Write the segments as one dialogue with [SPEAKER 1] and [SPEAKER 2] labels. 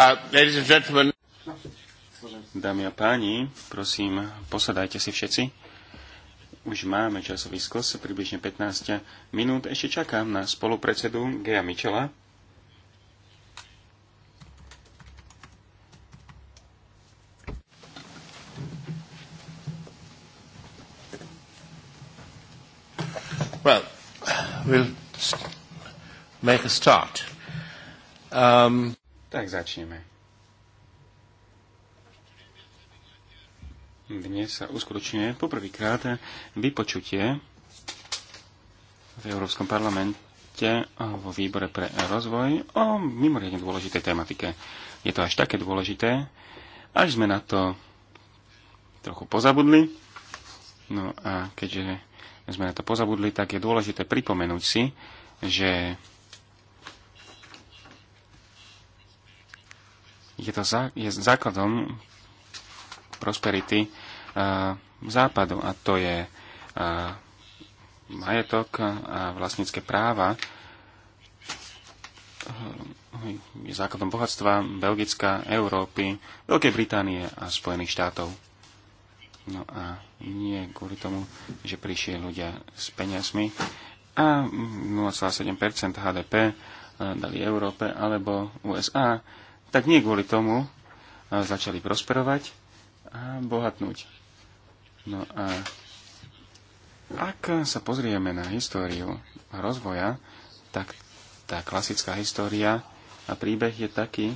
[SPEAKER 1] Uh, Dámy a páni, prosím, posadajte si všetci. Už máme časový skos, približne 15 minút. Ešte čakám na spolupredsedu Gea Michela.
[SPEAKER 2] Well, we'll make a start. Um... Tak
[SPEAKER 1] začneme. Dnes sa uskutočňuje poprvýkrát vypočutie v Európskom parlamente vo výbore pre rozvoj o mimoriadne dôležitej tematike. Je to až také dôležité, až sme na to trochu pozabudli. No a keďže sme na to pozabudli, tak je dôležité pripomenúť si, že je to zá, je základom prosperity uh, západu a to je uh, majetok a vlastnícke práva je základom bohatstva Belgická, Európy, Veľkej Británie a Spojených štátov. No a nie kvôli tomu, že prišli ľudia s peniazmi a 0,7% HDP e, dali Európe alebo USA, tak nie kvôli tomu začali prosperovať a bohatnúť. No a ak sa pozrieme na históriu rozvoja, tak tá klasická história a príbeh je taký,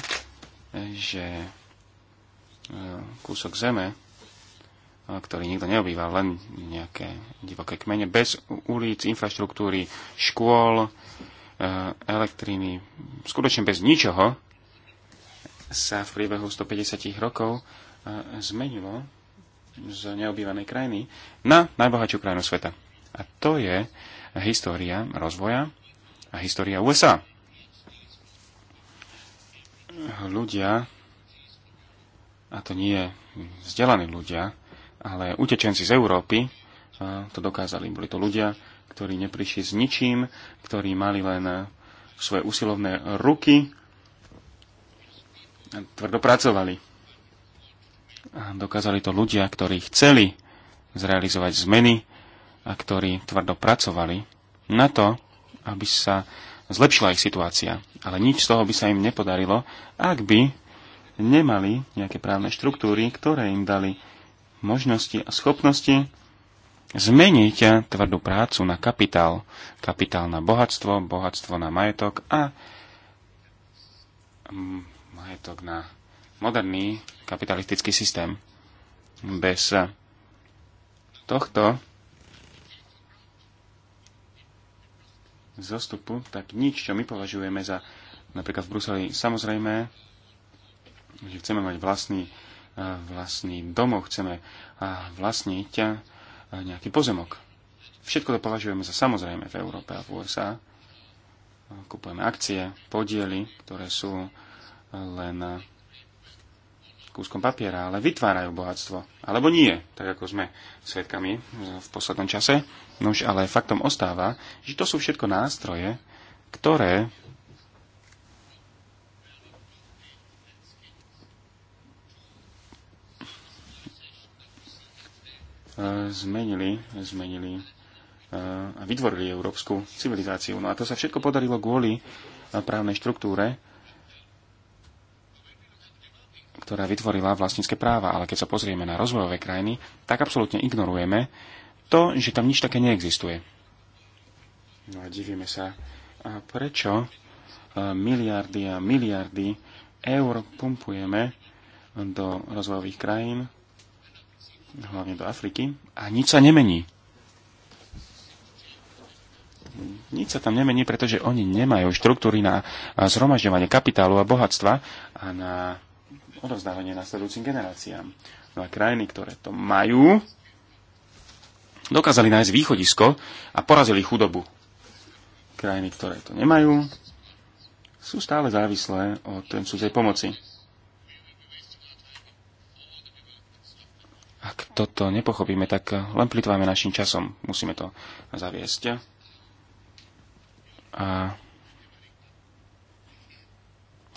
[SPEAKER 1] že e, kúsok zeme, e, ktorý nikto neobýval, len nejaké divoké kmene, bez ulic, infraštruktúry, škôl, e, elektriny, skutočne bez ničoho, sa v priebehu 150 rokov e, zmenilo z neobývanej krajiny na najbohatšiu krajinu sveta. A to je história rozvoja a história USA. Ľudia, a to nie vzdelaní ľudia, ale utečenci z Európy, e, to dokázali. Boli to ľudia, ktorí neprišli s ničím, ktorí mali len svoje usilovné ruky, tvrdo pracovali. A dokázali to ľudia, ktorí chceli zrealizovať zmeny a ktorí tvrdo pracovali na to, aby sa zlepšila ich situácia. Ale nič z toho by sa im nepodarilo, ak by nemali nejaké právne štruktúry, ktoré im dali možnosti a schopnosti zmeniť tvrdú prácu na kapitál. Kapitál na bohatstvo, bohatstvo na majetok a majetok na moderný kapitalistický systém. Bez tohto zostupu, tak nič, čo my považujeme za napríklad v Bruseli samozrejme, že chceme mať vlastný, vlastný domov, chceme vlastniť nejaký pozemok. Všetko to považujeme za samozrejme v Európe a v USA. Kupujeme akcie, podiely, ktoré sú len kúskom papiera, ale vytvárajú bohatstvo. Alebo nie, tak ako sme svetkami v poslednom čase. Nož ale faktom ostáva, že to sú všetko nástroje, ktoré zmenili, zmenili eh, a vytvorili európsku civilizáciu. No a to sa všetko podarilo kvôli eh, právnej štruktúre, ktorá vytvorila vlastnícke práva, ale keď sa pozrieme na rozvojové krajiny, tak absolútne ignorujeme to, že tam nič také neexistuje. No a divíme sa, a prečo e, miliardy a miliardy eur pumpujeme do rozvojových krajín, hlavne do Afriky, a nič sa nemení. Nič sa tam nemení, pretože oni nemajú štruktúry na zhromažďovanie kapitálu a bohatstva a na odovzdávanie nasledujúcim generáciám. No a krajiny, ktoré to majú, dokázali nájsť východisko a porazili chudobu. Krajiny, ktoré to nemajú, sú stále závislé od cudzej pomoci. Ak toto nepochopíme, tak len plitváme našim časom. Musíme to zaviesť. A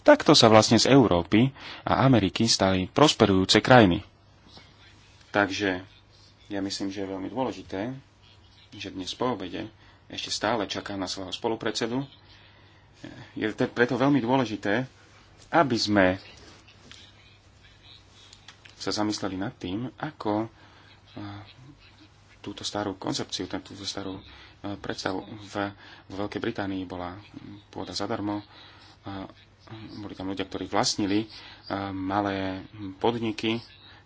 [SPEAKER 1] Takto sa vlastne z Európy a Ameriky stali prosperujúce krajiny. Takže ja myslím, že je veľmi dôležité, že dnes po obede ešte stále čaká na svojho spolupredsedu. Je preto veľmi dôležité, aby sme sa zamysleli nad tým, ako eh, túto starú koncepciu, túto starú eh, predstavu v, v Veľkej Británii bola pôda zadarmo eh, boli tam ľudia, ktorí vlastnili e, malé podniky,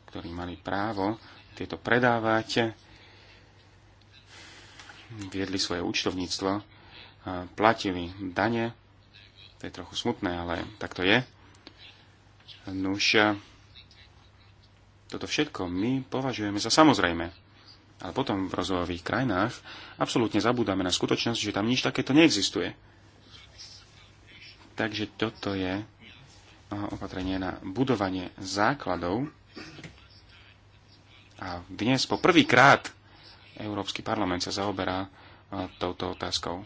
[SPEAKER 1] ktorí mali právo tieto predávať, viedli svoje účtovníctvo, e, platili dane, to je trochu smutné, ale tak to je. Nuž, e, toto všetko my považujeme za samozrejme. Ale potom v rozvojových krajinách absolútne zabúdame na skutočnosť, že tam nič takéto neexistuje. Takže toto je opatrenie na budovanie základov. A dnes po prvýkrát Európsky parlament sa zaoberá touto otázkou.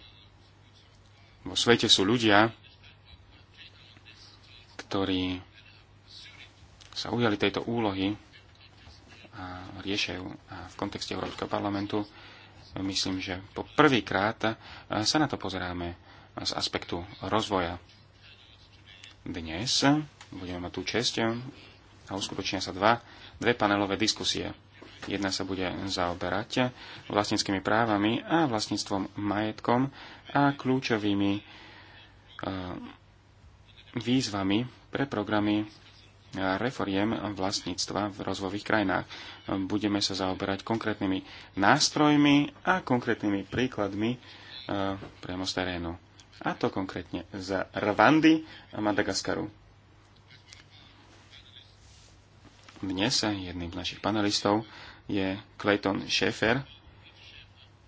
[SPEAKER 1] Vo svete sú ľudia, ktorí sa ujali tejto úlohy a riešajú a v kontexte Európskeho parlamentu. Myslím, že po prvýkrát sa na to pozeráme z aspektu rozvoja. Dnes budeme mať tú čest a uskutočnia sa dva, dve panelové diskusie. Jedna sa bude zaoberať vlastníckými právami a vlastníctvom majetkom a kľúčovými eh, výzvami pre programy reforiem vlastníctva v rozvojových krajinách. Budeme sa zaoberať konkrétnymi nástrojmi a konkrétnymi príkladmi eh, priamo z terénu a to konkrétne z Rwandy a Madagaskaru. Dnes jedným z našich panelistov je Clayton Schaefer.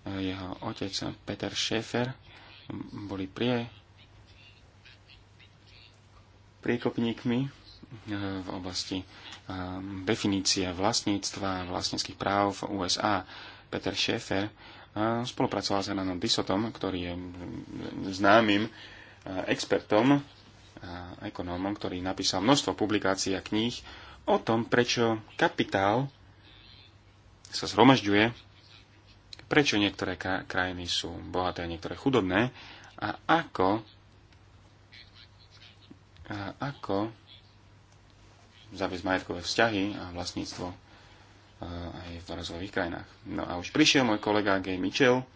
[SPEAKER 1] Jeho otec Peter Schaefer boli prie priekopníkmi eh, v oblasti eh, definície vlastníctva a vlastníckých práv v USA. Peter Schaefer spolupracoval s Helenom Bisotom, ktorý je známym e, expertom a e, ekonómom, ktorý napísal množstvo publikácií a kníh o tom, prečo kapitál sa zhromažďuje, prečo niektoré krajiny sú bohaté a niektoré chudobné a ako, a ako zaviesť majetkové vzťahy a vlastníctvo Eh, aj v rozvojových krajinách. No a už prišiel môj kolega Gay Mitchell.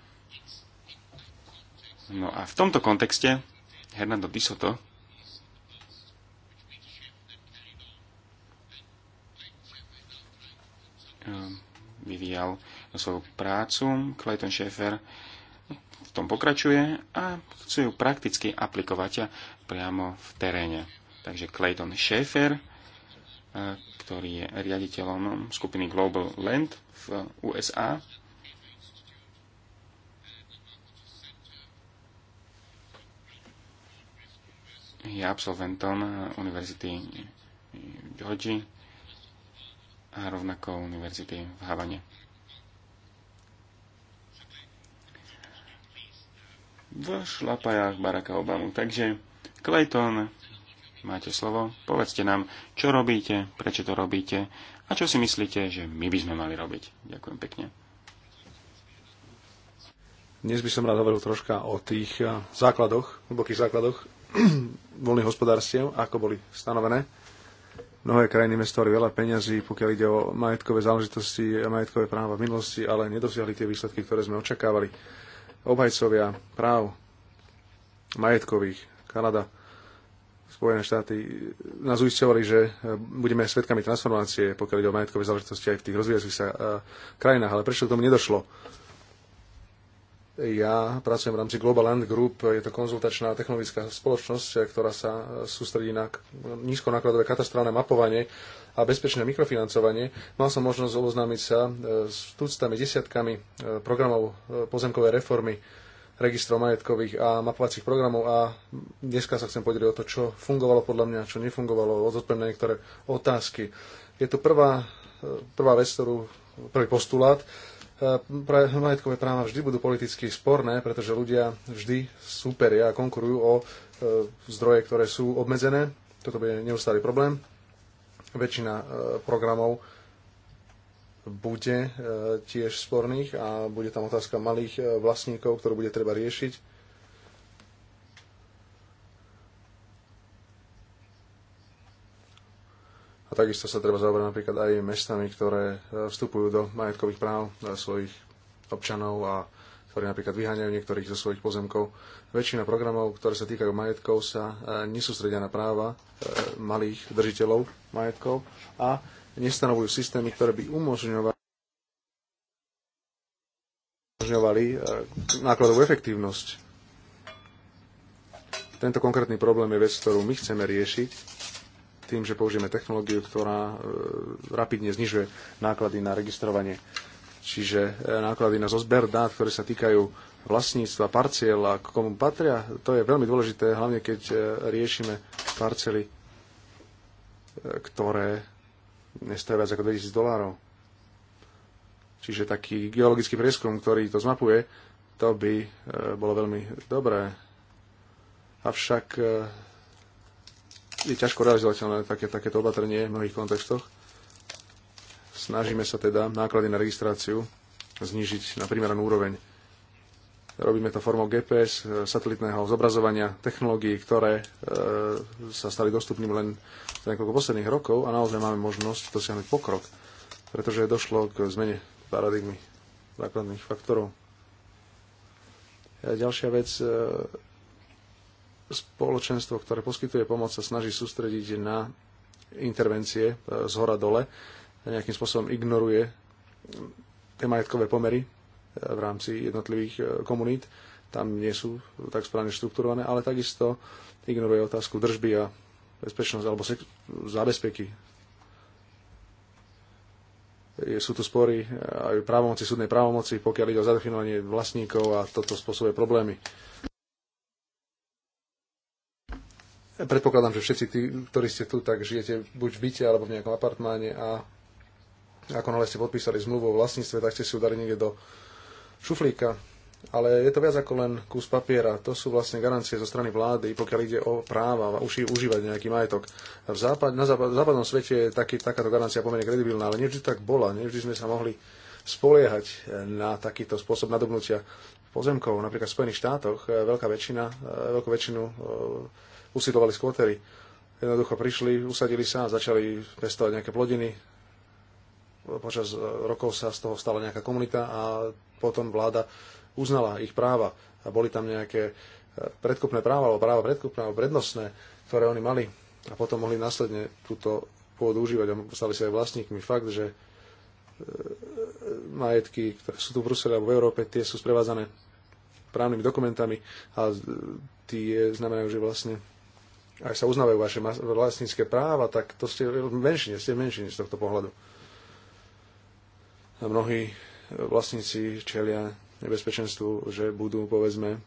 [SPEAKER 1] No a v tomto kontexte Hernando Di Soto eh, vyvíjal svoju prácu, Clayton Schaefer v tom pokračuje a chcú ju prakticky aplikovať priamo v teréne. Takže Clayton Schaefer eh, ktorý je riaditeľom skupiny Global Land v USA. Je absolventom Univerzity v Georgi a rovnako Univerzity v Havane. V šlapajách Baracka Obamu. Takže Clayton máte slovo, povedzte nám, čo robíte, prečo to robíte a čo si myslíte, že my by sme mali robiť. Ďakujem pekne.
[SPEAKER 3] Dnes by som rád hovoril troška o tých základoch, hlbokých základoch voľných hospodárstiev, ako boli stanovené. Mnohé krajiny investovali veľa peňazí, pokiaľ ide o majetkové záležitosti a majetkové práva v minulosti, ale nedosiahli tie výsledky, ktoré sme očakávali. Obhajcovia práv majetkových, Kanada, Spojené štáty nás uistovali, že e, budeme svetkami transformácie, pokiaľ ide o majetkové záležitosti aj v tých rozvíjajúcich sa e, krajinách, ale prečo k tomu nedošlo? Ja pracujem v rámci Global Land Group, je to konzultačná technologická spoločnosť, e, ktorá sa sústredí na nízkonákladové katastrálne mapovanie a bezpečné mikrofinancovanie. Mal som možnosť oboznámiť sa s tuctami, desiatkami programov pozemkovej reformy registrov majetkových a mapovacích programov a dneska sa chcem podeliť o to, čo fungovalo podľa mňa, čo nefungovalo, odzodpovedať na niektoré otázky. Je tu prvá, e, prvá vec, ktorú, prvý postulát. E, majetkové práva vždy budú politicky sporné, pretože ľudia vždy súperia a konkurujú o e, zdroje, ktoré sú obmedzené. Toto bude neustály problém. Väčšina programov bude e, tiež sporných a bude tam otázka malých e, vlastníkov, ktorú bude treba riešiť. A takisto sa treba zaoberať napríklad aj mestami, ktoré e, vstupujú do majetkových práv svojich občanov a ktorí napríklad vyháňajú niektorých zo svojich pozemkov. Väčšina programov, ktoré sa týkajú majetkov, sa nesústredia na práva malých držiteľov majetkov a nestanovujú systémy, ktoré by umožňovali umožňovali e, nákladovú efektívnosť. Tento konkrétny problém je vec, ktorú my chceme riešiť tým, že použijeme technológiu, ktorá e, rapidne znižuje náklady na registrovanie. Čiže e, náklady na zozber dát, ktoré sa týkajú vlastníctva, parciel a k komu patria, to je veľmi dôležité, hlavne keď riešime parcely, ktoré nestoja viac ako 2000 dolárov. Čiže taký geologický prieskum, ktorý to zmapuje, to by e, bolo veľmi dobré. Avšak e, je ťažko realizovateľné také, takéto opatrenie v mnohých kontextoch. Snažíme sa teda náklady na registráciu znižiť na primeranú úroveň. Robíme to formou GPS, e, satelitného zobrazovania, technológií, ktoré e, sa stali dostupným len za niekoľko posledných rokov a naozaj máme možnosť dosiahnuť pokrok, pretože došlo k zmene paradigmy základných faktorov. A e, ďalšia vec, spoločenstvo, ktoré poskytuje pomoc, sa snaží sústrediť na intervencie z hora dole, nejakým spôsobom ignoruje tie majetkové pomery v rámci jednotlivých e, komunít. Tam nie sú tak správne štrukturované, ale takisto ignoruje otázku držby a bezpečnosť alebo zabezpeky. Sú tu spory e, aj právomoci, súdnej právomoci, pokiaľ ide o zadefinovanie vlastníkov a toto spôsobuje problémy. Predpokladám, že všetci tí, ktorí ste tu, tak žijete buď v byte alebo v nejakom apartmáne a ako náhle ste podpísali zmluvu o vlastníctve, tak ste si udali niekde do šuflíka, ale je to viac ako len kus papiera. To sú vlastne garancie zo strany vlády, pokiaľ ide o práva uši, užívať nejaký majetok. V, západ, na západ, v západnom svete je taký, takáto garancia pomerne kredibilná, ale nevždy tak bola. Nevždy sme sa mohli spoliehať na takýto spôsob nadobnutia pozemkov. Napríklad v Spojených štátoch eh, veľká väčšina, eh, veľkú väčšinu eh, usidlovali skvotery. Jednoducho prišli, usadili sa, a začali pestovať nejaké plodiny, počas rokov sa z toho stala nejaká komunita a potom vláda uznala ich práva a boli tam nejaké e, predkupné práva alebo práva predkupné alebo prednostné, ktoré oni mali a potom mohli následne túto pôdu užívať a stali sa aj vlastníkmi. Fakt, že e, majetky, ktoré sú tu v Bruseli alebo v Európe, tie sú sprevádzané právnymi dokumentami a tie znamenajú, že vlastne aj sa uznávajú vaše vlastnícke práva, tak to ste v menšine, ste v menšine z tohto pohľadu mnohí e, vlastníci čelia nebezpečenstvu, že budú, povedzme,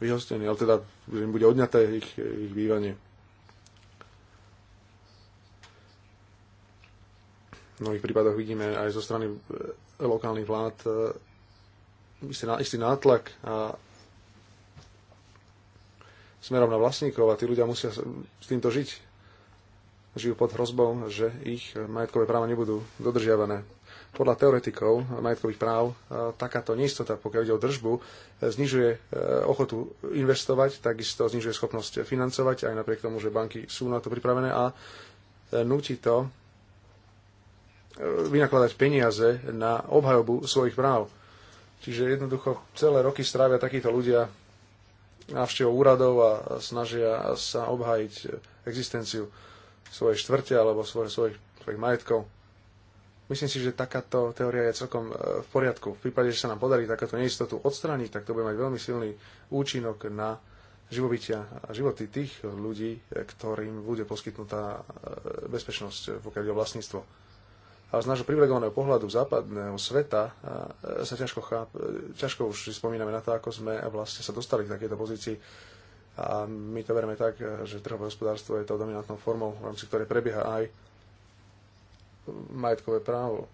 [SPEAKER 3] vyhostení, ale teda že im bude odňaté ich, ich bývanie. V mnohých prípadoch vidíme aj zo strany e, lokálnych vlád e, istý, nátlak a smerom na vlastníkov a tí ľudia musia s týmto žiť. Žijú pod hrozbou, že ich majetkové práva nebudú dodržiavané podľa teoretikov majetkových práv takáto neistota, pokiaľ ide o držbu, e, znižuje e, ochotu investovať, takisto znižuje schopnosť financovať, aj napriek tomu, že banky sú na to pripravené a e, nutí to vynakladať peniaze na obhajobu svojich práv. Čiže jednoducho celé roky strávia takíto ľudia návštevou úradov a snažia sa obhajiť existenciu svojej štvrte alebo svojich majetkov Myslím si, že takáto teória je celkom e, v poriadku. V prípade, že sa nám podarí takáto neistotu odstrániť, tak to bude mať veľmi silný účinok na živobytia a životy tých ľudí, e, ktorým bude poskytnutá e, bezpečnosť, pokiaľ ide o vlastníctvo. Ale z nášho privilegovaného pohľadu západného sveta sa ťažko, cháp, ťažko už si spomíname na to, ako sme vlastne sa dostali k takejto pozícii. A my to verme tak, že trhové hospodárstvo je to dominantnou formou, v rámci ktorej prebieha aj majetkové právo.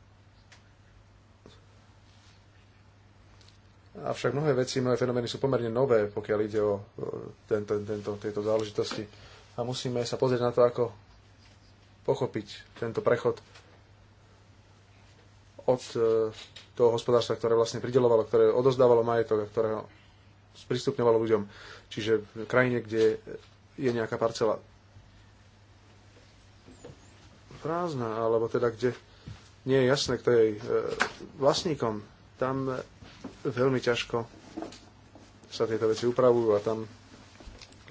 [SPEAKER 3] Avšak mnohé veci, mnohé fenomény sú pomerne nové, pokiaľ ide o tento, tento, tieto záležitosti. A musíme sa pozrieť na to, ako pochopiť tento prechod od e, toho hospodárstva, ktoré vlastne pridelovalo, ktoré odozdávalo majetok a ktoré ho sprístupňovalo ľuďom. Čiže v krajine, kde je nejaká parcela prázdna, alebo teda kde nie je jasné, kto je e, vlastníkom, tam e, veľmi ťažko sa tieto veci upravujú a tam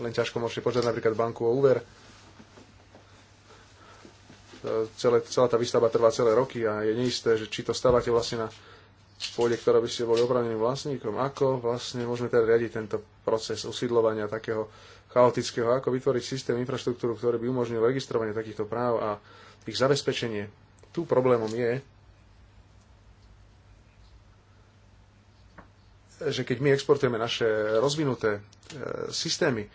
[SPEAKER 3] len ťažko môžete požiadať napríklad banku o úver. E, celé, celá tá výstava trvá celé roky a je neisté, že či to stávate vlastne na pôde, ktorá by ste boli oprávneným vlastníkom. Ako vlastne môžeme teda riadiť tento proces usídlovania takého chaotického, ako vytvoriť systém, infraštruktúru, ktorý by umožnil registrovanie takýchto práv a ich zabezpečenie. Tu problémom je, že keď my exportujeme naše rozvinuté e, systémy e,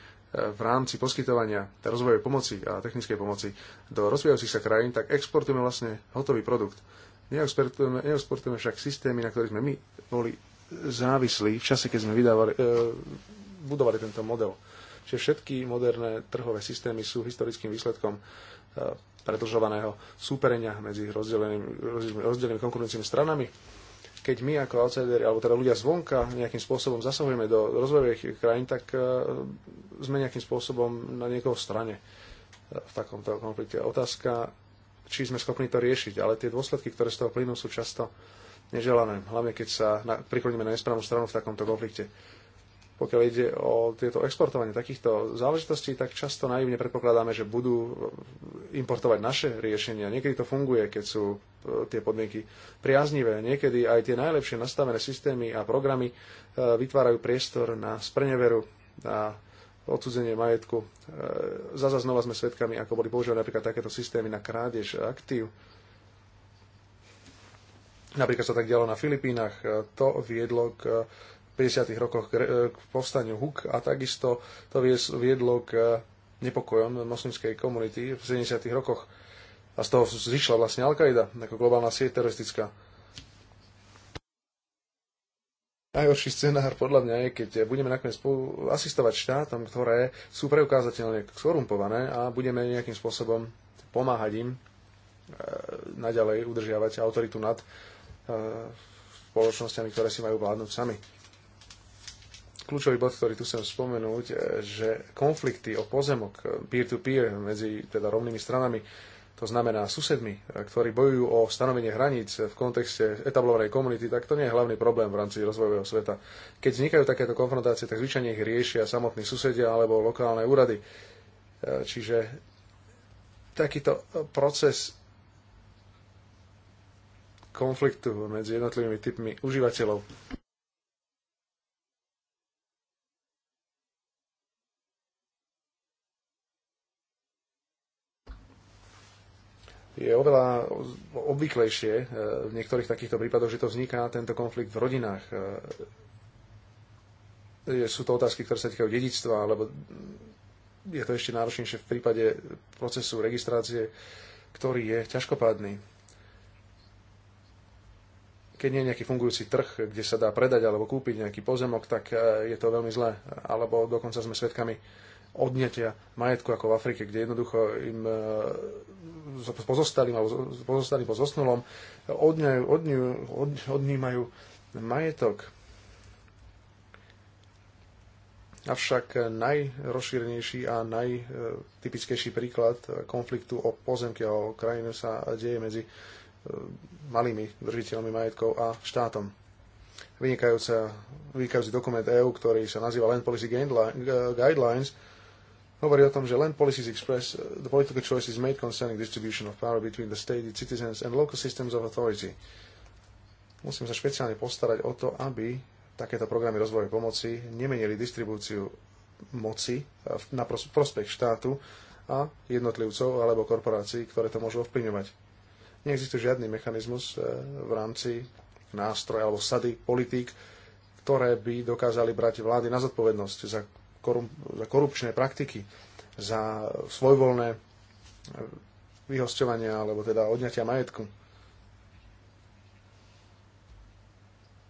[SPEAKER 3] v rámci poskytovania rozvojovej pomoci a technickej pomoci do rozvíjajúcich sa krajín, tak exportujeme vlastne hotový produkt. Neexportujeme, neexportujeme však systémy, na ktorých sme my boli závislí v čase, keď sme vydávali, e, budovali tento model. Čiže všetky moderné trhové systémy sú historickým výsledkom e, predlžovaného súperenia medzi rozdelenými, rozdelenými konkurenčnými stranami. Keď my ako outsideri, alebo teda ľudia zvonka nejakým spôsobom zasahujeme do rozvojových krajín, tak e, sme nejakým spôsobom na niekoho strane e, v takomto konflikte. Otázka, či sme schopní to riešiť, ale tie dôsledky, ktoré z toho plynú, sú často neželané, hlavne keď sa prikloníme na nesprávnu stranu v takomto konflikte pokiaľ ide o tieto exportovanie takýchto záležitostí, tak často naivne predpokladáme, že budú importovať naše riešenia. Niekedy to funguje, keď sú e, tie podmienky priaznivé. Niekedy aj tie najlepšie nastavené systémy a programy e, vytvárajú priestor na spreneveru a odsudzenie majetku. E, Zaza znova sme svedkami, ako boli používané napríklad takéto systémy na krádež aktív. Napríklad sa tak dialo na Filipínach. To viedlo k 50. rokoch e, k povstaniu HUK a takisto to viedlo k nepokojom moslimskej komunity v 70. rokoch. A z toho zišla vlastne Al-Qaida ako globálna sieť teroristická. Najhorší scenár podľa mňa je, keď budeme nakoniec asistovať štátom, ktoré sú preukázateľne skorumpované a budeme nejakým spôsobom pomáhať im e, naďalej udržiavať autoritu nad e, spoločnosťami, ktoré si majú vládnuť sami kľúčový bod, ktorý tu chcem spomenúť, e, že konflikty o pozemok e, peer-to-peer -peer, medzi teda rovnými stranami, to znamená susedmi, e, ktorí bojujú o stanovenie hraníc v kontexte etablovanej komunity, tak to nie je hlavný problém v rámci rozvojového sveta. Keď vznikajú takéto konfrontácie, tak zvyčajne ich riešia samotní susedia alebo lokálne úrady. Čiže takýto proces konfliktu medzi jednotlivými typmi užívateľov je oveľa obvyklejšie e, v niektorých takýchto prípadoch, že to vzniká tento konflikt v rodinách. E, sú to otázky, ktoré sa týkajú dedictva, alebo je to ešte náročnejšie v prípade procesu registrácie, ktorý je ťažkopádny. Keď nie je nejaký fungujúci trh, kde sa dá predať alebo kúpiť nejaký pozemok, tak e, je to veľmi zlé. Alebo dokonca sme svedkami odňatia majetku ako v Afrike, kde jednoducho im e, pozostalým alebo pozostalým pozosnulom odňajú, odňujú, od, odnímajú majetok. Avšak najrozšírenejší a najtypickejší príklad konfliktu o pozemky a o krajinu sa deje medzi e, malými držiteľmi majetkov a štátom. Vynikajúca, vynikajúci dokument EÚ, ktorý sa nazýva Land Policy Guidelines, hovorí o tom, že len policies express eh, the political choices made concerning distribution of power between the state, its citizens and local systems of authority. Musím sa špeciálne postarať o to, aby takéto programy rozvojovej pomoci nemenili distribúciu moci eh, na prospech štátu a jednotlivcov alebo korporácií, ktoré to môžu ovplyvňovať. Neexistuje žiadny mechanizmus eh, v rámci nástroja alebo sady politík, ktoré by dokázali brať vlády na zodpovednosť za korup- za korupčné praktiky, za svojvoľné eh, vyhostovania alebo teda odňatia majetku.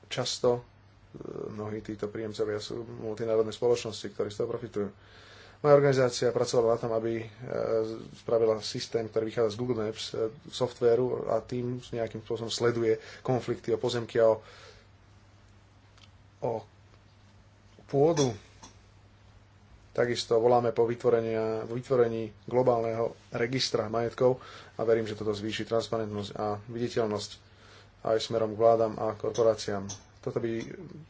[SPEAKER 3] Často eh, mnohí títo príjemcovia sú multinárodné spoločnosti, ktorí z toho profitujú. Moja organizácia pracovala na tom, aby eh, spravila systém, ktorý vychádza z Google Maps softvéru a tým nejakým spôsobom sleduje konflikty o pozemky a o, o pôdu Takisto voláme po vytvorení globálneho registra majetkov a verím, že toto zvýši transparentnosť a viditeľnosť aj smerom k vládam a korporáciám. Toto by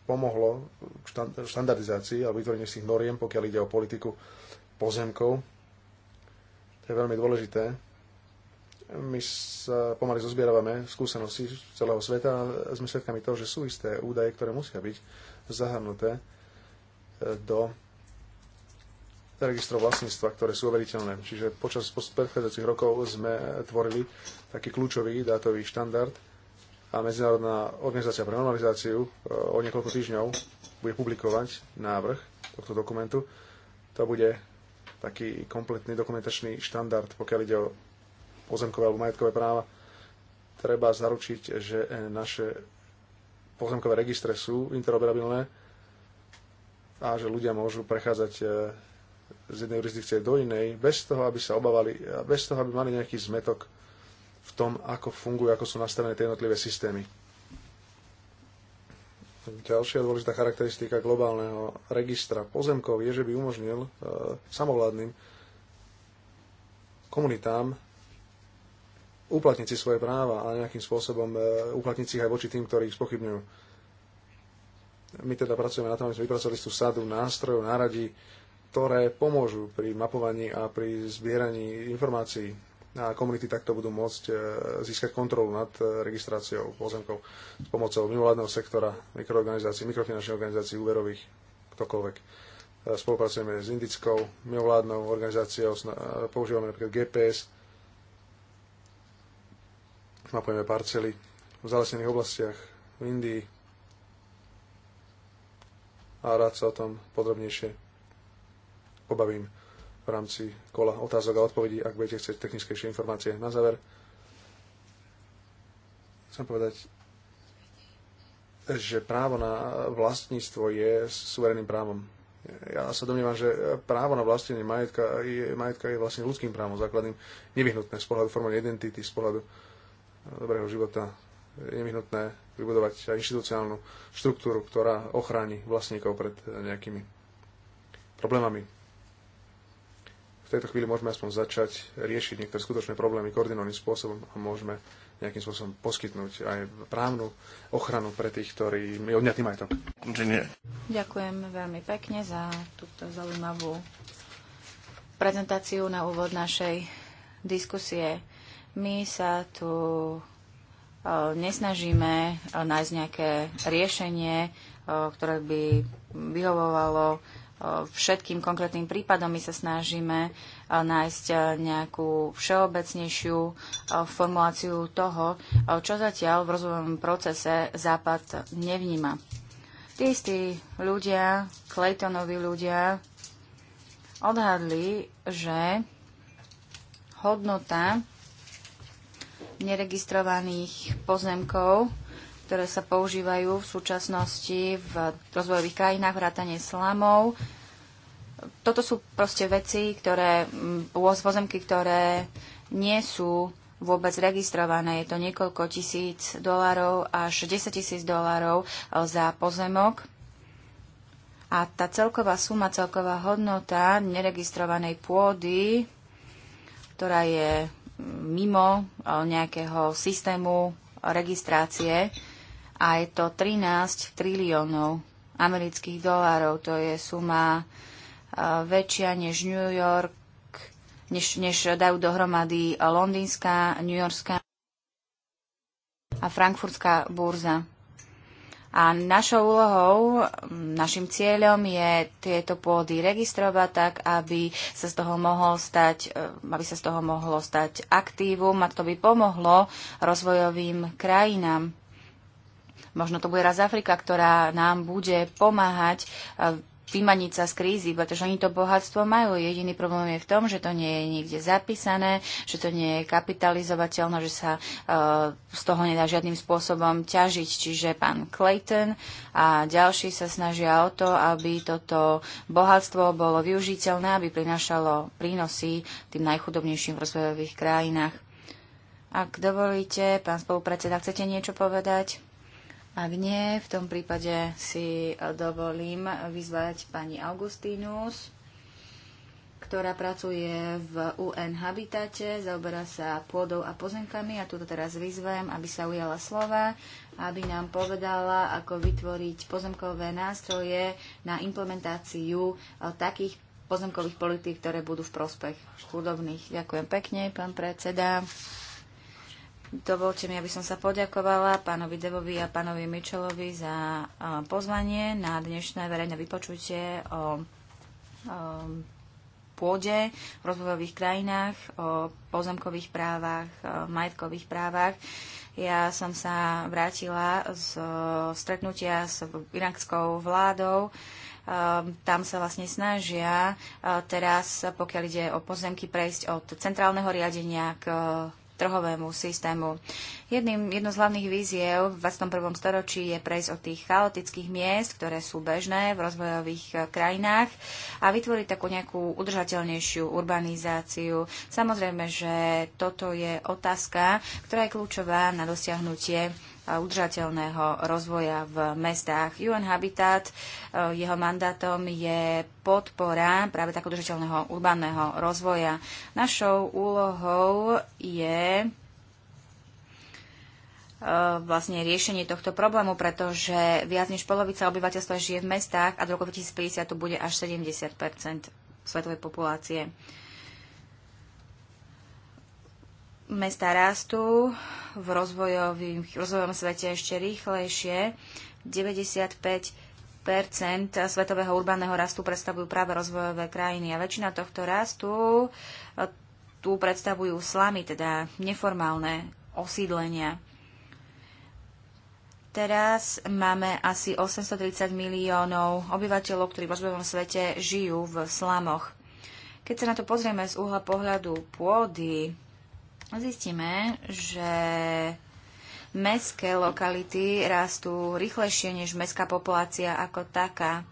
[SPEAKER 3] pomohlo k štandardizácii a vytvoreniu si noriem, pokiaľ ide o politiku pozemkov. To je veľmi dôležité, my sa pomaly zozbieravame skúsenosti z celého sveta a sme svedkami toho, že sú isté údaje, ktoré musia byť zahrnuté do registrov vlastníctva, ktoré sú overiteľné. Čiže počas predchádzajúcich rokov sme tvorili taký kľúčový dátový štandard a Medzinárodná organizácia pre normalizáciu eh, o niekoľko týždňov bude publikovať návrh tohto dokumentu. To bude taký kompletný dokumentačný štandard, pokiaľ ide o pozemkové alebo majetkové práva. Treba zaručiť, že eh, naše pozemkové registre sú interoperabilné a že ľudia môžu prechádzať eh, z jednej jurisdikcie do inej, bez toho, aby sa obávali, bez toho, aby mali nejaký zmetok v tom, ako fungujú, ako sú nastavené tie jednotlivé systémy. Ďalšia dôležitá charakteristika globálneho registra pozemkov je, že by umožnil e, samovládnym komunitám uplatniť si svoje práva a nejakým spôsobom e, uplatniť si ich aj voči tým, ktorí ich spochybňujú. My teda pracujeme na tom, aby sme vypracovali tú sadu nástrojov, náradí, ktoré pomôžu pri mapovaní a pri zbieraní informácií a komunity takto budú môcť e, získať kontrolu nad e, registráciou pozemkov s pomocou mimovládneho sektora, mikroorganizácií, mikrofinančných organizácií, úverových, ktokoľvek. E, spolupracujeme s indickou mimovládnou organizáciou, používame napríklad GPS, mapujeme parcely v zalesnených oblastiach v Indii a rád sa o tom podrobnejšie pobavím v rámci kola otázok a odpovedí, ak budete chcieť technickejšie informácie. Na záver chcem povedať, že právo na vlastníctvo je suverénnym právom. Ja sa domnievam, že právo na vlastnenie majetka je, majetka je vlastne ľudským právom základným, nevyhnutné z pohľadu formálnej identity, z pohľadu dobrého života. Je nevyhnutné vybudovať aj inštitucionálnu štruktúru, ktorá ochráni vlastníkov pred nejakými problémami v tejto chvíli môžeme aspoň začať riešiť niektoré skutočné problémy koordinovaným spôsobom a môžeme nejakým spôsobom poskytnúť aj právnu ochranu pre tých, ktorí mi odňatý majetok.
[SPEAKER 2] Ďakujem veľmi pekne za túto zaujímavú prezentáciu na úvod našej diskusie. My sa tu e, nesnažíme e, nájsť nejaké riešenie, e, ktoré by vyhovovalo všetkým konkrétnym prípadom. My sa snažíme eh, nájsť eh, nejakú všeobecnejšiu eh, formuláciu toho, čo zatiaľ v rozvojovom procese Západ nevníma. Tí istí ľudia, Claytonovi ľudia, odhadli, že hodnota neregistrovaných pozemkov ktoré sa používajú v súčasnosti v rozvojových krajinách, vrátane slamov. Toto sú proste veci, ktoré, mm, pozemky, ktoré nie sú vôbec registrované. Je to niekoľko tisíc dolárov až 10 tisíc dolárov e, za pozemok. A tá celková suma, celková hodnota neregistrovanej pôdy, ktorá je mm, mimo e, nejakého systému registrácie, a je to 13 triliónov amerických dolárov. To je suma e, väčšia než New York, než, než dajú dohromady londýnska, newyorská a frankfurtská burza. A našou úlohou, našim cieľom je tieto pôdy registrovať tak, aby sa z toho, mohol stať, e, aby sa z toho mohlo stať aktívum a to by pomohlo rozvojovým krajinám. Možno to bude raz Afrika, ktorá nám bude pomáhať e, vymaniť sa z krízy, pretože oni to bohatstvo majú. Jediný problém je v tom, že to nie je nikde zapísané, že to nie je kapitalizovateľné, že sa uh, z toho nedá žiadnym spôsobom ťažiť. Čiže pán Clayton a ďalší sa snažia o to, aby toto bohatstvo bolo využiteľné, aby prinašalo prínosy tým najchudobnejším v rozvojových krajinách. Ak dovolíte, pán spolupredseda, chcete niečo povedať? Ak nie, v tom prípade si dovolím vyzvať pani Augustínus, ktorá pracuje v UN Habitate, zaoberá sa pôdou a pozemkami a ja tu teraz vyzvem, aby sa ujala slova, aby nám povedala, ako vytvoriť pozemkové nástroje na implementáciu eh, takých pozemkových politík, ktoré budú v prospech chudobných. Ďakujem pekne, pán predseda. Dovolte mi, aby som sa poďakovala pánovi Devovi a pánovi Mičelovi za pozvanie na dnešné verejné vypočutie o, o pôde v rozvojových krajinách, o pozemkových právach, o majetkových právach. Ja som sa vrátila z stretnutia s irakskou vládou. Tam sa vlastne snažia teraz, pokiaľ ide o pozemky, prejsť od centrálneho riadenia k trhovému systému. Jedným, jedno z hlavných víziev v 21. storočí je prejsť od tých chaotických miest, ktoré sú bežné v rozvojových eh, krajinách a vytvoriť takú nejakú udržateľnejšiu urbanizáciu. Samozrejme, že toto je otázka, ktorá je kľúčová na dosiahnutie udržateľného rozvoja v mestách. UN Habitat, e, jeho mandátom je podpora práve tak udržateľného urbánneho rozvoja. Našou úlohou je e, vlastne riešenie tohto problému, pretože viac než polovica obyvateľstva žije v mestách a do roku 2050 to bude až 70 svetovej populácie. Mesta rastú, v rozvojovom svete ešte rýchlejšie. 95 svetového urbaného rastu predstavujú práve rozvojové krajiny a väčšina tohto rastu tu predstavujú slamy, teda neformálne osídlenia. Teraz máme asi 830 miliónov obyvateľov, ktorí v rozvojovom svete žijú v slamoch. Keď sa na to pozrieme z uhla pohľadu pôdy, zistíme, že mestské lokality rastú rýchlejšie než mestská populácia ako taká.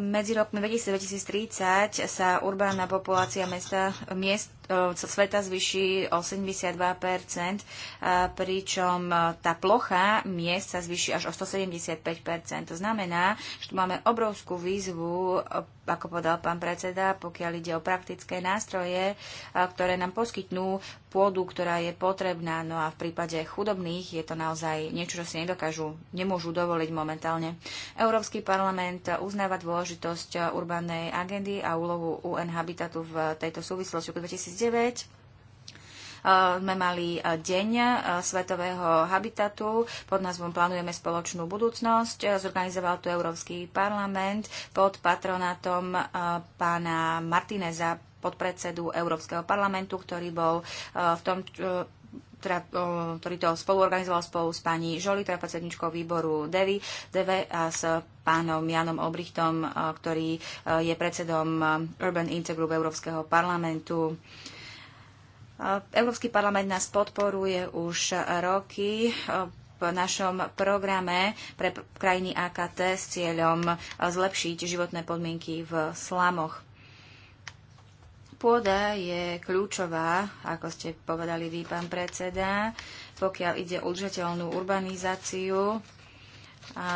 [SPEAKER 2] Medzi rokmi 2030 sa urbánna populácia mesta, miest E, sveta zvyší o 72%, e, pričom e, tá plocha miest sa zvyší až o 175%. To znamená, že tu máme obrovskú výzvu, ako povedal pán predseda, pokiaľ ide o praktické nástroje, ktoré nám poskytnú pôdu, ktorá je potrebná. No a v prípade chudobných je to naozaj niečo, čo si nedokážu, nemôžu dovoliť momentálne. Európsky parlament uznáva dôležitosť urbanej agendy a úlohu UN Habitatu v tejto súvislosti. V 2010 2009 eh, sme mali eh, deň eh, Svetového habitatu. Pod názvom Plánujeme spoločnú budúcnosť. Zorganizoval to Európsky parlament pod patronátom pána Martineza, podpredsedu Európskeho parlamentu, ktorý bol v tom teda, ktorý to spoluorganizoval spolu s pani Žoli, teda predsedničkou výboru DEVI, DEVE a s pánom Janom Obrichtom, ktorý je predsedom Urban Intergroup Európskeho parlamentu. Európsky parlament nás podporuje už roky e, v našom programe pre krajiny AKT s cieľom e, zlepšiť životné podmienky v slamoch. Pôda je kľúčová, ako ste povedali vy, pán predseda, pokiaľ ide o udržateľnú urbanizáciu. A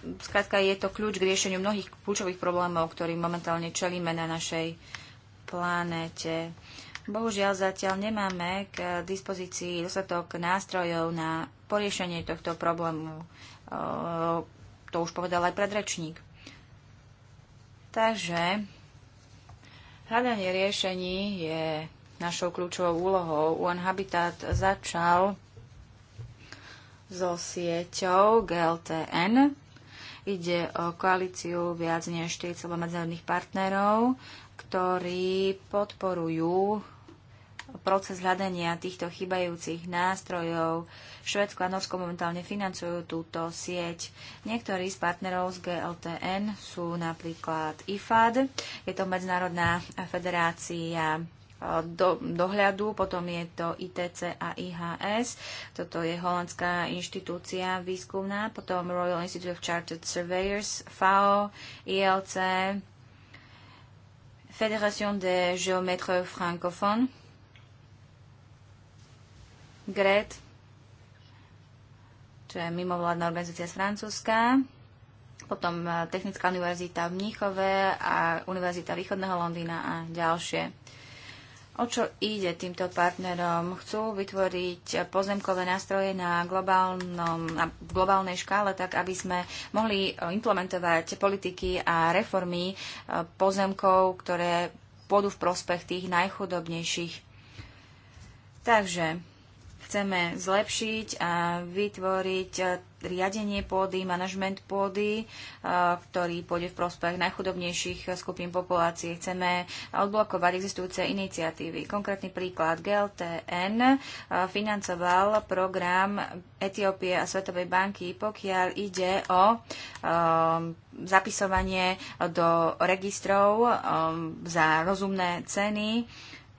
[SPEAKER 2] Skrátka je to kľúč k riešeniu mnohých kľúčových problémov, ktorým momentálne čelíme na našej planete. Bohužiaľ zatiaľ nemáme k dispozícii dostatok nástrojov na poriešenie tohto problému. To už povedal aj predrečník. Takže hľadanie riešení je našou kľúčovou úlohou. UN Habitat začal so sieťou GLTN. Ide o koalíciu viac než 40 medzinárodných partnerov, ktorí podporujú proces hľadania týchto chybajúcich nástrojov. Švedsko a Norsko momentálne financujú túto sieť. Niektorí z partnerov z GLTN sú napríklad IFAD, je to Medzinárodná federácia e, do, dohľadu, potom je to ITC a IHS, toto je holandská inštitúcia výskumná, potom Royal Institute of Chartered Surveyors, FAO, ILC, Fédération de géomètres francophones, GRED, čo je mimovládna organizácia z Francúzska, potom e, Technická univerzita v Mníchove a Univerzita východného Londýna a ďalšie. O čo ide týmto partnerom? Chcú vytvoriť pozemkové nástroje na, globálnom, na globálnej škále, tak aby sme mohli e, implementovať politiky a reformy e, pozemkov, ktoré pôjdu v prospech tých najchudobnejších. Takže chceme zlepšiť a vytvoriť e, riadenie pôdy, manažment pôdy, e, ktorý pôjde v prospech najchudobnejších skupín populácie. Chceme odblokovať existujúce iniciatívy. Konkrétny príklad GLTN e, financoval program Etiópie a Svetovej banky, pokiaľ ide o zapisovanie do registrov za rozumné ceny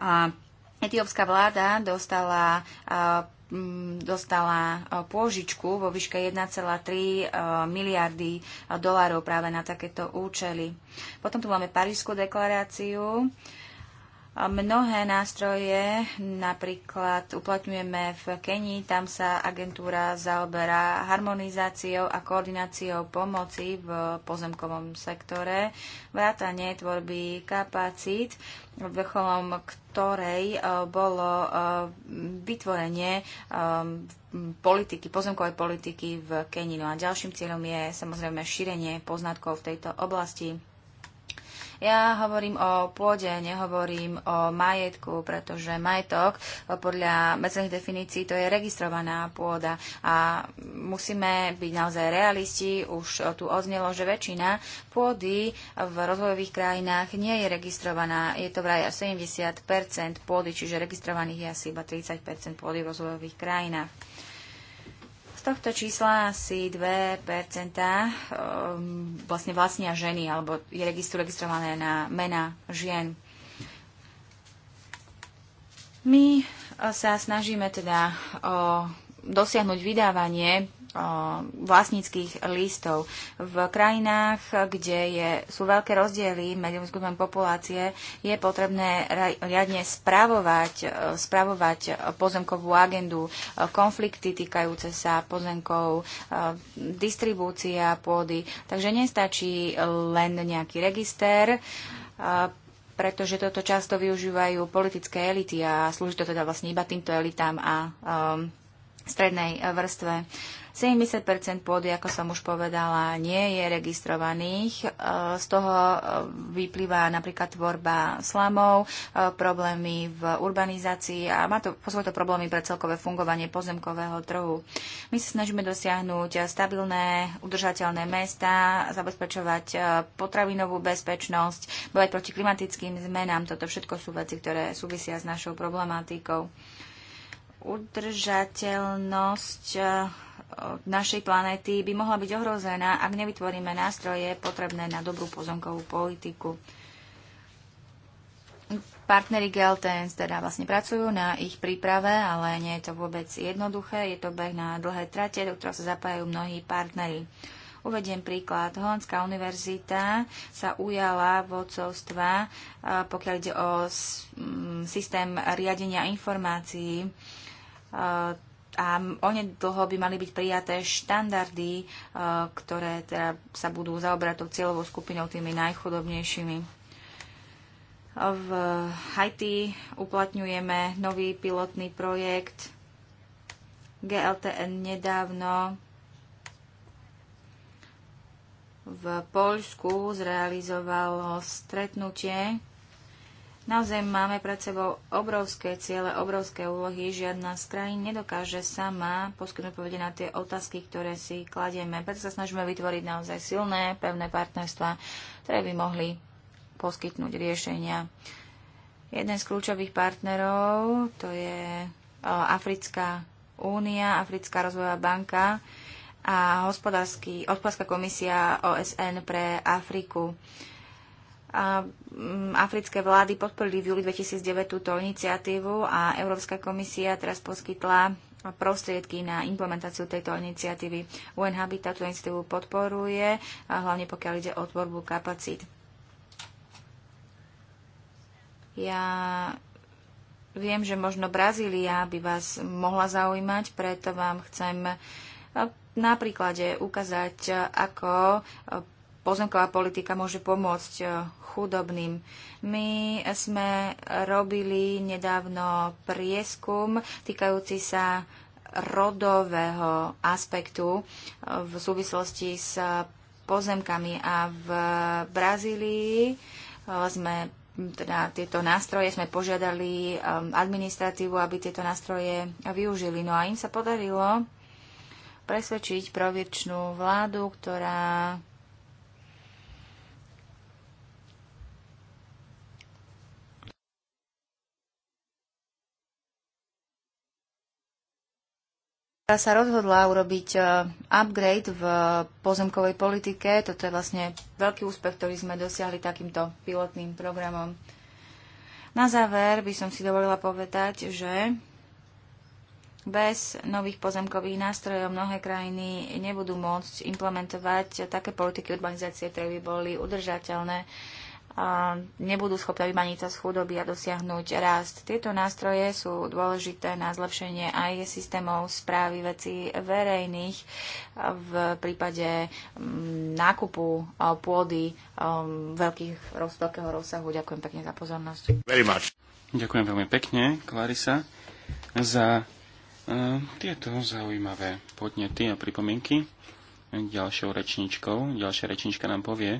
[SPEAKER 2] a Etiópska vláda dostala dostala pôžičku vo výške 1,3 miliardy dolárov práve na takéto účely. Potom tu máme Parížskú deklaráciu, Mnohé nástroje napríklad uplatňujeme v Kenii, tam sa agentúra zaoberá harmonizáciou a koordináciou pomoci v pozemkovom sektore, vrátanie tvorby kapacít, vrcholom ktorej e, bolo e, vytvorenie e, politiky, pozemkovej politiky v Kenii. No a ďalším cieľom je samozrejme šírenie poznatkov v tejto oblasti. Ja hovorím o pôde, nehovorím o majetku, pretože majetok eh, podľa medziných definícií to je registrovaná pôda a musíme byť naozaj realisti. Už eh, tu oznelo, že väčšina pôdy v rozvojových krajinách nie je registrovaná. Je to vraj 70 pôdy, čiže registrovaných je asi iba 30 pôdy v rozvojových krajinách. Z tohto čísla asi 2% ehm, vlastne vlastnia ženy, alebo je registru registrované na mena žien. My sa snažíme teda o dosiahnuť vydávanie vlastníckých listov. V krajinách, kde je, sú veľké rozdiely medzi skupinami populácie, je potrebné riadne spravovať, e, spravovať e, pozemkovú agendu, e, konflikty týkajúce sa pozemkov, distribúcia pôdy. Takže nestačí len nejaký register, pretože toto často využívajú politické elity a slúži to teda vlastne iba týmto elitám a um, strednej vrstve. Uh, 70 pôdy, ako som už povedala, nie je registrovaných. E, z toho e, vyplýva napríklad tvorba slamov, e, problémy v urbanizácii a má to, posúva to problémy pre celkové fungovanie pozemkového trhu. My sa snažíme dosiahnuť stabilné, udržateľné mesta, zabezpečovať potravinovú bezpečnosť, bojať proti klimatickým zmenám. Toto všetko sú veci, ktoré súvisia s našou problematikou. Udržateľnosť našej planéty by mohla byť ohrozená, ak nevytvoríme nástroje potrebné na dobrú pozemkovú politiku. Partnery Geltens teda vlastne pracujú na ich príprave, ale nie je to vôbec jednoduché. Je to beh na dlhé trate, do ktorého sa zapájajú mnohí partnery. Uvediem príklad. Holandská univerzita sa ujala vodcovstva, pokiaľ ide o systém riadenia informácií a onedlho by mali byť prijaté štandardy, e, ktoré teda sa budú zaobrať tou cieľovou skupinou, tými najchudobnejšími. V Haiti uplatňujeme nový pilotný projekt GLTN nedávno v Poľsku zrealizovalo stretnutie Naozaj máme pred sebou obrovské ciele, obrovské úlohy. Žiadna z krajín nedokáže sama poskytnúť povede na tie otázky, ktoré si kladieme. Preto sa snažíme vytvoriť naozaj silné, pevné partnerstva, ktoré by mohli poskytnúť riešenia. Jeden z kľúčových partnerov to je Africká únia, Africká rozvojová banka a hospodárska komisia OSN pre Afriku. Mm, africké vlády podporili v júli 2009 túto iniciatívu a Európska komisia teraz poskytla prostriedky na implementáciu tejto iniciatívy. UN Habitat tú iniciatívu podporuje, a hlavne pokiaľ ide o tvorbu kapacít. Ja viem, že možno Brazília by vás mohla zaujímať, preto vám chcem na príklade ukázať, ako pozemková politika môže pomôcť chudobným. My sme robili nedávno prieskum týkajúci sa rodového aspektu e, v súvislosti s pozemkami a v Brazílii e, sme teda tieto nástroje sme požiadali e, administratívu, aby tieto nástroje využili. No a im sa podarilo presvedčiť provirčnú vládu, ktorá sa rozhodla urobiť e, upgrade v pozemkovej politike. Toto je vlastne veľký úspech, ktorý sme dosiahli takýmto pilotným programom. Na záver by som si dovolila povedať, že bez nových pozemkových nástrojov mnohé krajiny nebudú môcť implementovať také politiky urbanizácie, ktoré by boli udržateľné nebudú schopné vymaniť sa z chudoby a dosiahnuť rast. Tieto nástroje sú dôležité na zlepšenie aj systémov správy vecí verejných v prípade mm, nákupu pôdy veľkých, veľkého rozsahu. Ďakujem pekne za pozornosť.
[SPEAKER 1] Ďakujem veľmi pekne, Klarisa, za e, tieto zaujímavé podnety a pripomienky. Ďalšou rečničkou, ďalšia rečnička nám povie,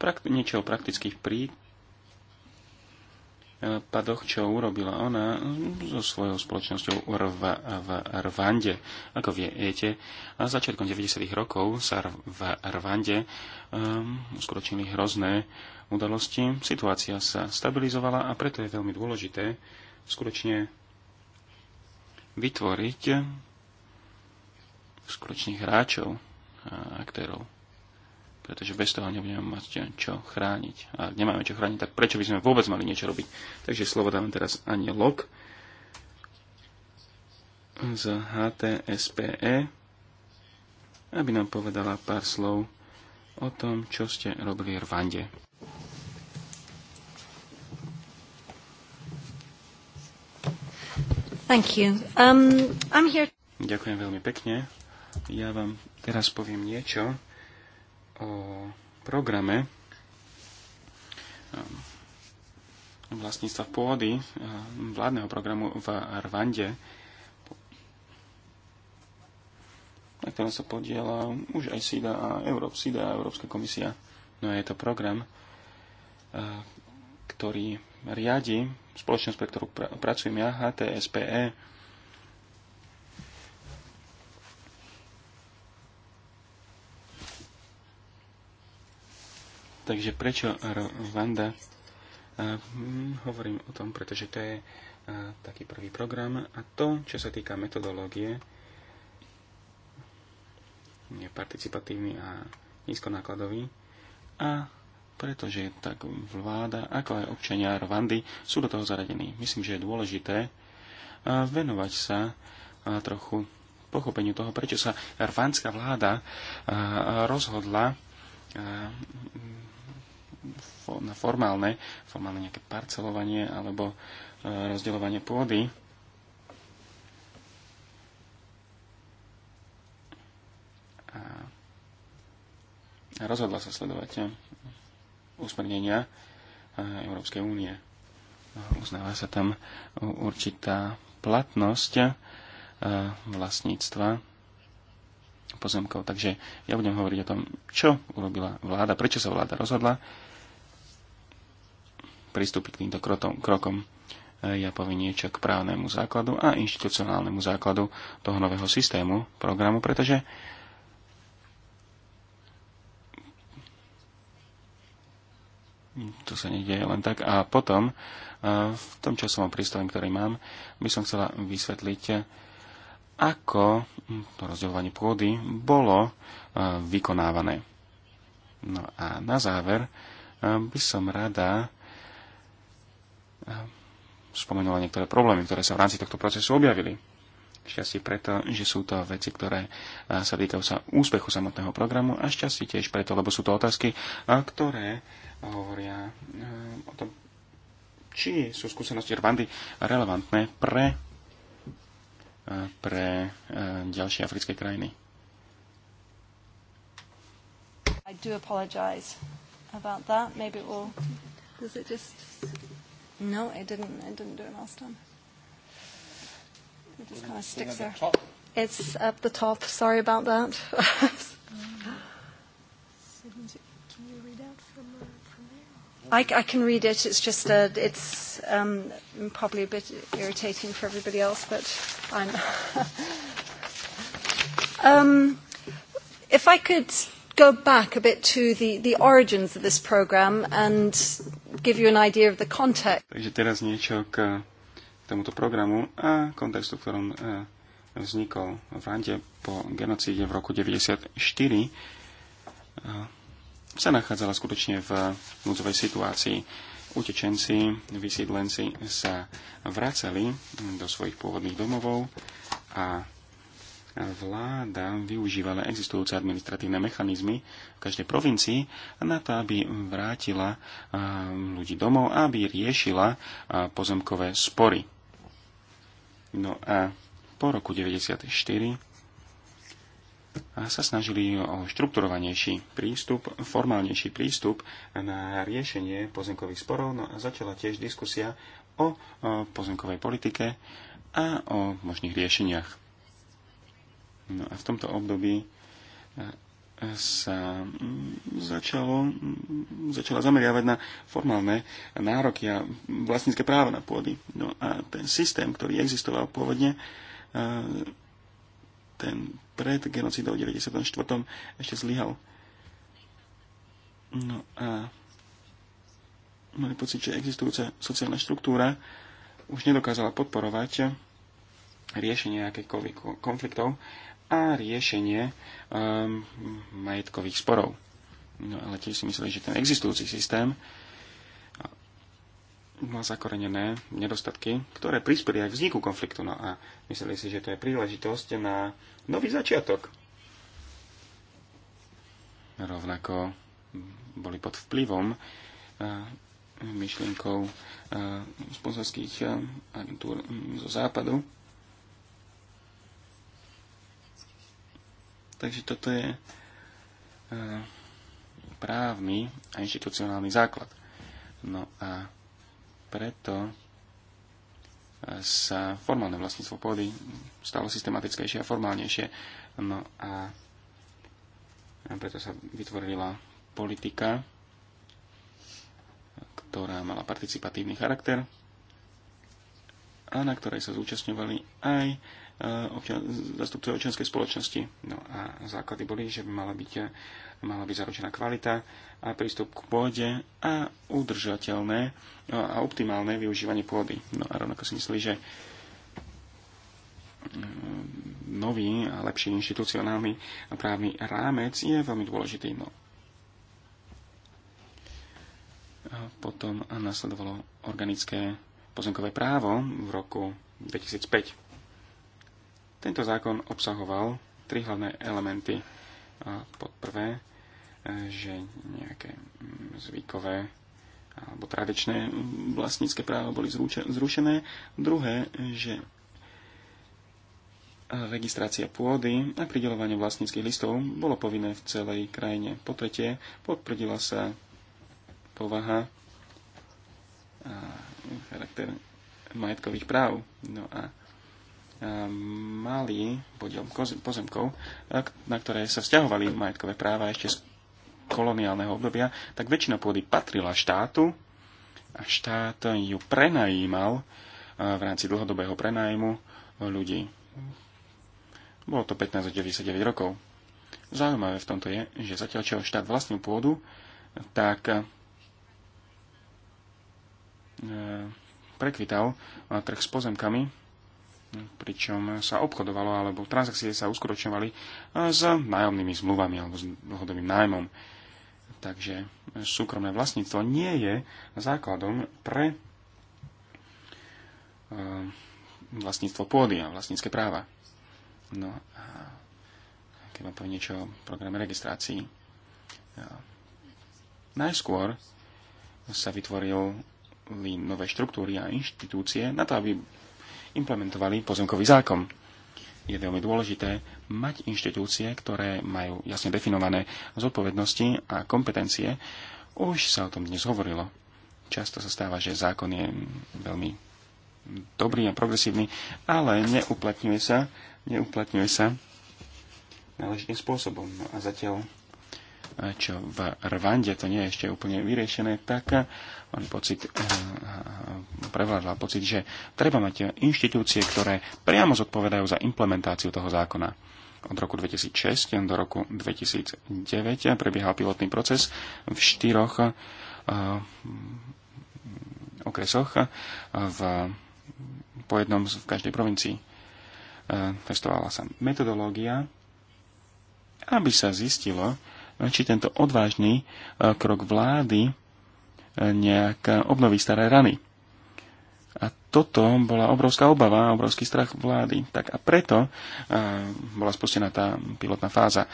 [SPEAKER 1] prakt- niečo o praktických prípadoch, e, čo urobila ona e, so svojou spoločnosťou Rv- v Rvande, Ako viete, a začiatkom 90. rokov sa v Rvande e, um, hrozné udalosti. Situácia sa stabilizovala a preto je veľmi dôležité skutočne vytvoriť skutočných hráčov a aktérov pretože bez toho nebudeme mať čo chrániť. A ak nemáme čo chrániť, tak prečo by sme vôbec mali niečo robiť? Takže slovo dávam teraz Ani Lok z HTSPE, aby nám povedala pár slov o tom, čo ste robili v Rwande.
[SPEAKER 2] Thank you. Um, I'm here...
[SPEAKER 1] Ďakujem veľmi pekne. Ja vám teraz poviem niečo o programe um, vlastníctva pôdy um, vládneho programu v Rwande, na ktorom sa podiela už aj SIDA a Európ, SIDA a Európska komisia. No je to program, uh, ktorý riadi spoločnosť, pre ktorú pracujem ja, HTSPE, Takže prečo Rwanda? Hm, hovorím o tom, pretože to je taký prvý program a to, čo sa týka metodológie, je participatívny a nízkonákladový a pretože tak vláda, ako aj občania Rwandy sú do toho zaradení. Myslím, že je dôležité venovať sa trochu pochopeniu toho, prečo sa rvandská vláda rozhodla na formálne, formálne nejaké parcelovanie alebo e, rozdeľovanie pôdy. A rozhodla sa sledovať usmernenia e, Európskej únie. No, uznáva sa tam určitá platnosť e, vlastníctva pozemkov. Takže ja budem hovoriť o tom, čo urobila vláda, prečo sa vláda rozhodla pristúpiť k týmto krokom. E, ja poviem niečo k právnemu základu a inštitucionálnemu základu toho nového systému, programu, pretože to sa nedieje len tak. A potom, e, v tom časovom prístroji, ktorý mám, by som chcela vysvetliť, e, ako to rozdeľovanie pôdy bolo vykonávané. No a na záver by som rada spomenula niektoré problémy, ktoré sa v rámci tohto procesu objavili. Šťastie preto, že sú to veci, ktoré e, sa týkajú sa úspechu samotného programu a šťastie tiež preto, lebo sú to otázky, e, ktoré hovoria e, o tom, či sú skúsenosti Rwandy relevantné pre, pre ďalšie africké krajiny.
[SPEAKER 2] I do apologize about that. Maybe it will... Does it just... No, it didn't. It didn't do it last time. It just kind of sticks there. It's at the top. Sorry about that. can
[SPEAKER 1] you read out from, there?
[SPEAKER 3] I, I can read it. It's just a, it's um, probably a bit irritating for
[SPEAKER 2] everybody else, but I'm. um, if I could go back a bit to the, the origins of this program and
[SPEAKER 3] give you an idea of the context.
[SPEAKER 1] Takže teraz niečo k tomuto programu a kontextu, v ktorom e, vznikol v Rande po genocíde v roku 1994 e, sa nachádzala skutočne v núdzovej situácii. Utečenci, vysídlenci sa vracali do svojich pôvodných domovov a vláda využívala existujúce administratívne mechanizmy v každej provincii na to, aby vrátila ľudí domov, aby riešila pozemkové spory. No a po roku 1994 sa snažili o štrukturovanejší prístup, formálnejší prístup na riešenie pozemkových sporov no a začala tiež diskusia o pozemkovej politike a o možných riešeniach No a v tomto období e, sa mm, začalo, mm, začala zameriavať na formálne nároky a vlastnícke práva na pôdy. No a ten systém, ktorý existoval pôvodne, e, ten pred genocidou v 94. ešte zlyhal. No a mali pocit, že existujúca sociálna štruktúra už nedokázala podporovať riešenie akýchkoľvek konfliktov a riešenie um, majetkových sporov. No ale tiež si mysleli, že ten existujúci systém má zakorenené nedostatky, ktoré prispeli aj vzniku konfliktu. No a mysleli si, že to je príležitosť na nový začiatok. Rovnako boli pod vplyvom eh, myšlienkou eh, sponzorských eh, agentúr zo západu, Takže toto je e, právny a inštitucionálny základ. No a preto e, sa formálne vlastníctvo pôdy stalo systematickejšie a formálnejšie. No a preto sa vytvorila politika, ktorá mala participatívny charakter a na ktorej sa zúčastňovali aj Eh, občan, občianskej spoločnosti. No a základy boli, že by mala byť, mala byť zaručená kvalita a prístup k pôde a udržateľné a optimálne využívanie pôdy. No a rovnako si myslí, že mm, nový a lepší inštitucionálny a právny rámec je veľmi dôležitý. No. A potom nasledovalo organické pozemkové právo v roku 2005. Tento zákon obsahoval tri hlavné elementy. Pod prvé, e, že nejaké mm, zvykové alebo tradičné mm, vlastnícke práva boli zrušené. Druhé, že e, registrácia pôdy a pridelovanie vlastníckých listov bolo povinné v celej krajine. Po tretie, potvrdila sa povaha a charakter majetkových práv. No a E, malý podiel pozemkov, e, na ktoré sa vzťahovali majetkové práva ešte z koloniálneho obdobia, tak väčšina pôdy patrila štátu a štát ju prenajímal e, v rámci dlhodobého prenájmu ľudí. Bolo to 15 99 rokov. Zaujímavé v tomto je, že zatiaľ čo štát vlastnú pôdu, tak prekvital trh s pozemkami pričom sa obchodovalo alebo transakcie sa uskutočňovali e, s nájomnými zmluvami alebo s dlhodobým nájmom. Takže súkromné vlastníctvo nie je základom pre e, vlastníctvo pôdy a vlastnícke práva. No a keď vám poviem niečo o programe registrácií. E, najskôr sa vytvorili nové štruktúry a inštitúcie na to, aby implementovali pozemkový zákon. Je veľmi dôležité mať inštitúcie, ktoré majú jasne definované zodpovednosti a kompetencie. Už sa o tom dnes hovorilo. Často sa stáva, že zákon je veľmi dobrý a progresívny, ale neuplatňuje sa, neuplatňuje sa náležitým spôsobom. No a zatiaľ čo v Rwande, to nie je ešte úplne vyriešené, tak mám eh, pocit, eh, prevládla pocit, že treba mať inštitúcie, ktoré priamo zodpovedajú za implementáciu toho zákona. Od roku 2006 do roku 2009 prebiehal pilotný proces v štyroch eh, okresoch v, po jednom v každej provincii. Testovala sa metodológia, aby sa zistilo, či tento odvážny e, krok vlády e, nejak obnoví staré rany. A toto bola obrovská obava, obrovský strach vlády. Tak a preto e, bola spustená tá pilotná fáza.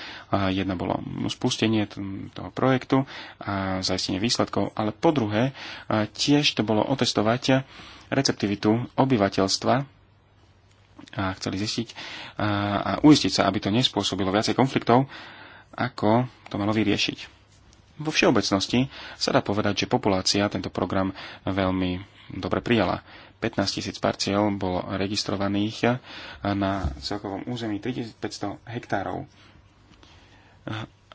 [SPEAKER 1] Jedna bolo spustenie toho projektu a zaistenie výsledkov, ale po druhé tiež to bolo otestovať receptivitu obyvateľstva a chceli zistiť a, a uistiť sa, aby to nespôsobilo viacej konfliktov ako to malo vyriešiť. Vo všeobecnosti sa dá povedať, že populácia tento program veľmi dobre prijala. 15 tisíc parciel bolo registrovaných na celkovom území 3500 hektárov.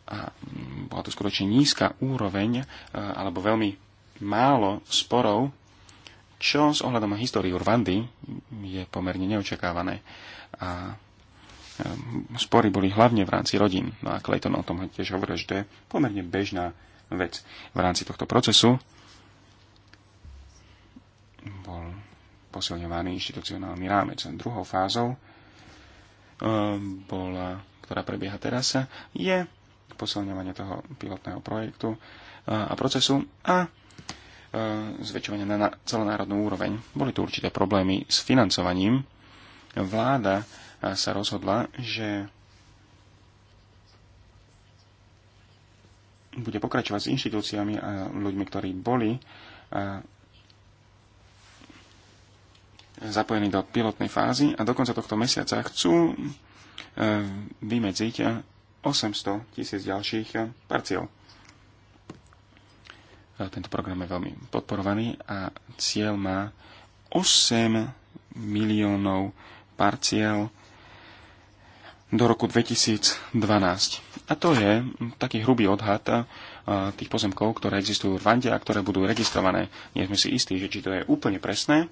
[SPEAKER 1] A bola to skutočne nízka úroveň, e, alebo veľmi málo sporov, čo s ohľadom na históriu Rwandy je pomerne neočakávané. A Ehm, spory boli hlavne v rámci rodín. No a Clayton o tom tiež hovoril, že to je pomerne bežná vec. V rámci tohto procesu bol posilňovaný inštitucionálny rámec. Druhou fázou ehm, bola, ktorá prebieha teraz, je posilňovanie toho pilotného projektu a procesu a e, zväčšovanie na celonárodnú úroveň. Boli tu určité problémy s financovaním. Vláda sa rozhodla, že bude pokračovať s inštitúciami a ľuďmi, ktorí boli zapojení do pilotnej fázy a do konca tohto mesiaca chcú e, vymedziť 800 tisíc ďalších parciel. E, tento program je veľmi podporovaný a cieľ má 8 miliónov parciel do roku 2012. A to je taký hrubý odhad tých pozemkov, ktoré existujú v Rwande a ktoré budú registrované. Nie sme si istí, že či to je úplne presné.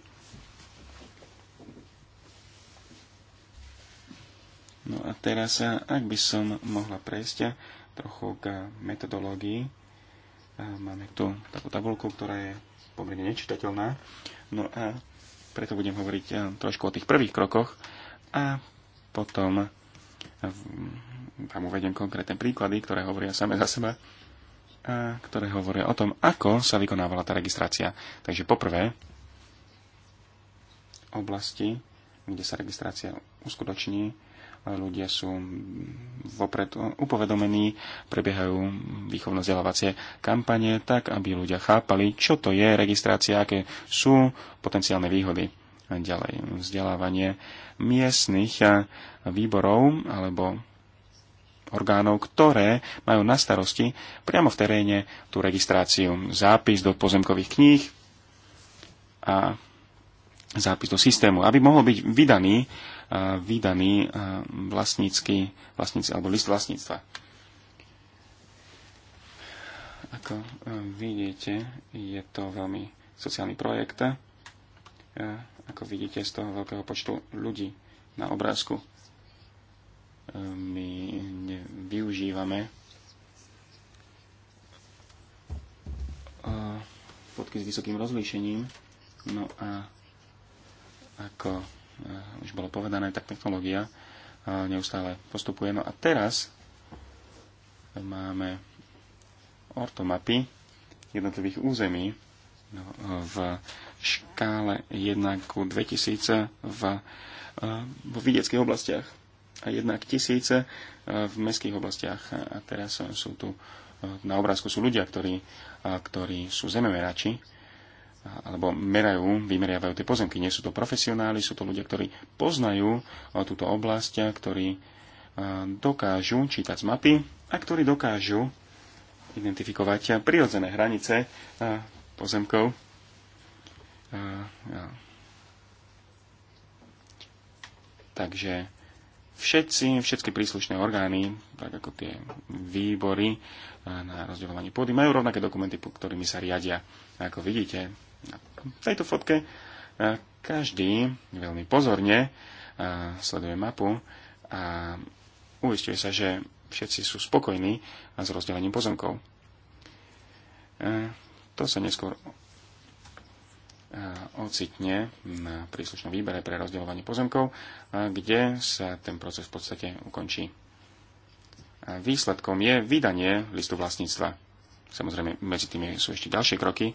[SPEAKER 1] No a teraz, ak by som mohla prejsť trochu k metodológii, máme tu takú tabulku, ktorá je pomerne nečitateľná. No a preto budem hovoriť trošku o tých prvých krokoch a potom tam uvediem konkrétne príklady, ktoré hovoria same za seba, a ktoré hovoria o tom, ako sa vykonávala tá registrácia. Takže poprvé, oblasti, kde sa registrácia uskutoční, ľudia sú vopred upovedomení, prebiehajú výchovno-vzdelávacie kampane tak, aby ľudia chápali, čo to je registrácia, aké sú potenciálne výhody ďalej vzdelávanie miestnych eh, výborov alebo orgánov, ktoré majú na starosti priamo v teréne tú registráciu, zápis do pozemkových kníh a zápis do systému, aby mohol byť vydaný, eh, vydaný eh, vlastnícky, vlastníci, alebo list vlastníctva. Ako vidíte, je to veľmi sociálny projekt ako vidíte z toho veľkého počtu ľudí na obrázku. E, my využívame e, fotky s vysokým rozlíšením. No a ako e, už bolo povedané, tak technológia neustále postupuje. No a teraz máme ortomapy jednotlivých území no, v škále 1 k 2000 v, eh, v vidieckých oblastiach a 1 k 1000 v mestských oblastiach. A teraz sú tu eh, na obrázku sú ľudia, ktorí, eh, ktorí sú zememerači alebo merajú, vymeriavajú tie pozemky. Nie sú to profesionáli, sú to ľudia, ktorí poznajú túto oblasť, ktorí dokážu čítať z mapy a ktorí dokážu identifikovať prirodzené hranice pozemkov ja. Takže všetci, všetky príslušné orgány, tak ako tie výbory na rozdeľovanie pôdy, majú rovnaké dokumenty, ktorými sa riadia. A ako vidíte v tejto fotke, každý veľmi pozorne sleduje mapu a uistuje sa, že všetci sú spokojní s rozdelením pozemkov. To sa neskôr Eh, ocitne na príslušnom výbere pre rozdeľovanie pozemkov, eh, kde sa ten proces v podstate ukončí. Eh, výsledkom je vydanie listu vlastníctva. Samozrejme, medzi tými sú ešte ďalšie kroky.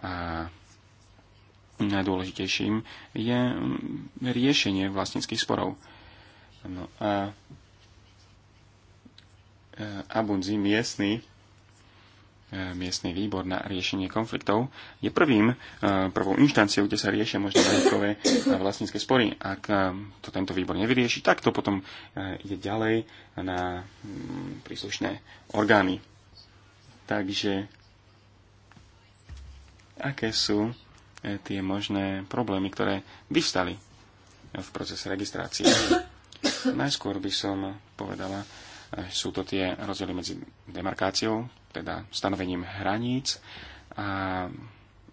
[SPEAKER 1] A najdôležitejším je mm, riešenie vlastníckých sporov. No a Abunzi, miestny E, miestny výbor na riešenie konfliktov je prvým, e, prvou inštanciou, kde sa riešia možno majetkové a vlastnícke spory. Ak e, to tento výbor nevyrieši, tak to potom ide ďalej na mm, príslušné orgány. Takže aké sú tie možné problémy, ktoré vyvstali v procese registrácie? Najskôr by som povedala, sú to tie rozdiely medzi demarkáciou, teda stanovením hraníc a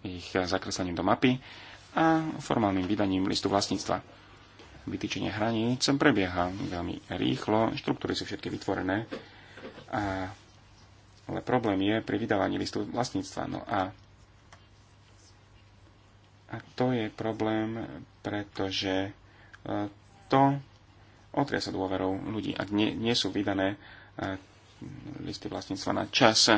[SPEAKER 1] ich zakreslením do mapy a formálnym vydaním listu vlastníctva. Vytýčenie hraníc prebieha veľmi rýchlo, štruktúry sú všetky vytvorené, a, ale problém je pri vydávaní listu vlastníctva. No a, a to je problém, pretože e, to otria sa dôverou ľudí, ak nie, nie sú vydané e, listy vlastníctva na čas.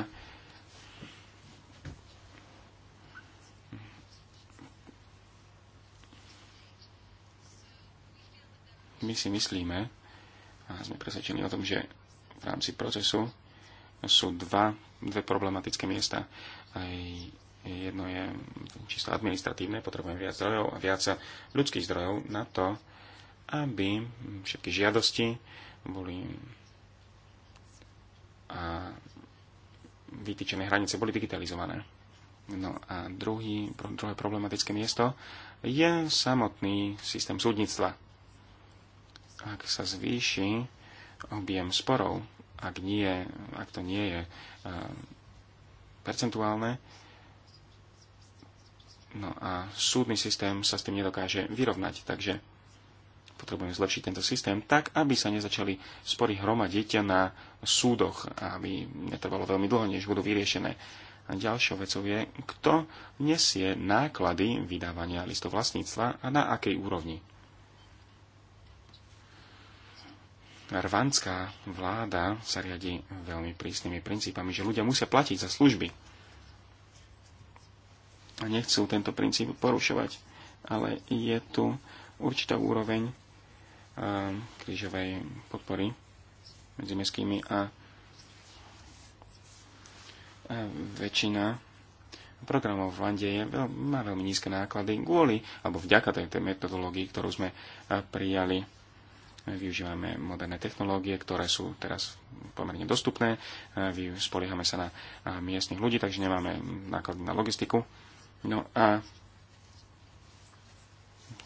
[SPEAKER 1] My si myslíme a sme presvedčení o tom, že v rámci procesu sú dva, dve problematické miesta. Aj jedno je čisto administratívne, potrebujeme viac zdrojov a viac ľudských zdrojov na to, aby všetky žiadosti boli a vytýčené hranice boli digitalizované. No a druhý, druhé problematické miesto je samotný systém súdnictva. Ak sa zvýši objem sporov, ak, nie, ak to nie je e, percentuálne, no a súdny systém sa s tým nedokáže vyrovnať. Takže Potrebujeme zlepšiť tento systém tak, aby sa nezačali spory hromadiť na súdoch a aby netrvalo veľmi dlho, než budú vyriešené. A ďalšou vecou je, kto nesie náklady vydávania listov vlastníctva a na akej úrovni. Rvanská vláda sa riadi veľmi prísnymi princípami, že ľudia musia platiť za služby. A nechcú tento princíp porušovať. Ale je tu určitá úroveň krížovej podpory medzi mestskými a, väčšina programov v Lande je, má veľmi nízke náklady kvôli, alebo vďaka tej, tej metodológii, ktorú sme prijali. Využívame moderné technológie, ktoré sú teraz pomerne dostupné. Spoliehame sa na miestnych ľudí, takže nemáme náklady na logistiku. No a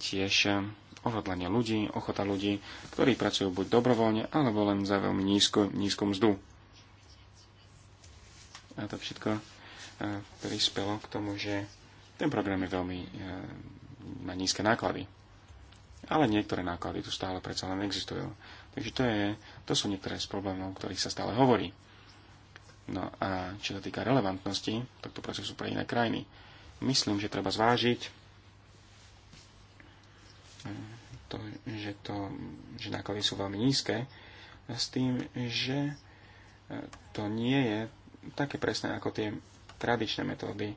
[SPEAKER 1] tiež odhodlanie ľudí, ochota ľudí, ktorí pracujú buď dobrovoľne, alebo len za veľmi nízku, nízku mzdu. A to všetko e, prispelo k tomu, že ten program je veľmi na e, nízke náklady. Ale niektoré náklady tu stále predsa len existujú. Takže to, je, to sú niektoré z problémov, o ktorých sa stále hovorí. No a čo sa týka relevantnosti tohto procesu pre iné krajiny, myslím, že treba zvážiť to, že, to, že náklady sú veľmi nízke, s tým, že e, to nie je také presné ako tie tradičné metódy.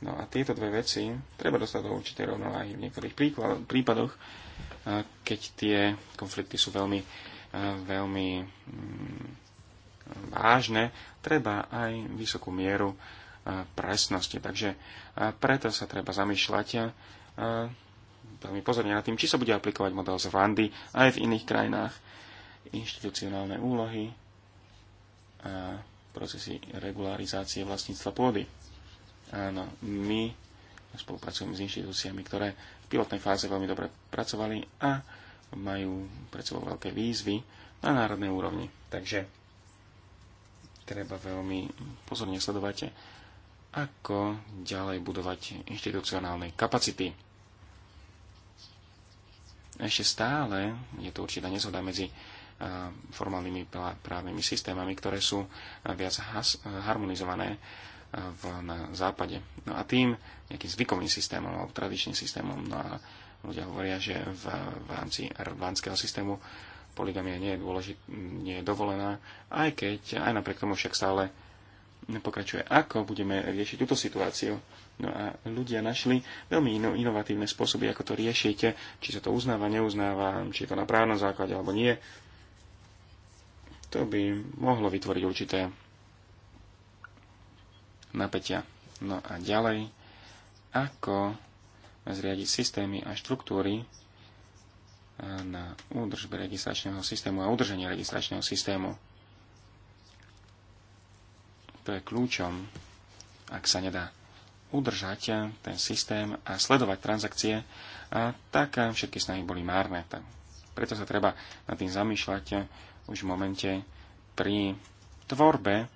[SPEAKER 1] No a tieto dve veci treba dostať do určitej rovnováhy v niektorých prípadoch, e, keď tie konflikty sú veľmi, e, veľmi mm, vážne, treba aj vysokú mieru presnosti. Takže preto sa treba zamýšľať veľmi pozorne nad tým, či sa bude aplikovať model z Vandy aj v iných krajinách, inštitucionálne úlohy a procesy regularizácie vlastníctva pôdy. Áno, my spolupracujeme s inštitúciami, ktoré v pilotnej fáze veľmi dobre pracovali a majú pred sebou veľké výzvy na národnej úrovni. Takže treba veľmi pozorne sledovať, ako ďalej budovať inštitucionálne kapacity ešte stále je to určitá nezhoda medzi formálnymi právnymi systémami, ktoré sú viac harmonizované v, na západe. No a tým nejakým zvykovým systémom alebo tradičným systémom. No a ľudia hovoria, že v, v rámci rvánskeho systému poligamia nie je, dôležit, nie je dovolená, aj keď, aj napriek tomu však stále pokračuje. Ako budeme riešiť túto situáciu? No a ľudia našli veľmi ino- inovatívne spôsoby, ako to riešite, či sa to uznáva, neuznáva, či je to na právnom základe alebo nie. To by mohlo vytvoriť určité napätia. No a ďalej, ako zriadiť systémy a štruktúry eh, na údržbe registračného systému a udrženie registračného systému to je kľúčom, ak sa nedá udržať ten systém a sledovať transakcie, a tak všetky snahy boli márne. Preto sa treba nad tým zamýšľať už v momente pri tvorbe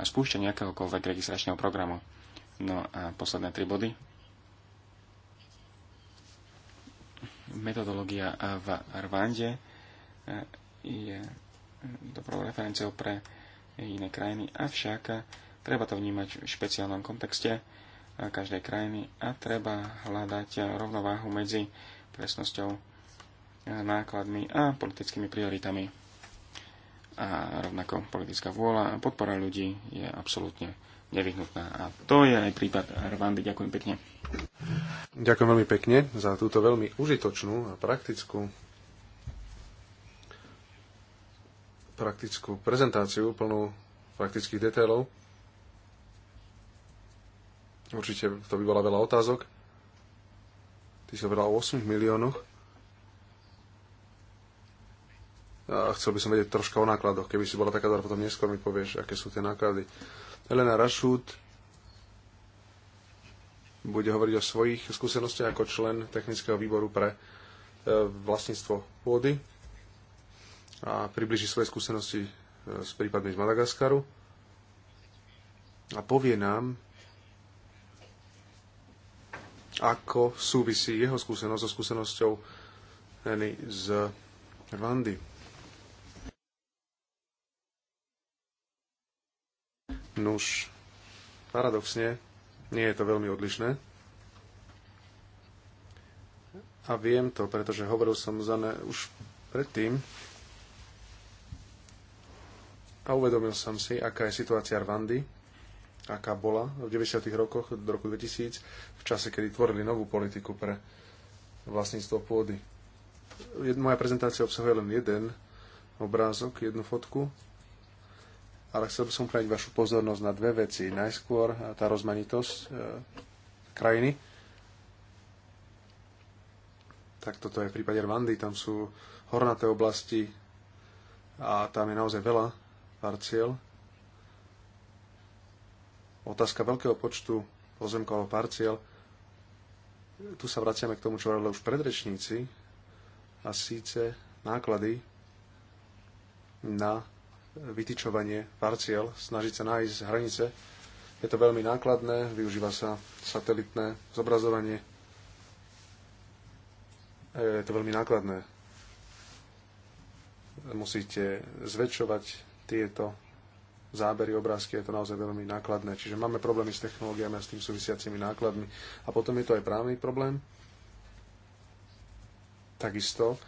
[SPEAKER 1] a spúšťaní akéhokoľvek registračného programu. No a posledné tri body. Metodológia v Rwande e, je dobrou referenciou pre iné krajiny, avšak treba to vnímať v špeciálnom kontexte každej krajiny a treba hľadať rovnováhu medzi presnosťou nákladmi a politickými prioritami. A rovnako politická vôľa a podpora ľudí je absolútne nevyhnutná. A to je aj prípad Rwandy. Ďakujem pekne.
[SPEAKER 3] Ďakujem veľmi pekne
[SPEAKER 1] za túto veľmi užitočnú a praktickú
[SPEAKER 3] praktickú prezentáciu plnú praktických detailov. Určite to by bola veľa otázok. Ty si hovorila o 8 miliónoch. A chcel by som vedieť troška o nákladoch. Keby si bola taká dobrá, potom neskôr mi povieš, aké sú tie náklady. Elena Rašút bude hovoriť o svojich skúsenostiach ako člen technického výboru pre e, vlastníctvo pôdy a približí svoje skúsenosti e, s prípadmi z Madagaskaru a povie nám, ako súvisí jeho skúsenosť so skúsenosťou Henny z Rwandy. Nuž, paradoxne, nie je to veľmi odlišné. A viem to, pretože hovoril som za ne už predtým, a uvedomil som si, aká je situácia Rwandy, aká bola v 90. rokoch do roku 2000, v čase, kedy tvorili novú politiku pre vlastníctvo pôdy. Moja prezentácia obsahuje len jeden obrázok, jednu fotku, ale chcel by som upriať vašu pozornosť na dve veci. Najskôr tá rozmanitosť e, krajiny. Tak toto je v prípade Rwandy, tam sú hornaté oblasti a tam je naozaj veľa parciel. Otázka veľkého počtu pozemkov alebo parciel. Tu sa vraciame k tomu, čo hovorili už predrečníci, a síce náklady na vytičovanie parciel, snažiť sa nájsť hranice. Je to veľmi nákladné, využíva sa satelitné zobrazovanie. Je to veľmi nákladné. Musíte zväčšovať tieto zábery, obrázky, je to naozaj veľmi nákladné. Čiže máme problémy s technológiami a s tým súvisiacimi nákladmi. A potom je to aj právny problém. Takisto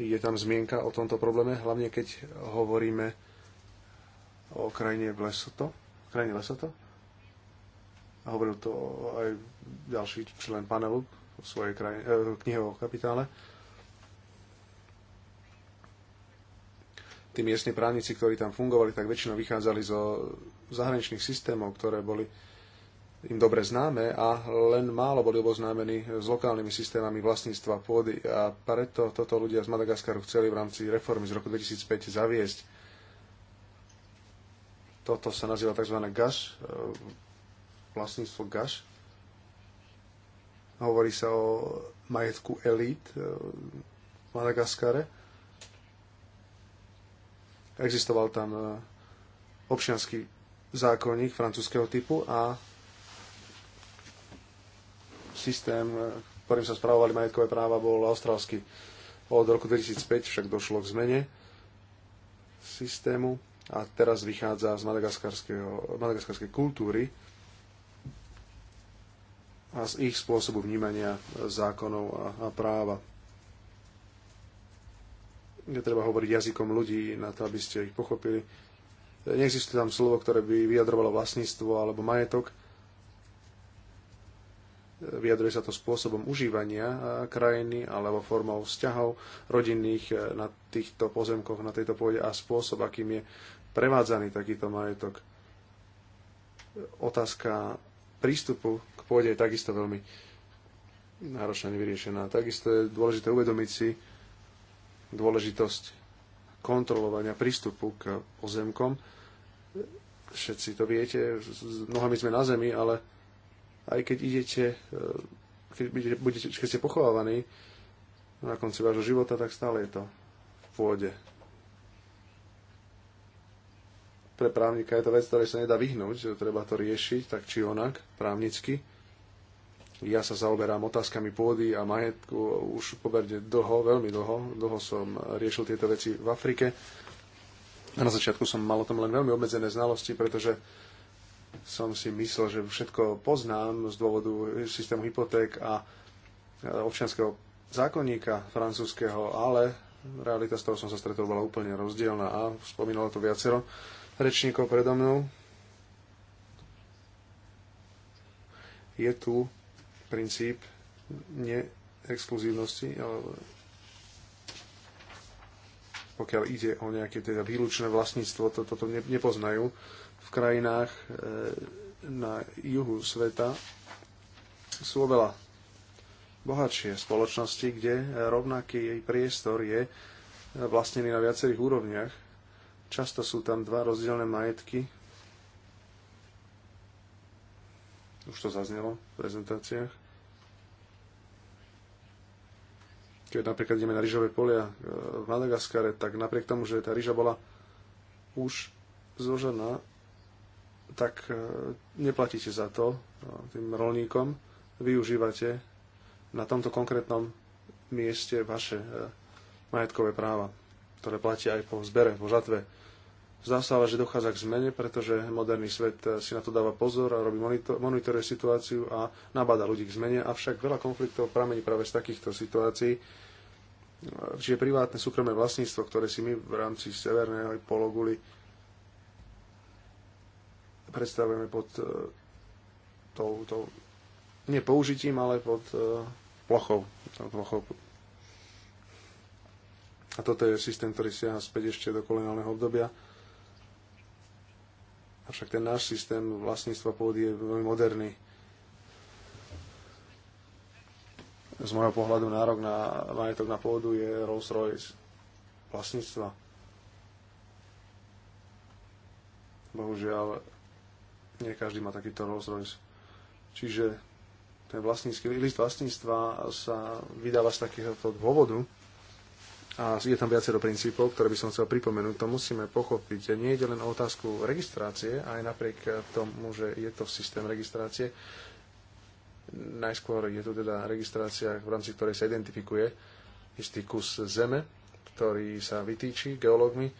[SPEAKER 3] je tam zmienka o tomto probléme, hlavne keď hovoríme o krajine v Lesoto. Krajine Lesoto. A hovoril to aj ďalší člen panelu v svojej krajine, eh, knihe o kapitále. tí miestni právnici, ktorí tam fungovali, tak väčšinou vychádzali zo zahraničných systémov, ktoré boli im dobre známe a len málo boli oboznámení s lokálnymi systémami vlastníctva pôdy a preto toto ľudia z Madagaskaru chceli v rámci reformy z roku 2005 zaviesť. Toto sa nazýva tzv. GAŠ, e, vlastníctvo GAŠ. Hovorí sa o majetku elít e, v Madagaskare Existoval tam e, občianský zákonník francúzského typu a systém, e, ktorým sa spravovali majetkové práva, bol austrálsky. Od roku 2005 však došlo k zmene systému a teraz vychádza z madagaskarskej kultúry a z ich spôsobu vnímania zákonov a, a práva netreba hovoriť jazykom ľudí na to, aby ste ich pochopili. Neexistuje tam slovo, ktoré by vyjadrovalo vlastníctvo alebo majetok. Vyjadruje sa to spôsobom užívania krajiny alebo formou vzťahov rodinných na týchto pozemkoch, na tejto pôde a spôsob, akým je prevádzaný takýto majetok. Otázka prístupu k pôde je takisto veľmi náročne nevyriešená. Takisto je dôležité uvedomiť si, dôležitosť kontrolovania prístupu k pozemkom. Všetci to viete, nohami sme na zemi, ale aj keď idete, e, keď, budete, keď ste pochovávaní na konci vášho života, tak stále je to v pôde. Pre právnika je to vec, ktorej sa nedá vyhnúť, že treba to riešiť tak či onak, právnicky ja sa zaoberám otázkami pôdy a majetku už poberne dlho, veľmi dlho. Dlho som riešil tieto veci v Afrike. A na začiatku som mal o tom len veľmi obmedzené znalosti, pretože som si myslel, že všetko poznám z dôvodu systému hypoték a občianského zákonníka francúzského, ale realita z toho som sa stretol bola úplne rozdielna a spomínalo to viacero rečníkov predo mnou. Je tu princíp neexkluzívnosti, alebo pokiaľ ide o nejaké teda výlučné vlastníctvo, to, to nepoznajú. V krajinách e, na juhu sveta sú oveľa bohatšie spoločnosti, kde rovnaký jej priestor je vlastnený na viacerých úrovniach. Často sú tam dva rozdielne majetky. Už to zaznelo v prezentáciách. keď napríklad ideme na rýžové polia e, v Madagaskare, tak napriek tomu, že tá rýža bola už zložená, tak e, neplatíte za to e, tým rolníkom, využívate na tomto konkrétnom mieste vaše majetkové práva, ktoré platia aj po zbere, po žatve. Zdá sa ale, že dochádza k zmene, pretože moderný svet si na to dáva pozor a robí monitor, monitoruje situáciu a nabáda ľudí k zmene, avšak veľa konfliktov pramení práve z takýchto situácií, čiže privátne súkromné vlastníctvo, ktoré si my v rámci severnej pologuly predstavujeme pod e, tou, tou nie použitím, ale pod e, plochou, plochou. A toto je systém, ktorý siaha späť ešte do koloniálneho obdobia. Avšak ten náš systém vlastníctva pôdy je veľmi moderný. z môjho pohľadu nárok na majetok na pôdu je Rolls Royce vlastníctva. Bohužiaľ, nie každý má takýto Rolls Royce. Čiže ten vlastnícky, list vlastníctva sa vydáva z takéhoto dôvodu a je tam viacero princípov, ktoré by som chcel pripomenúť. To musíme pochopiť. Nie je len o otázku registrácie, aj napriek tomu, že je to systém registrácie, Najskôr je tu teda registrácia, v rámci ktorej sa identifikuje istý kus zeme, ktorý sa vytýči geológmi,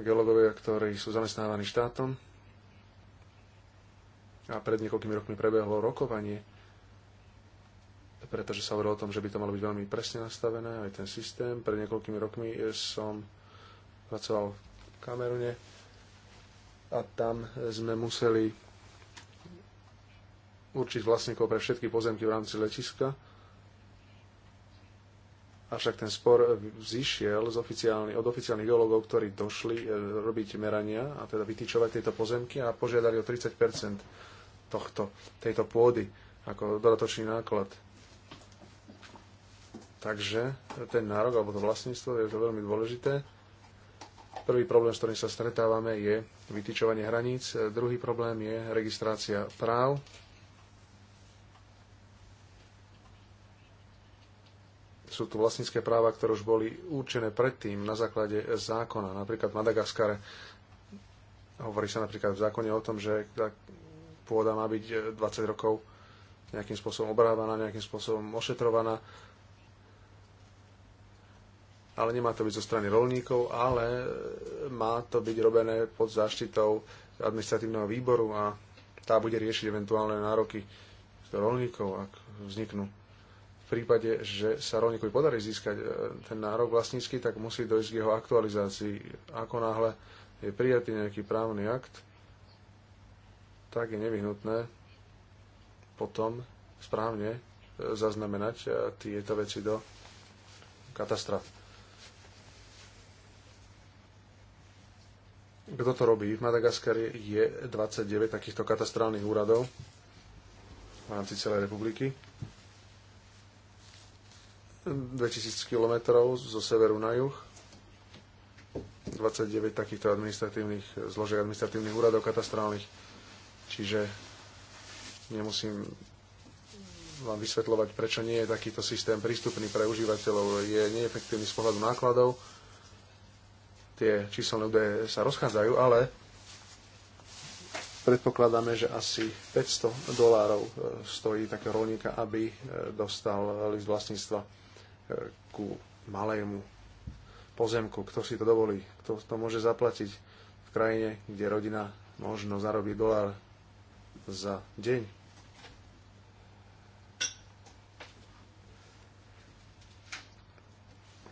[SPEAKER 3] geológovia, ktorí sú zamestnávaní štátom. A pred niekoľkými rokmi prebehlo rokovanie, pretože sa hovorilo o tom, že by to malo byť veľmi presne nastavené, aj ten systém. Pred niekoľkými rokmi som pracoval v Kamerune a tam sme museli určiť vlastníkov pre všetky pozemky v rámci letiska. Avšak ten spor zišiel z oficiálny, od oficiálnych geológov, ktorí došli e, robiť merania a teda vytýčovať tieto pozemky a požiadali o 30 tohto, tejto pôdy ako dodatočný náklad. Takže ten nárok alebo to vlastníctvo je to veľmi dôležité. Prvý problém, s ktorým sa stretávame, je vytýčovanie hraníc. E, druhý problém je registrácia práv sú tu vlastnícke práva, ktoré už boli určené predtým na základe zákona. Napríklad v Madagaskare hovorí sa napríklad v zákone o tom, že tá pôda má byť 20 rokov nejakým spôsobom obrávaná, nejakým spôsobom ošetrovaná. Ale nemá to byť zo strany rolníkov, ale má to byť robené pod záštitou administratívneho výboru a tá bude riešiť eventuálne nároky rolníkov, ak vzniknú prípade, že sa rolníkovi podarí získať e, ten nárok vlastnícky, tak musí dojsť k jeho aktualizácii. Ako náhle je prijatý nejaký právny akt, tak je nevyhnutné potom správne e, zaznamenať e, tieto veci do katastra. Kto to robí? V Madagaskare je 29 takýchto katastrálnych úradov v rámci celej republiky 2000 km zo severu na juh. 29 takýchto administratívnych zložiek, administratívnych úradov katastrálnych. Čiže nemusím vám vysvetľovať, prečo nie je takýto systém prístupný pre užívateľov. Je neefektívny z pohľadu nákladov. Tie číselné údaje sa rozchádzajú, ale predpokladáme, že asi 500 dolárov e, stojí takého rolníka, aby e, dostal list vlastníctva. Eh, ku malému pozemku, kto si to dovolí, kto to môže zaplatiť v krajine, kde rodina možno zarobí dolár za deň.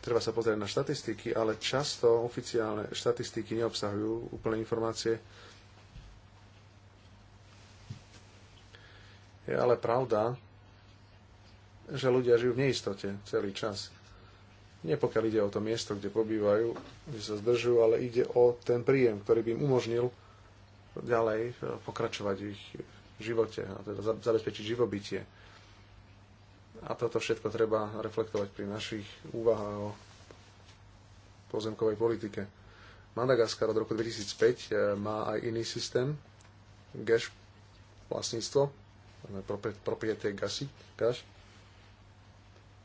[SPEAKER 3] Treba sa pozrieť na štatistiky, ale často oficiálne štatistiky neobsahujú úplné informácie. Je ale pravda, že ľudia žijú v neistote celý čas. Nie pokiaľ ide o to miesto, kde pobývajú, kde sa zdržujú, ale ide o ten príjem, ktorý by im umožnil ďalej e, pokračovať v ich živote a teda zabezpečiť živobytie. A toto všetko treba reflektovať pri našich úvahách o pozemkovej politike. Madagaskar od roku 2005 e, má aj iný systém, GESH vlastníctvo, proprieté GASI, GASH,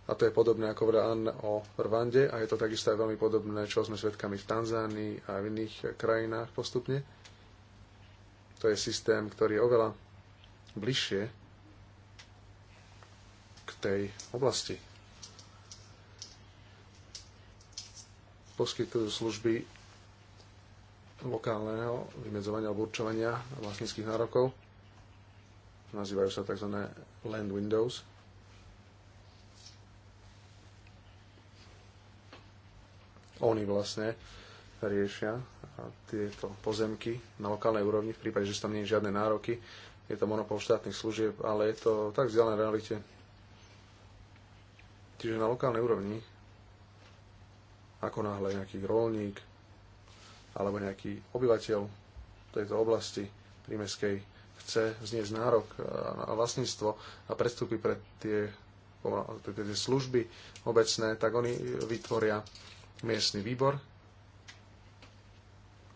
[SPEAKER 3] a to je podobné, ako hovorila Anna o Rwande a je to takisto aj veľmi podobné, čo sme svedkami v Tanzánii a v iných krajinách postupne. To je systém, ktorý je oveľa bližšie k tej oblasti. Poskytujú služby lokálneho vymedzovania alebo určovania vlastníckých nárokov. Nazývajú sa tzv. land windows Oni vlastne riešia tieto pozemky na lokálnej úrovni, v prípade, že tam nie je žiadne nároky. Je to monopol štátnych služieb, ale je to tak vzdialené realite. Čiže na lokálnej úrovni, ako náhle nejaký rolník alebo nejaký obyvateľ tejto oblasti prímeskej chce vzniesť nárok e, na vlastníctvo a predstúpi pred tie, tie služby obecné, tak oni vytvoria miestny výbor,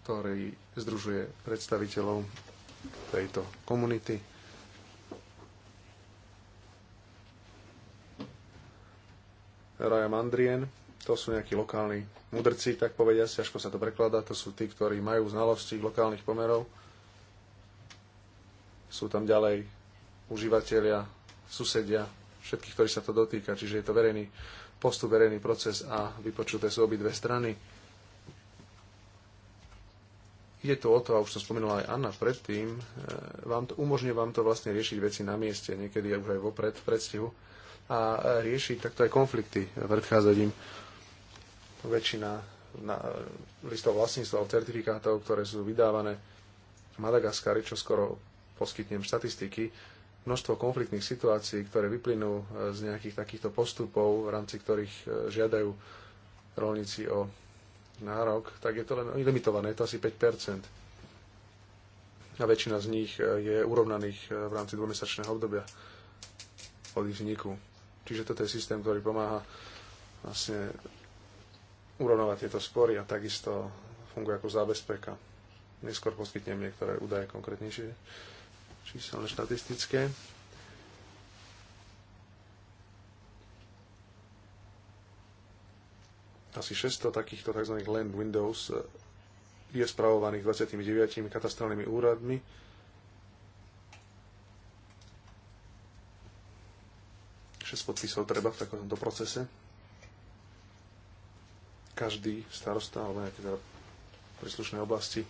[SPEAKER 3] ktorý združuje predstaviteľov tejto komunity. Raja Mandrien, to sú nejakí lokálni mudrci, tak povediať, ťažko sa to prekladá, to sú tí, ktorí majú znalosti lokálnych pomerov. Sú tam ďalej užívateľia, susedia, všetkých, ktorí sa to dotýka, čiže je to verejný postup verejný proces a vypočuté sú obidve strany. Ide to o to, a už som spomenula aj Anna predtým, e, vám to, umožňuje vám to vlastne riešiť veci na mieste, niekedy už aj vopred, v predstihu, a e, riešiť takto aj konflikty, predchádzať im. Väčšina na, e, listov vlastníctva, certifikátov, ktoré sú vydávané v Madagaskari, čo skoro poskytnem štatistiky, množstvo konfliktných situácií, ktoré vyplynú e, z nejakých takýchto postupov, v rámci ktorých e, žiadajú rolníci o nárok, tak je to len limitované, je to asi 5 a väčšina z nich e, je urovnaných v rámci dvomesačného obdobia od ich vzniku. Čiže toto je systém, ktorý pomáha vlastne urovnovať tieto spory a takisto funguje ako zábezpeka. Neskôr poskytnem niektoré údaje konkrétnejšie číselné štatistické. Asi 600 takýchto tzv. land windows eh, je spravovaných 29 katastrálnymi úradmi. Šesť podpisov treba v takomto procese. Každý starosta alebo nejaké teda oblasti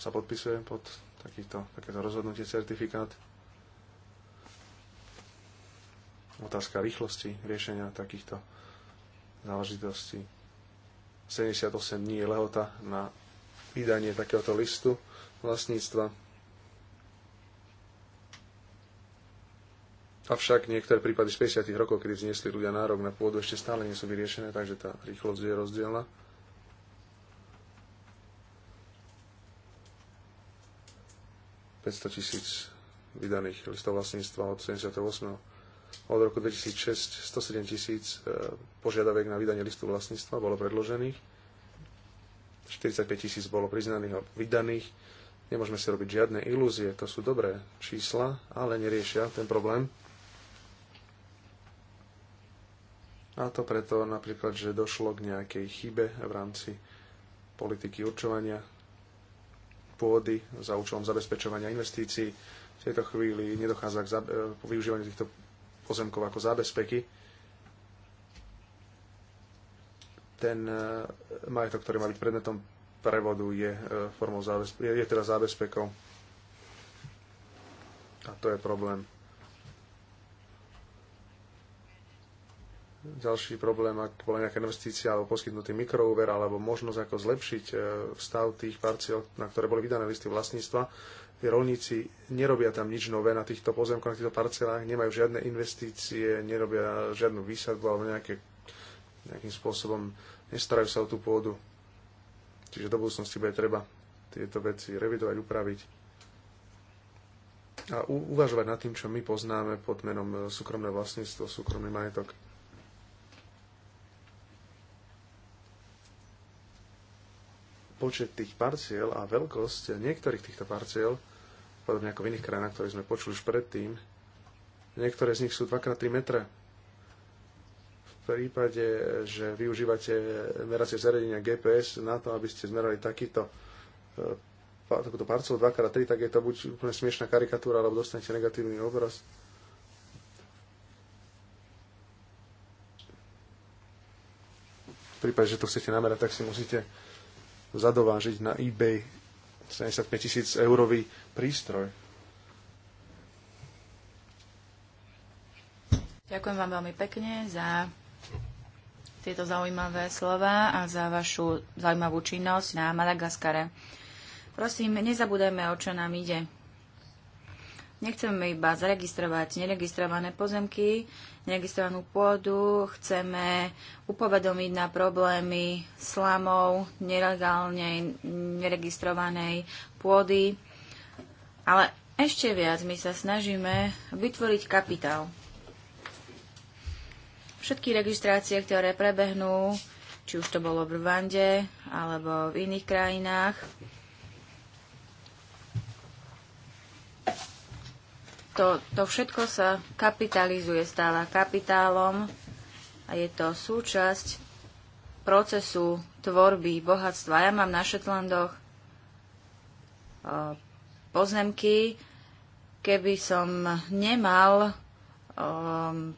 [SPEAKER 3] sa podpisuje pod takýto, takéto rozhodnutie, certifikát. Otázka rýchlosti riešenia takýchto záležitostí. 78 dní je lehota na vydanie takéhoto listu vlastníctva. Avšak niektoré prípady z 50 rokov, kedy vzniesli ľudia nárok na pôdu, ešte stále nie sú vyriešené, takže tá rýchlosť je rozdielna. 500 tisíc vydaných listov vlastníctva od 78. Od roku 2006 107 tisíc e, požiadavek na vydanie listu vlastníctva bolo predložených. 45 tisíc bolo priznaných a vydaných. Nemôžeme si robiť žiadne ilúzie, to sú dobré čísla, ale neriešia ten problém. A to preto napríklad, že došlo k nejakej chybe v rámci politiky určovania pôdy za účelom zabezpečovania investícií. V tejto chvíli nedochádza k eh, využívaniu týchto pozemkov ako zábezpeky. Ten eh, majetok, ktorý má byť predmetom prevodu, je, eh, formou zábezpe- je, je teda zábezpekou. A to je problém. Ďalší problém, ak bola nejaká investícia alebo poskytnutý mikroúver alebo možnosť ako zlepšiť e, stav tých parciel, na ktoré boli vydané listy vlastníctva, tí rolníci nerobia tam nič nové na týchto pozemkoch, na týchto parcelách, nemajú žiadne investície, nerobia žiadnu výsadbu alebo nejaké, nejakým spôsobom nestarajú sa o tú pôdu. Čiže do budúcnosti bude treba tieto veci revidovať, upraviť a uvažovať nad tým, čo my poznáme pod menom e, súkromné vlastníctvo, súkromný majetok. počet tých parciel a veľkosť niektorých týchto parciel, podobne ako v iných krajinách, ktoré sme počuli už predtým, niektoré z nich sú 2x3 metre. V prípade, že využívate meracie zariadenia GPS na to, aby ste zmerali takýto, e, takúto parcelu 2x3, tak je to buď úplne smiešná karikatúra, alebo dostanete negatívny obraz. V prípade, že to chcete namerať, tak si musíte zadovážiť na eBay 75 tisíc eurový prístroj.
[SPEAKER 2] Ďakujem vám veľmi pekne za tieto zaujímavé slova a za vašu zaujímavú činnosť na Madagaskare. Prosím, nezabúdajme, o čo nám ide. Nechceme iba zaregistrovať neregistrované pozemky, neregistrovanú pôdu, chceme upovedomiť na problémy slamov, nelegálnej, neregistrovanej pôdy. Ale ešte viac my sa snažíme vytvoriť kapitál. Všetky registrácie, ktoré prebehnú, či už to bolo v Rwande alebo v iných krajinách, to, to všetko sa kapitalizuje, stáva kapitálom a je to súčasť procesu tvorby bohatstva. Ja mám na Šetlandoch eh, pozemky, keby som nemal um,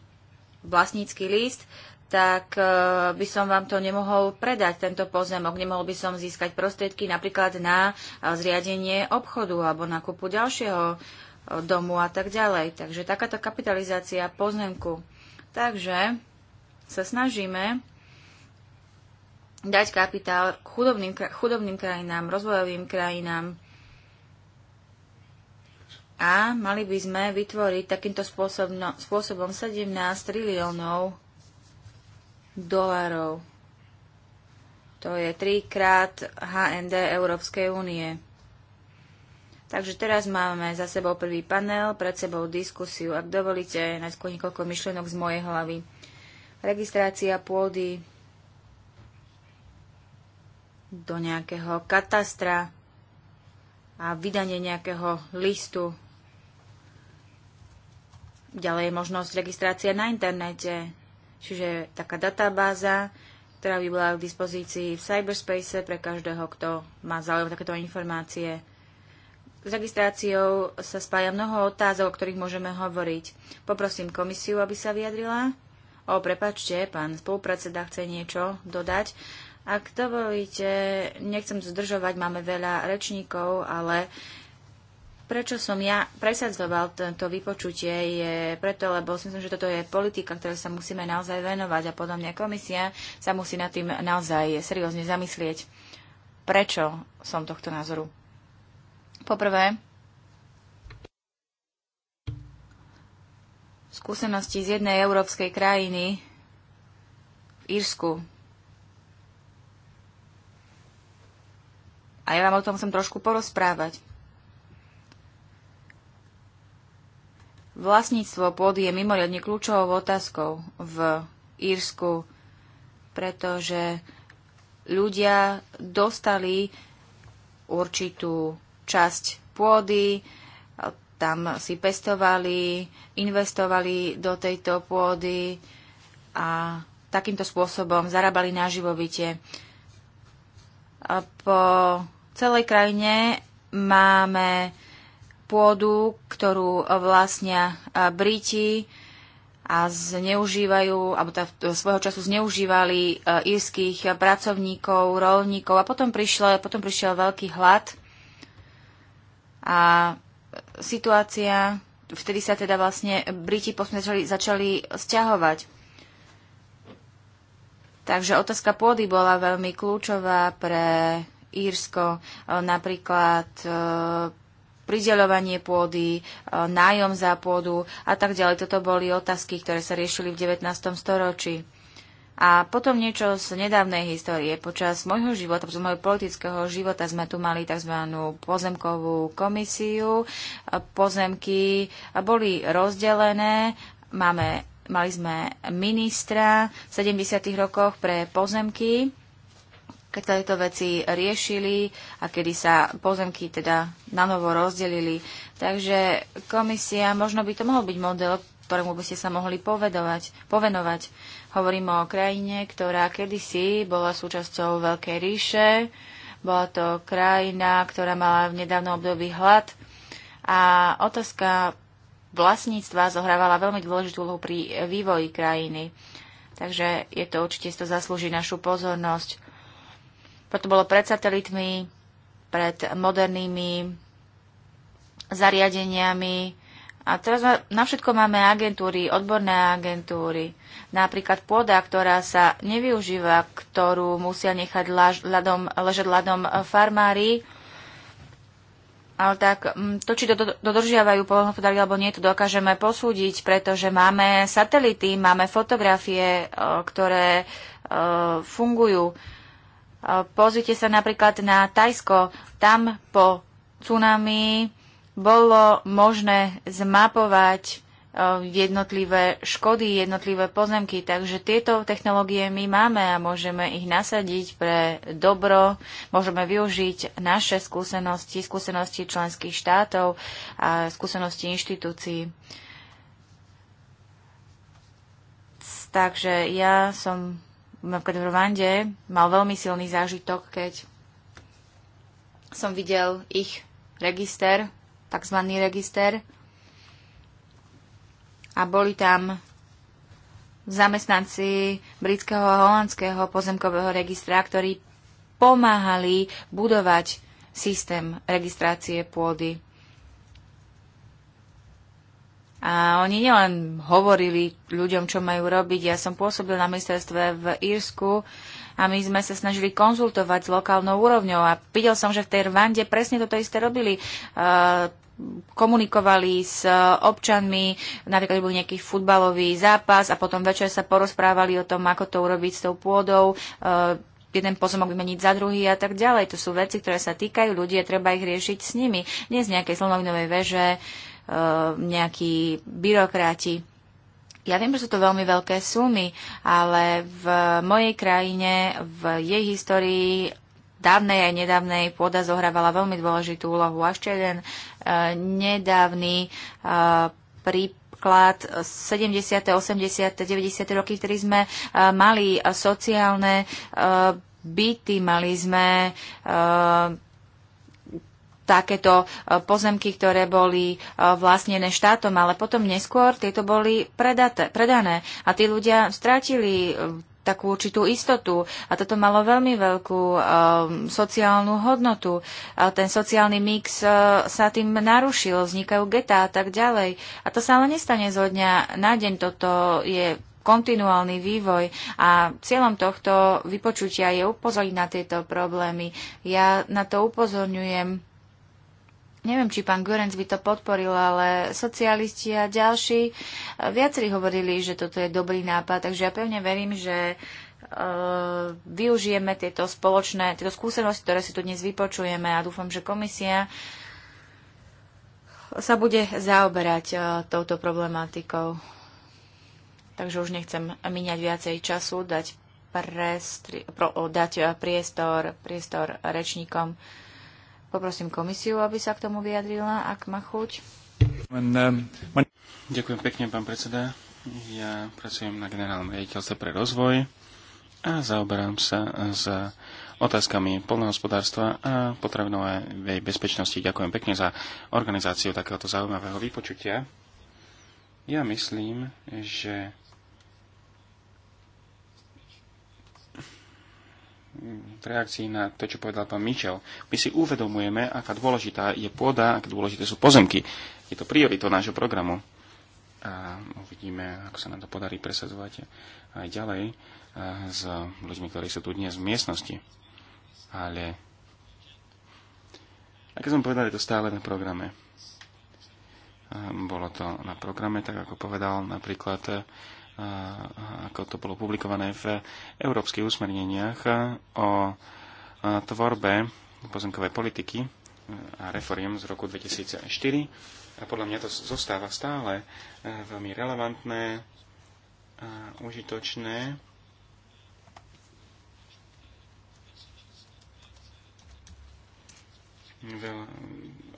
[SPEAKER 2] vlastnícky list, tak uh, by som vám to nemohol predať, tento pozemok. Nemohol by som získať prostriedky napríklad na uh, zriadenie obchodu alebo na kúpu ďalšieho uh, domu a tak ďalej. Takže takáto kapitalizácia pozemku. Takže sa snažíme dať kapitál chudobným, chudobným krajinám, rozvojovým krajinám a mali by sme vytvoriť takýmto spôsobno, spôsobom 17 triliónov dolarov. To je trikrát HND Európskej únie. Takže teraz máme za sebou prvý panel, pred sebou diskusiu. Ak dovolíte, najskôr niekoľko myšlienok z mojej hlavy. Registrácia pôdy do nejakého katastra a vydanie nejakého listu. Ďalej je možnosť registrácie na internete, čiže taká databáza, ktorá by bola k dispozícii v cyberspace pre každého, kto má záujem takéto informácie. S registráciou sa spája mnoho otázov, o ktorých môžeme hovoriť. Poprosím komisiu, aby sa vyjadrila. O, prepačte, pán spolupredseda chce niečo dodať. Ak dovolíte, nechcem zdržovať, máme veľa rečníkov, ale prečo som ja presadzoval tento vypočutie je preto, lebo si myslím, že toto je politika, ktorej sa musíme naozaj venovať a podľa mňa komisia sa musí nad tým naozaj seriózne zamyslieť. Prečo som tohto názoru? Poprvé, skúsenosti z jednej európskej krajiny v Írsku. A ja vám o tom chcem trošku porozprávať. Vlastníctvo pôdy je mimoriadne kľúčovou otázkou v Írsku, pretože ľudia dostali určitú časť pôdy, e, tam si pestovali, investovali do tejto pôdy a takýmto spôsobom zarábali na živobytie. A po celej krajine máme pôdu, ktorú vlastnia e, Briti a zneužívajú, alebo tá, svojho času zneužívali e, írskych pracovníkov, rolníkov a potom, prišlo, potom prišiel veľký hlad a situácia, vtedy sa teda vlastne Briti potom začali, začali stiahovať. Takže otázka pôdy bola veľmi kľúčová pre Írsko. E, napríklad e, prideľovanie pôdy, e, nájom za pôdu a tak ďalej. Toto boli otázky, ktoré sa riešili v 19. storočí. A potom niečo z nedávnej histórie. Počas môjho života, počas môjho politického života sme tu mali tzv. pozemkovú komisiu. Pozemky boli rozdelené. Máme, mali sme ministra v 70. rokoch pre pozemky keď tieto veci riešili a kedy sa pozemky teda na novo rozdelili. Takže komisia, možno by to mohol byť model, ktorému by ste sa mohli povedovať, povenovať. Hovoríme o krajine, ktorá kedysi bola súčasťou Veľkej ríše. Bola to krajina, ktorá mala v nedávnom období hlad. A otázka vlastníctva zohrávala veľmi dôležitú úlohu pri vývoji krajiny. Takže je to určite, to zaslúži našu pozornosť. Preto bolo pred satelitmi, pred modernými zariadeniami. A teraz na všetko máme agentúry, odborné agentúry. Napríklad pôda, ktorá sa nevyužíva, ktorú musia nechať ľadom, ležať ľadom farmári, ale tak mm, to, či to dodržiavajú polnohospodári alebo nie, to dokážeme posúdiť, pretože máme satelity, máme fotografie, e, ktoré e, fungujú. E, pozrite sa napríklad na Tajsko. Tam po tsunami bolo možné zmapovať Eh, jednotlivé škody, jednotlivé pozemky. Takže tieto technológie my máme a môžeme ich nasadiť pre dobro, môžeme využiť naše skúsenosti, skúsenosti členských štátov a skúsenosti inštitúcií. Takže ja som napríklad v Rwande mal veľmi silný zážitok, keď som videl ich register, takzvaný register a boli tam zamestnanci britského a holandského pozemkového registra, ktorí pomáhali budovať systém registrácie pôdy. A oni nielen hovorili ľuďom, čo majú robiť. Ja som pôsobil na ministerstve v Írsku a my sme sa snažili konzultovať s lokálnou úrovňou a videl som, že v tej Rvande presne toto isté robili komunikovali s e, občanmi, napríklad bol nejaký futbalový zápas a potom večer sa porozprávali o tom, ako to urobiť s tou pôdou, e, jeden pozemok vymeniť za druhý a tak ďalej. To sú veci, ktoré sa týkajú ľudí a treba ich riešiť s nimi. Nie z nejakej slonovinovej veže, e, nejakí byrokrati. Ja viem, že sú to veľmi veľké sumy, ale v mojej krajine, v jej histórii dávnej aj nedávnej pôda zohrávala veľmi dôležitú úlohu. A ešte jeden nedávny príklad 70., 80., 90. roky, ktorý sme mali sociálne byty, mali sme takéto pozemky, ktoré boli vlastnené štátom, ale potom neskôr tieto boli predaté, predané a tí ľudia strátili takú určitú istotu. A toto malo veľmi veľkú um, sociálnu hodnotu. A ten sociálny mix uh, sa tým narušil, vznikajú getá a tak ďalej. A to sa ale nestane zo dňa na deň. Toto je kontinuálny vývoj a cieľom tohto vypočutia je upozorniť na tieto problémy. Ja na to upozorňujem neviem, či pán Görenc by to podporil, ale socialisti a ďalší e, viacerí hovorili, že toto je dobrý nápad, takže ja pevne verím, že e, využijeme tieto spoločné, tieto skúsenosti, ktoré si tu dnes vypočujeme a dúfam, že komisia sa bude zaoberať e, touto problematikou. Takže už nechcem miniať viacej času, dať, prestri, pro, dať priestor, priestor rečníkom. Poprosím komisiu, aby sa k tomu vyjadrila, ak má chuť.
[SPEAKER 1] Eh, Ďakujem pekne, pán predseda. Ja pracujem na generálnom riaditeľstve pre rozvoj a zaoberám sa eh, s otázkami polnohospodárstva a potravinovej bezpečnosti. Ďakujem pekne za organizáciu takéhoto zaujímavého vypočutia. Ja myslím, že v reakcii na to, čo povedal pán Mičel. My si uvedomujeme, aká dôležitá je pôda, aké dôležité sú pozemky. Je to priorito nášho programu. A uvidíme, ako sa nám to podarí presadzovať aj ďalej s ľuďmi, ktorí sú tu dnes v miestnosti. Ale, ako som povedal, je to stále na programe. Bolo to na programe, tak ako povedal napríklad ako to bolo publikované v európskych usmerneniach o tvorbe pozemkovej politiky a reforiem z roku 2004. A podľa mňa to zostáva stále e, veľmi relevantné a užitočné. Veľ...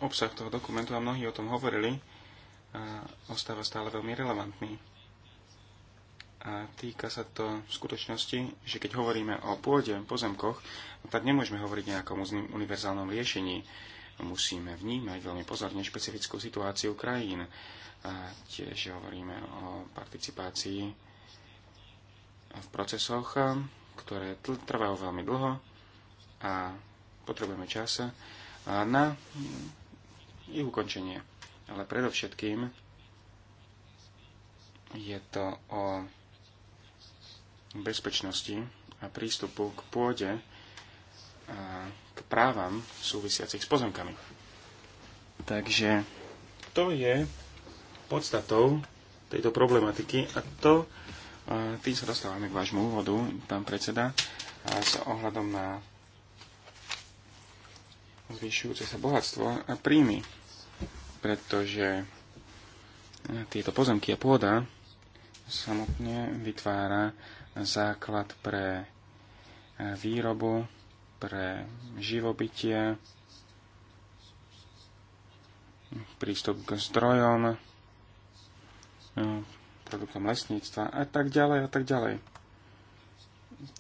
[SPEAKER 1] obsah toho dokumentu a mnohí o tom hovorili, a ostáva stále veľmi relevantný a týka sa to v skutočnosti, že keď hovoríme o pôde, pozemkoch, no tak nemôžeme hovoriť o nejakom univerzálnom riešení. Musíme vnímať veľmi pozorne špecifickú situáciu krajín. A tiež hovoríme o participácii v procesoch, ktoré trvajú veľmi dlho a potrebujeme čas na ich ukončenie. Ale predovšetkým je to o bezpečnosti a prístupu k pôde a k právam súvisiacich s pozemkami. Takže to je podstatou tejto problematiky a to a tým sa dostávame k vášmu úvodu, pán predseda, a s ohľadom na zvyšujúce sa bohatstvo a príjmy, pretože tieto pozemky a pôda samotne vytvára základ pre e, výrobu, pre živobytie, prístup k zdrojom, e, produktom lesníctva a tak ďalej a tak ďalej.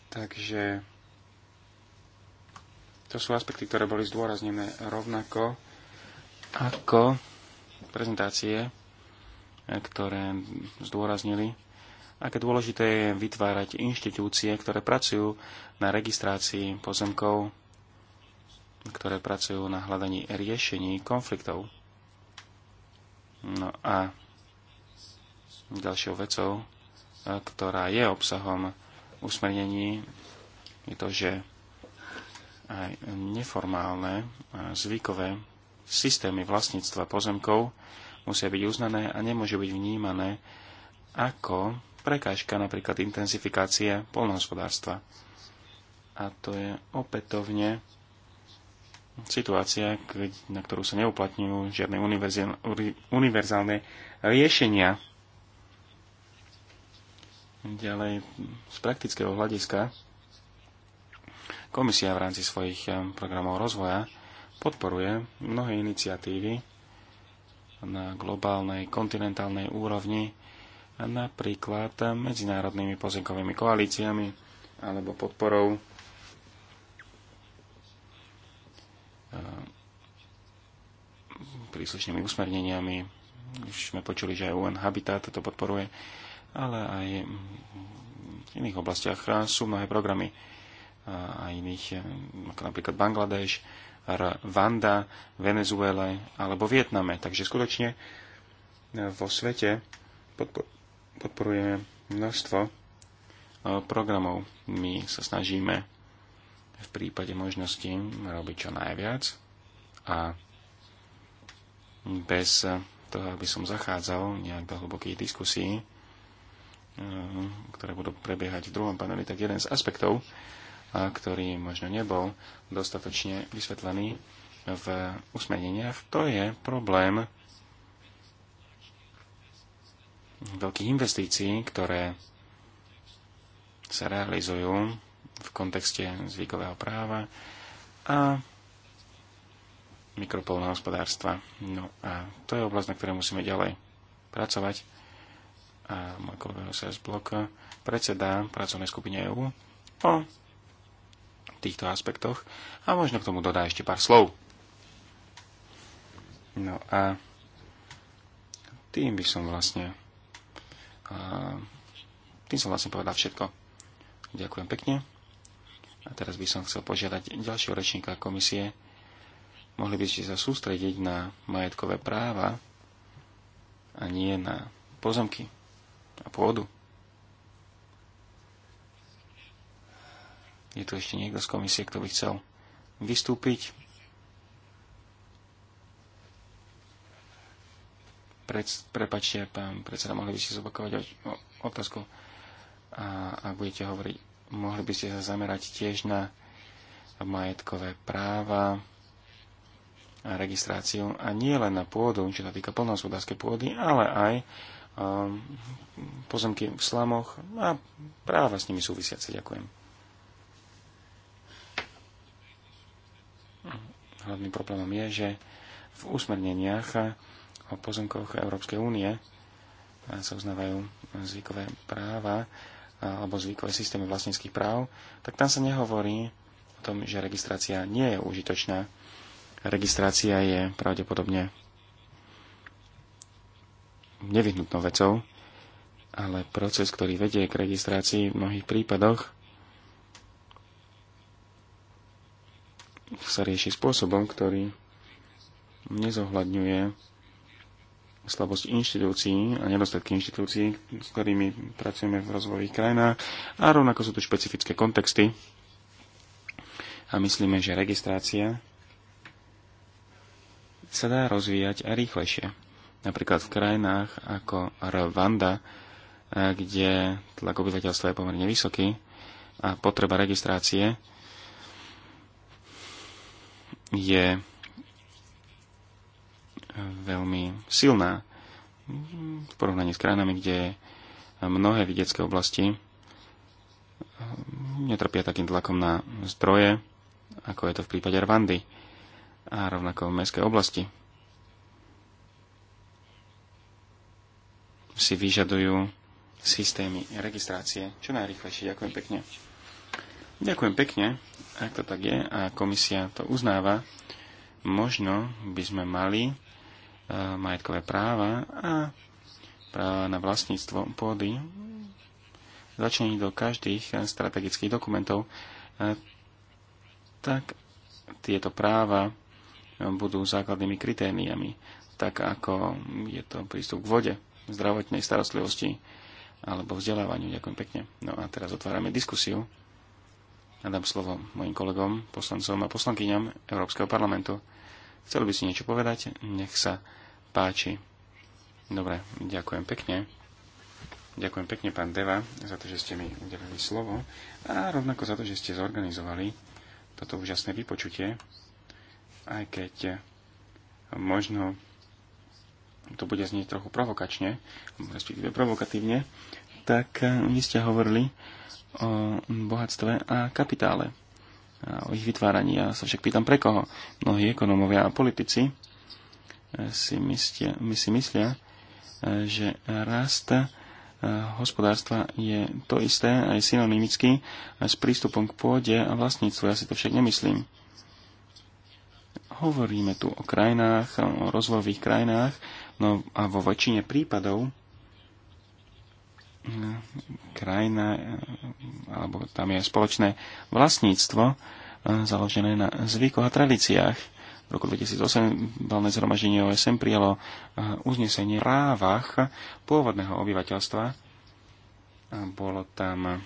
[SPEAKER 1] Takže to sú aspekty, ktoré boli zdôraznené rovnako ako prezentácie, e, ktoré zdôraznili aké dôležité je vytvárať inštitúcie, ktoré pracujú na registrácii pozemkov, ktoré pracujú na hľadaní riešení konfliktov. No a ďalšou vecou, e, ktorá je obsahom usmernení, je to, že aj neformálne zvykové systémy vlastníctva pozemkov musia byť uznané a nemôžu byť vnímané ako prekážka, napríklad intenzifikácie polnohospodárstva. A to je opätovne situácia, na ktorú sa neuplatňujú žiadne univerzálne riešenia. Ďalej, z praktického hľadiska, komisia v rámci svojich eh, programov rozvoja podporuje mnohé iniciatívy na globálnej, kontinentálnej úrovni napríklad medzinárodnými pozemkovými koalíciami alebo podporou eh, príslušnými usmerneniami. Už sme počuli, že aj UN Habitat to podporuje, ale aj v iných oblastiach sú mnohé programy a iných, eh, ako napríklad Bangladeš, Rwanda, Venezuele alebo Vietname. Takže skutočne eh, vo svete podpor- podporujeme množstvo e, programov. My sa snažíme v prípade možnosti robiť čo najviac a bez toho, aby som zachádzal nejak do hlbokých diskusí, e, ktoré budú prebiehať v druhom paneli, tak jeden z aspektov, e, ktorý možno nebol dostatočne vysvetlený v usmeneniach, to je problém veľkých investícií, ktoré sa realizujú v kontexte zvykového práva a hospodárstva. No a to je oblasť, na ktorej musíme ďalej pracovať. A môj kolega z Blok predseda pracovnej skupine EU o týchto aspektoch a možno k tomu dodá ešte pár slov. No a tým by som vlastne a tým som vlastne povedal všetko. Ďakujem pekne. A teraz by som chcel požiadať ďalšieho rečníka komisie. Mohli by ste sa sústrediť na majetkové práva a nie na pozemky a pôdu. Je tu ešte niekto z komisie, kto by chcel vystúpiť? prepačte, pán predseda, mohli by ste zopakovať otázku. A ak budete hovoriť, mohli by ste sa zamerať tiež na majetkové práva a registráciu a nie len na pôdu, čo sa týka plnohospodárskej pôdy, ale aj um, pozemky v slamoch a práva s nimi súvisiace. Ďakujem. Hlavným problémom je, že v usmerneniach o pozemkoch Európskej únie sa uznávajú zvykové práva alebo zvykové systémy vlastníckých práv, tak tam sa nehovorí o tom, že registrácia nie je užitočná. Registrácia je pravdepodobne nevyhnutnou vecou, ale proces, ktorý vedie k registrácii v mnohých prípadoch, sa rieši spôsobom, ktorý nezohľadňuje slabosť inštitúcií a nedostatky inštitúcií, s ktorými pracujeme v rozvojových krajinách a rovnako sú tu špecifické kontexty a myslíme, že registrácia sa dá rozvíjať a rýchlejšie. Napríklad v krajinách ako Rwanda, eh, kde tlak obyvateľstva je pomerne vysoký a potreba registrácie je veľmi silná v porovnaní s krajinami, kde mnohé vidiecké oblasti netrpia takým tlakom na zdroje, ako je to v prípade Rwandy a rovnako v mestskej oblasti. Si vyžadujú systémy registrácie čo najrychlejšie. Ďakujem pekne. Ďakujem pekne, ak to tak je a komisia to uznáva. Možno by sme mali E, majetkové práva a práva na vlastníctvo pôdy začleniť do každých e, strategických dokumentov, e, tak tieto práva budú základnými kritériami, tak ako je to prístup k vode, zdravotnej starostlivosti alebo vzdelávaniu. Ďakujem pekne. No a teraz otvárame diskusiu a dám slovo mojim kolegom, poslancom a poslankyňam Európskeho parlamentu. Chcel by si niečo povedať? Nech sa páči. Dobre, ďakujem pekne. Ďakujem pekne, pán Deva, za to, že ste mi udelili slovo a rovnako za to, že ste zorganizovali toto úžasné vypočutie, aj keď možno to bude znieť trochu provokačne, respektíve provokatívne, tak eh, vy ste hovorili o bohatstve a kapitále o ich vytváraní. Ja sa však pýtam pre koho. Mnohí ekonomovia a politici e, si myslia, my si myslia e, že rast e, hospodárstva je to isté aj synonymicky aj s prístupom k pôde a vlastníctvu. Ja si to však nemyslím. Hovoríme tu o krajinách, o rozvojových krajinách, no a vo väčšine prípadov krajina, eh, alebo tam je spoločné vlastníctvo eh, založené na zvykoch a tradíciách. V roku 2008 valné zhromaždenie OSM prijalo eh, uznesenie v právach pôvodného obyvateľstva bolo tam,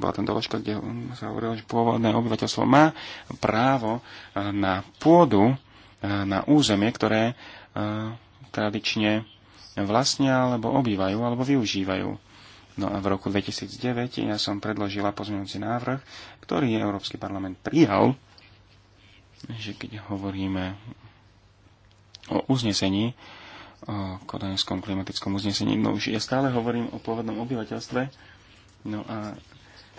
[SPEAKER 1] bola tam doložka, kde sa hovorilo, že pôvodné obyvateľstvo má právo na pôdu, na územie, ktoré tradične vlastnia, alebo obývajú, alebo využívajú. No a v roku 2009 ja som predložila pozmeňujúci návrh, ktorý Európsky parlament prijal, že keď hovoríme o uznesení, o kodanskom klimatickom uznesení, no už ja stále hovorím o pôvodnom obyvateľstve, no a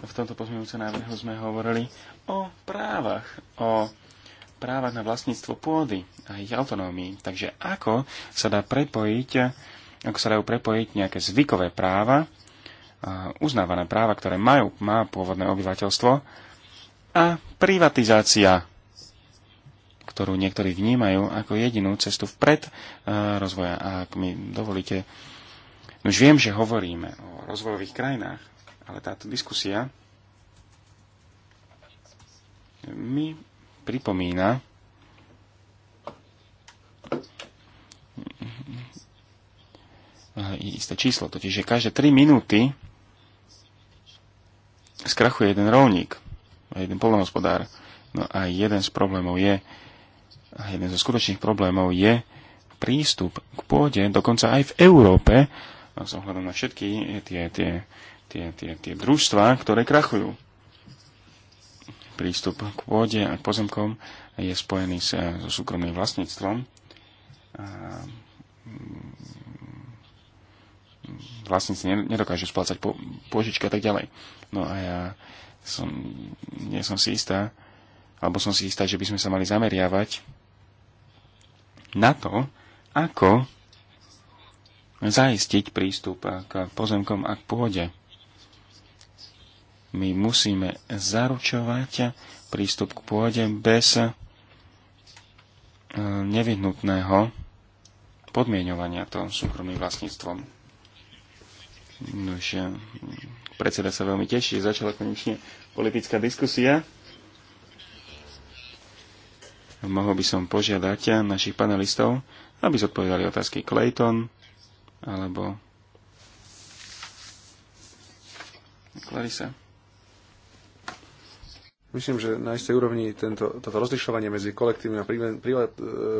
[SPEAKER 1] v tomto pozmeňujúcom návrhu sme hovorili o právach, o právach na vlastníctvo pôdy a ich autonómii. Takže ako sa dá prepojiť, ako sa dajú prepojiť nejaké zvykové práva uznávané práva, ktoré majú, má pôvodné obyvateľstvo a privatizácia, ktorú niektorí vnímajú ako jedinú cestu vpred e, rozvoja. A ak mi dovolíte, už viem, že hovoríme o rozvojových krajinách, ale táto diskusia mi pripomína isté číslo, totiž že každé 3 minúty skrachuje jeden rolník, jeden polnohospodár. No a jeden z problémov je, a jeden zo skutočných problémov je prístup k pôde, dokonca aj v Európe, s ohľadom na všetky tie, tie, tie, tie, tie družstvá, ktoré krachujú. Prístup k pôde a k pozemkom je spojený sa, so súkromným vlastníctvom. A vlastníci nedokážu splácať po, požičky a tak ďalej. No a ja som, nie som si istá, alebo som si istá, že by sme sa mali zameriavať na to, ako zaistiť prístup k pozemkom a k pôde. My musíme zaručovať prístup k pôde bez e, nevyhnutného podmienovania to súkromným vlastníctvom. Nož, predseda sa veľmi teší, začala konečne politická diskusia. Mohol by som požiadať našich panelistov, aby zodpovedali otázky Clayton alebo Clarissa.
[SPEAKER 3] Myslím, že na istej úrovni tento, toto rozlišovanie medzi kolektívnym a príle, príle, e,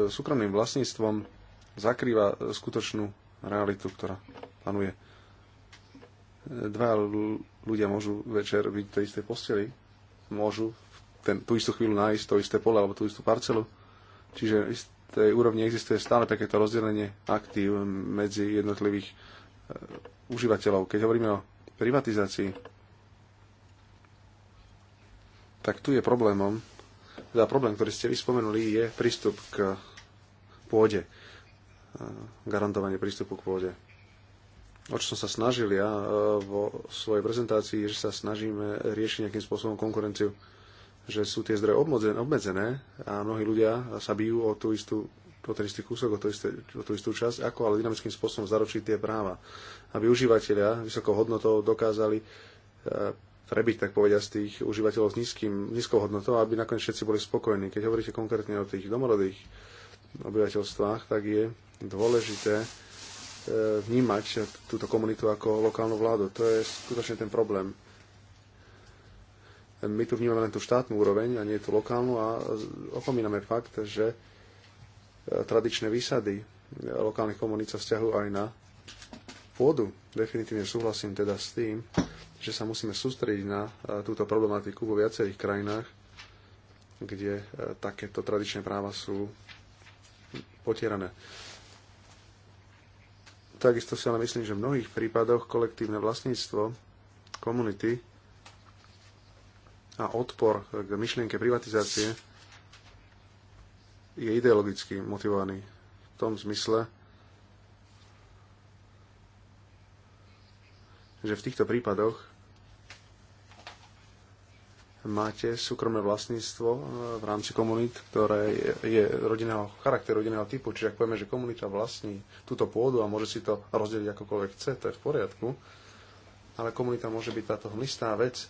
[SPEAKER 3] súkromným vlastníctvom zakrýva skutočnú realitu, ktorá panuje dva ľudia môžu večer byť v tej istej posteli, môžu ten, tú istú chvíľu nájsť to isté pole alebo tú istú parcelu. Čiže v istej úrovni existuje stále takéto rozdelenie aktív medzi jednotlivých e, užívateľov. Keď hovoríme o privatizácii, tak tu je problémom, teda problém, ktorý ste vyspomenuli, je prístup k pôde. E, garantovanie prístupu k pôde o čo som sa snažil ja e, vo svojej prezentácii, že sa snažíme riešiť nejakým spôsobom konkurenciu, že sú tie zdroje obmedzené a mnohí ľudia sa bijú o tú istú o ten istý kúsok, o tú, istú, o tú istú časť, ako ale dynamickým spôsobom zaručiť tie práva. Aby užívateľia vysokou hodnotou dokázali e, prebiť, tak povediať, z tých užívateľov s nízkym, nízkou hodnotou, aby nakoniec všetci boli spokojní. Keď hovoríte konkrétne o tých domorodých obyvateľstvách, tak je dôležité Eh, vnímať túto komunitu ako lokálnu vládu. To je skutočne ten problém. My tu vnímame len tú štátnu úroveň a nie tú lokálnu a opomíname fakt, že eh, tradičné výsady eh, lokálnych komunít sa vzťahujú aj na pôdu. Definitívne súhlasím teda s tým, že sa musíme sústrediť na túto problematiku vo viacerých krajinách, kde takéto tradičné práva sú potierané. Takisto si ale myslím, že v mnohých prípadoch kolektívne vlastníctvo komunity a odpor k myšlienke privatizácie je ideologicky motivovaný. V tom zmysle, že v týchto prípadoch máte súkromné vlastníctvo e, v rámci komunít, ktoré je rodinného charakteru, rodinného typu. Čiže ak povieme, že komunita vlastní túto pôdu a môže si to rozdeliť akokoľvek chce, to je v poriadku. Ale komunita môže byť táto hmlistá vec e,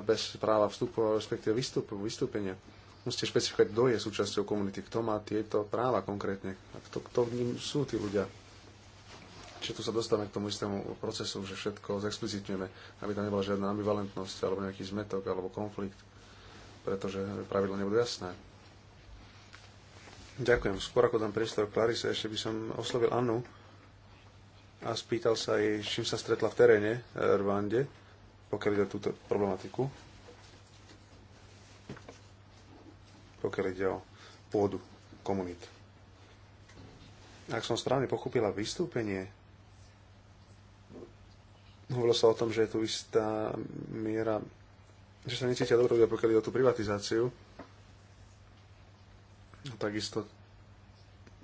[SPEAKER 3] bez práva vstupu, respektíve výstupu, vystúpenia. Musíte špecifikovať, kto je súčasťou komunity, kto má tieto práva konkrétne a kto, kto v ním sú tí ľudia. Čiže tu sa dostávame k tomu istému procesu, že všetko zexplicitňujeme, aby tam nebola žiadna ambivalentnosť alebo nejaký zmetok alebo konflikt, pretože pravidla nebudú jasné. Ďakujem. Skôr ako dám priestor Klarise, ešte by som oslovil Annu a spýtal sa jej, čím sa stretla v teréne eh, Rwande, pokiaľ ide o túto problematiku. Pokiaľ ide o pôdu komunít. Ak som správne pochopila vystúpenie Hovorilo sa o tom, že je tu istá miera, že sa necítia dobre, pokiaľ ide o tú privatizáciu. Takisto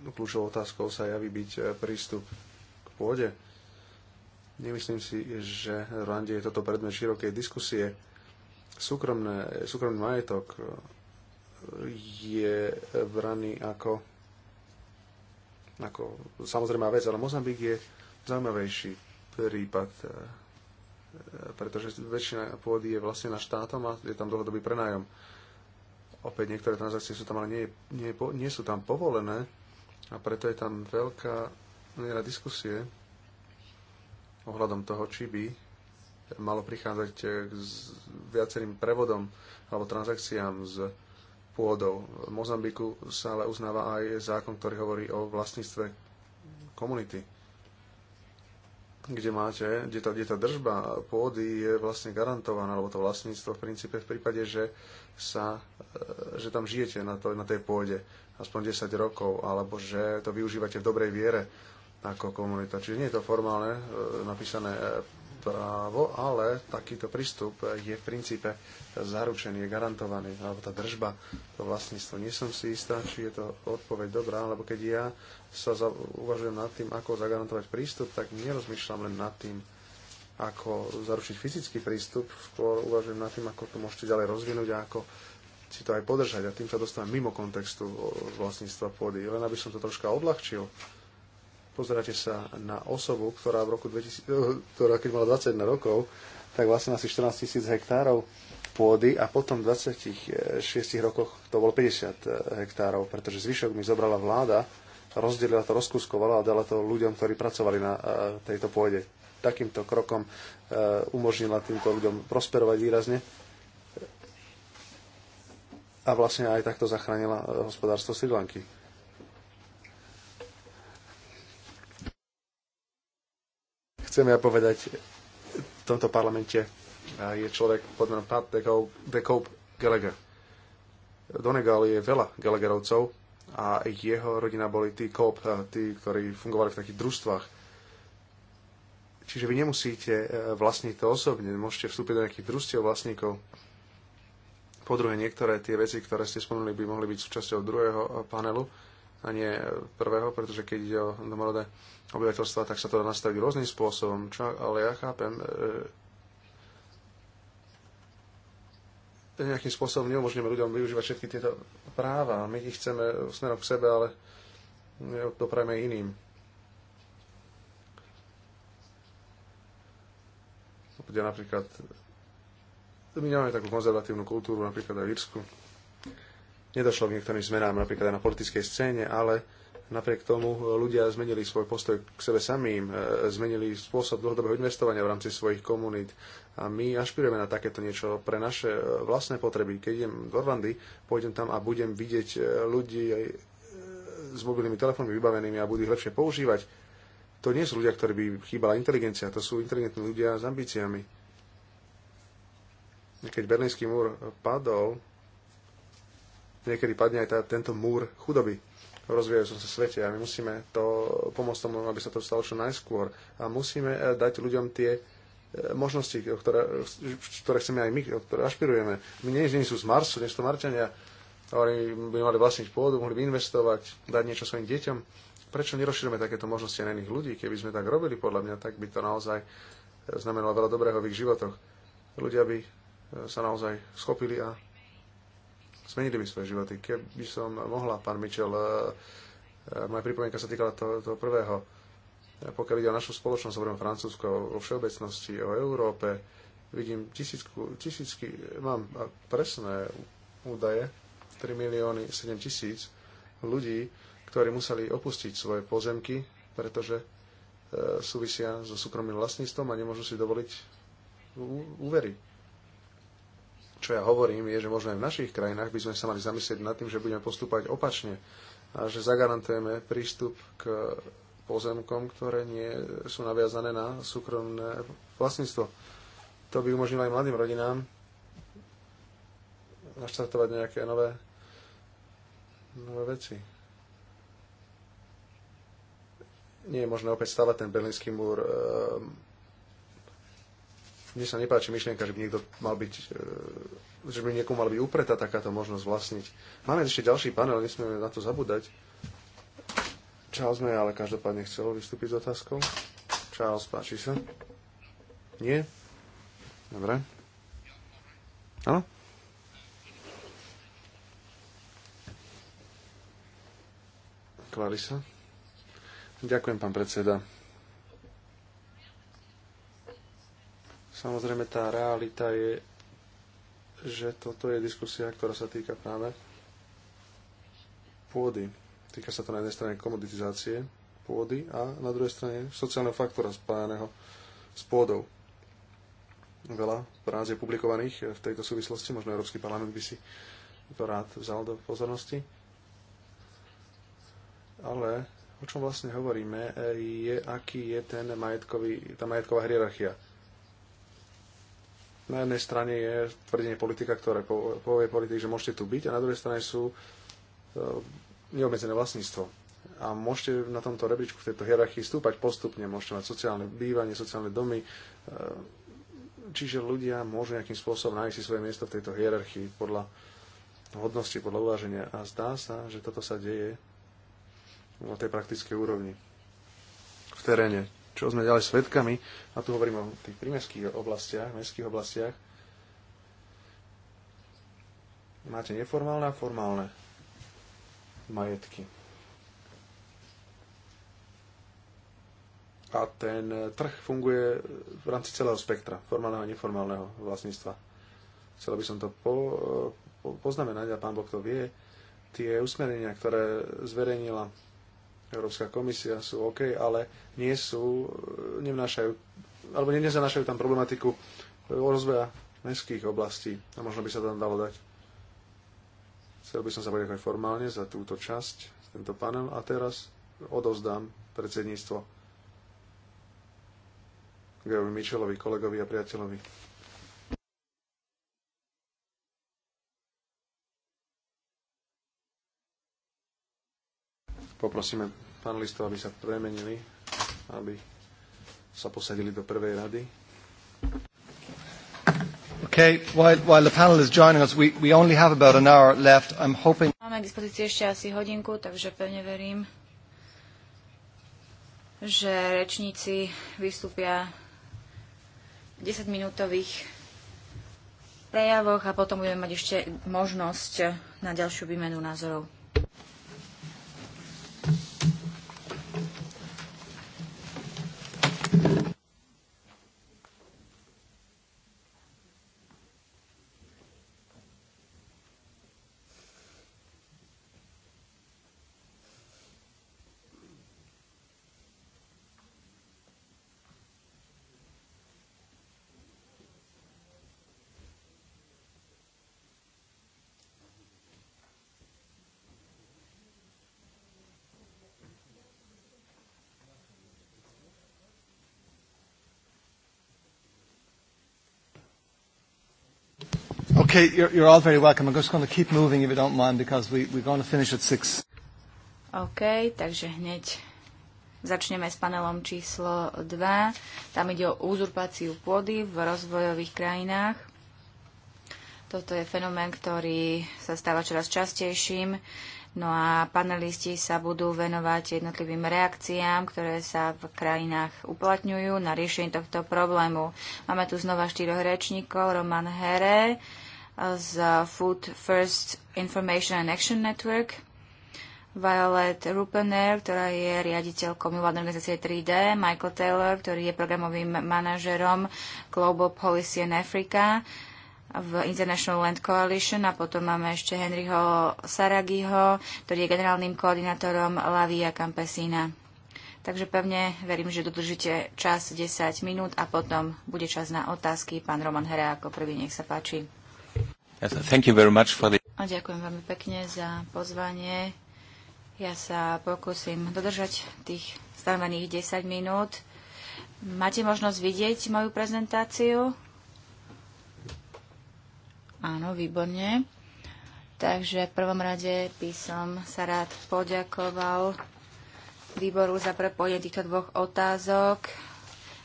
[SPEAKER 3] kľúčovou otázkou sa javí byť e, prístup k pôde. Nemyslím si, že v Rwande je toto predmet širokej diskusie. Súkromné, súkromný majetok e, je braný ako, ako samozrejme vec, ale Mozambik je zaujímavejší prípad, e, pretože väčšina pôdy je vlastne na štátom a je tam dlhodobý prenájom. Opäť niektoré transakcie sú tam, ale nie, nie, nie sú tam povolené a preto je tam veľká miera diskusie ohľadom toho, či by malo prichádzať k viacerým prevodom alebo transakciám z pôdou. V Mozambiku sa ale uznáva aj zákon, ktorý hovorí o vlastníctve komunity kde máte, kde tá, kde tá držba pôdy je vlastne garantovaná, alebo to vlastníctvo v princípe v prípade, že, sa, e, že tam žijete na, to, na tej pôde aspoň 10 rokov, alebo že to využívate v dobrej viere ako komunita. Čiže nie je to formálne e, napísané e, právo, ale takýto prístup je v princípe zaručený, je garantovaný, alebo tá držba, to vlastníctvo. Nie som si istá, či je to odpoveď dobrá, lebo keď ja sa uvažujem nad tým, ako zagarantovať prístup, tak nerozmýšľam len nad tým, ako zaručiť fyzický prístup, skôr uvažujem nad tým, ako to môžete ďalej rozvinúť a ako si to aj podržať. A tým sa dostávam mimo kontextu vlastníctva pôdy. Len aby som to troška odľahčil, pozeráte sa na osobu, ktorá, v roku 2000, eh, ktorá keď mala 21 rokov, tak vlastne asi 14 tisíc hektárov pôdy a potom v 26 rokoch to bolo 50 eh, hektárov, pretože zvyšok mi zobrala vláda, rozdelila to, rozkuskovala a dala to ľuďom, ktorí pracovali na eh, tejto pôde. Takýmto krokom umožnila týmto ľuďom prosperovať výrazne a vlastne aj takto zachránila hospodárstvo Sri Lanky chcem ja povedať, v tomto parlamente je človek pod menom Pat Dekope Gallagher. Donegal je veľa Gallagherovcov a jeho rodina boli tí Cope, tí, ktorí fungovali v takých družstvách. Čiže vy nemusíte e, vlastniť to osobne, môžete vstúpiť do nejakých družstiev vlastníkov. Po druhé, niektoré tie veci, ktoré ste spomenuli, by mohli byť súčasťou druhého e, panelu a nie prvého, pretože keď ide o domorodé obyvateľstva, tak sa to dá nastaviť rôznym spôsobom, čo, ale ja chápem, e, nejakým spôsobom neumožňujeme ľuďom využívať všetky tieto práva. My ich chceme smerom k sebe, ale doprajme iným. Kde napríklad my nemáme takú konzervatívnu kultúru, napríklad aj v Irsku nedošlo k niektorým zmenám, napríklad aj na politickej scéne, ale napriek tomu e, ľudia zmenili svoj postoj k sebe samým, e, zmenili spôsob dlhodobého investovania v rámci svojich komunít. A my ašpirujeme na takéto niečo pre naše e, vlastné potreby. Keď idem do Orlandy, pôjdem tam a budem vidieť ľudí s mobilnými telefónmi vybavenými a budú ich lepšie používať. To nie sú ľudia, ktorí by chýbala inteligencia, to sú inteligentní ľudia s ambíciami. Keď Berlínsky múr padol, niekedy padne aj tá, tento múr chudoby v rozvíjajúcom sa svete a my musíme to pomôcť tomu, aby sa to stalo čo najskôr a musíme eh, dať ľuďom tie eh, možnosti, ktoré, ktoré chceme aj my, ktoré ašpirujeme. My nie, nie sú z Marsu, nie sú to Marťania, ale by mali vlastniť pôdu, mohli by investovať, dať niečo svojim deťom. Prečo nerozširujeme takéto možnosti aj na iných ľudí? Keby sme tak robili, podľa mňa, tak by to naozaj eh, znamenalo veľa dobrého v ich životoch. Ľudia by sa naozaj schopili a zmenili by svoje životy. Keby som mohla, pán Mitchell, eh, eh, moja pripomienka sa týkala toho, toho prvého. Pokiaľ ide o našu spoločnosť, hovorím Francúzsko, o všeobecnosti, o Európe, vidím tisícku, tisícky, mám presné údaje, 3 milióny 7 tisíc ľudí, ktorí museli opustiť svoje pozemky, pretože eh, súvisia so súkromným vlastníctvom a nemôžu si dovoliť úvery čo ja hovorím, je, že možno aj v našich krajinách by sme sa mali zamyslieť nad tým, že budeme postúpať opačne a že zagarantujeme prístup k pozemkom, ktoré nie sú naviazané na súkromné vlastníctvo. To by umožnilo aj mladým rodinám naštartovať nejaké nové, nové veci. Nie je možné opäť stavať ten berlínsky múr. Mne sa nepáči myšlienka, že by niekto mal byť, e, že by niekomu mal byť upretá takáto možnosť vlastniť. Máme ešte ďalší panel, nesmieme na to zabúdať. Charles sme, ale každopádne chcel vystúpiť s otázkou. Charles, páči sa? Nie? Dobre. Áno? Klarisa. Ďakujem, pán predseda. Samozrejme tá realita je, že toto je diskusia, ktorá sa týka práve pôdy. Týka sa to na jednej strane komoditizácie pôdy a na druhej strane sociálneho faktora spájaného s pôdou. Veľa práce je publikovaných v tejto súvislosti, možno Európsky parlament by si to rád vzal do pozornosti. Ale o čom vlastne hovoríme, je, aký je ten majetkový, tá majetková hierarchia na jednej strane je tvrdenie politika, ktoré povie politik, že môžete tu byť, a na druhej strane sú e, neobmedzené vlastníctvo a môžete na tomto rebríčku v tejto hierarchii stúpať postupne, môžete mať sociálne bývanie, sociálne domy, e, čiže ľudia môžu nejakým spôsobom nájsť si svoje miesto v tejto hierarchii podľa hodnosti, podľa uváženia a zdá sa, že toto sa deje na tej praktickej úrovni, v teréne čo sme ďalej svedkami, a tu hovorím o tých prímeských oblastiach, mestských oblastiach, máte neformálne a formálne majetky. A ten trh funguje v rámci celého spektra, formálneho a neformálneho vlastníctva. Chcel by som to po, po, poznamenať, a pán Bok to vie, tie usmerenia, ktoré zverejnila Európska komisia sú OK, ale nie sú, e, nevnášajú, alebo nezanášajú tam problematiku e, rozvoja mestských oblastí a možno by sa tam dalo dať. Chcel by som sa poďakovať formálne za túto časť, tento panel a teraz odovzdám predsedníctvo Gerovi Michelovi, kolegovi a priateľovi. Poprosíme panelistov, aby sa premenili, aby sa posadili do prvej rady. Okay, while, while the panel is joining us, we, we only have about an hour left. I'm hoping...
[SPEAKER 2] Máme k dispozícii ešte asi hodinku, takže pevne verím, že rečníci vystúpia 10-minútových prejavoch a potom budeme mať ešte možnosť na ďalšiu výmenu názorov.
[SPEAKER 3] Okay, you're, you're all very welcome. I'm just going to keep moving if you don't mind because we, we're going to finish at six.
[SPEAKER 2] OK, takže hneď začneme s panelom číslo 2. Tam ide o uzurpáciu pôdy v rozvojových krajinách. Toto je fenomén, ktorý sa stáva čoraz častejším. No a panelisti sa budú venovať jednotlivým reakciám, ktoré sa v krajinách uplatňujú na riešenie tohto problému. Máme tu znova štyroch rečníkov. Roman Here, z Food First Information and Action Network, Violet Rupener, ktorá je riaditeľkou mimovládnej organizácie 3D, Michael Taylor, ktorý je programovým manažerom Global Policy in Africa v International Land Coalition a potom máme ešte Henryho Saragiho, ktorý je generálnym koordinátorom Lavia Campesina. Takže pevne verím, že dodržíte čas 10 minút a potom bude čas na otázky. Pán Roman Hera ako prvý, nech sa páči. The... A ďakujem veľmi pekne za pozvanie. Ja sa pokúsim dodržať tých stanovených 10 minút. Máte možnosť vidieť moju prezentáciu? Áno, výborne. Takže v prvom rade by som sa rád poďakoval výboru za prepojenie týchto dvoch otázok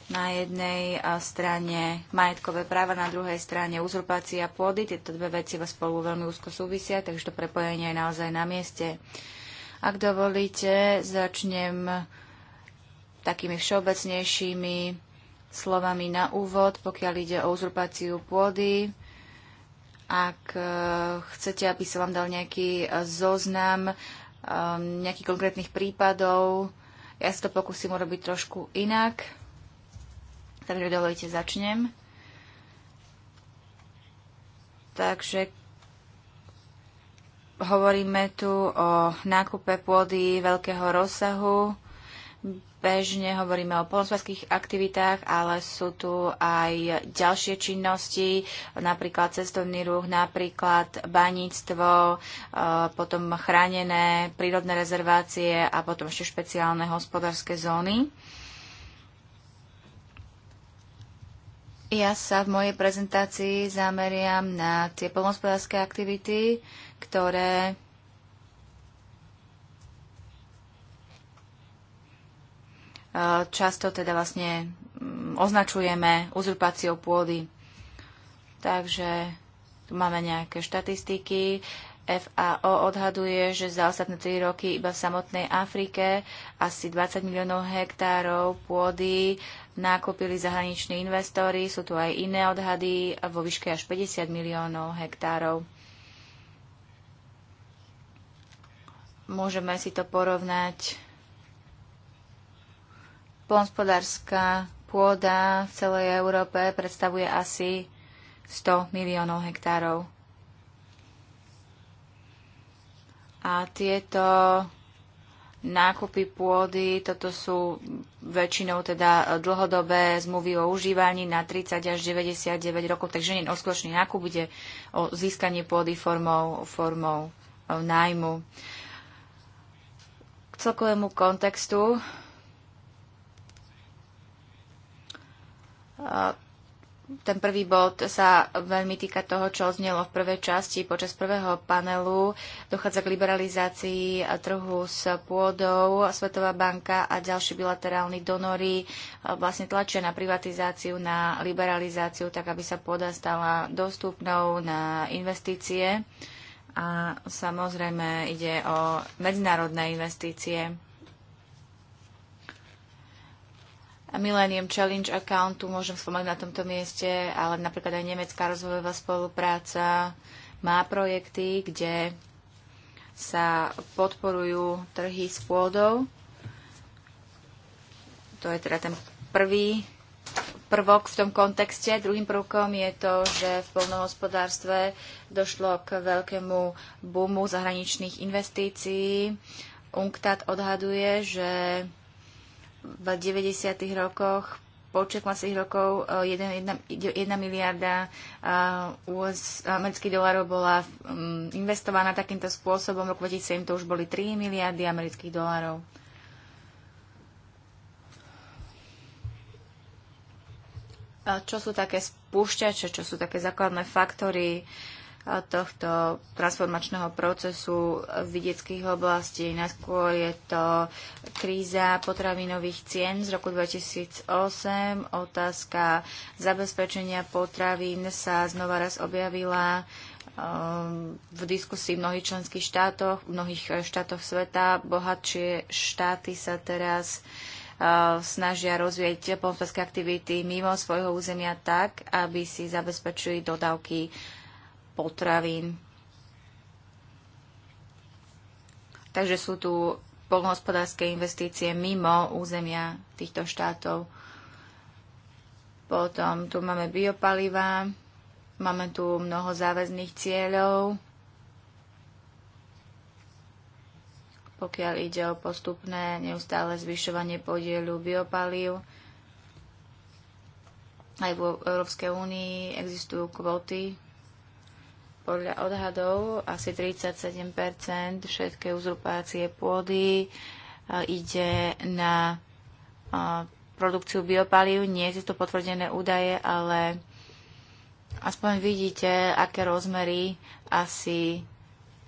[SPEAKER 2] na jednej eh, strane majetkové práva, na druhej strane uzurpácia pôdy. Tieto dve veci spolu veľmi úzko súvisia, takže to prepojenie je naozaj na mieste. Ak dovolíte, začnem takými všeobecnejšími slovami na úvod, pokiaľ ide o uzurpáciu pôdy. Ak eh, chcete, aby som vám dal nejaký eh, zoznam nejakých konkrétnych prípadov, ja si to pokúsim urobiť trošku inak takže dovolite, začnem. Takže hovoríme tu o nákupe pôdy veľkého rozsahu. Bežne hovoríme o polnospodárských aktivitách, ale sú tu aj ďalšie činnosti, napríklad cestovný ruch, napríklad baníctvo, e, potom chránené prírodné rezervácie a potom ešte špeciálne hospodárske zóny. Ja sa v mojej prezentácii zameriam na tie polnospodárske aktivity, ktoré e, často teda vlastne mm, označujeme uzurpáciou pôdy. Takže tu máme nejaké štatistiky, FAO odhaduje, že za ostatné 3 roky iba v samotnej Afrike asi 20 miliónov hektárov pôdy nákupili zahraniční investóri. Sú tu aj iné odhady vo výške až 50 miliónov hektárov. Môžeme si to porovnať. Plonspodárska pôda v celej Európe predstavuje asi 100 miliónov hektárov A tieto nákupy pôdy, toto sú väčšinou teda e, dlhodobé zmluvy o užívaní na 30 až 99 rokov, takže nie oskočný nákup, bude o získanie pôdy formou, formou e, nájmu. K celkovému kontextu e, ten prvý bod sa veľmi týka toho, čo znelo v prvej časti počas prvého panelu. Dochádza k liberalizácii trhu s pôdou. Svetová banka a ďalší bilaterálni donory eh, vlastne tlačia na privatizáciu, na liberalizáciu, tak aby sa pôda stala dostupnou na investície. A samozrejme ide o medzinárodné investície. Millennium Challenge accountu môžem spomenúť na tomto mieste, ale napríklad aj nemecká rozvojová spolupráca má projekty, kde sa podporujú trhy s pôdou. To je teda ten prvý prvok v tom kontexte. Druhým prvkom je to, že v polnohospodárstve došlo k veľkému boomu zahraničných investícií. UNCTAD odhaduje, že v 90. rokoch počet mladých rokov 1, e, miliarda amerických dolárov bola investovaná takýmto spôsobom. V roku 2007 to už boli 3 miliardy amerických dolárov. Čo sú také spúšťače, čo sú také základné faktory, uh, tohto transformačného procesu v vidieckých oblastí. Najskôr je to kríza potravinových cien z roku 2008. Otázka zabezpečenia potravín sa znova raz objavila um, v diskusii v mnohých členských štátoch, v mnohých eh, štátoch sveta. Bohatšie štáty sa teraz eh, snažia rozvieť pomorské aktivity mimo svojho územia tak, aby si zabezpečili dodávky potravín. Takže sú tu polnohospodárske investície mimo územia týchto štátov. Potom tu máme biopalivá, máme tu mnoho záväzných cieľov, pokiaľ ide o postupné neustále zvyšovanie podielu biopalív. Aj v Európskej únii existujú kvóty podľa odhadov asi 37 všetkej uzurpácie pôdy e, ide na e, produkciu biopalív. Nie sú to potvrdené údaje, ale aspoň vidíte, aké rozmery asi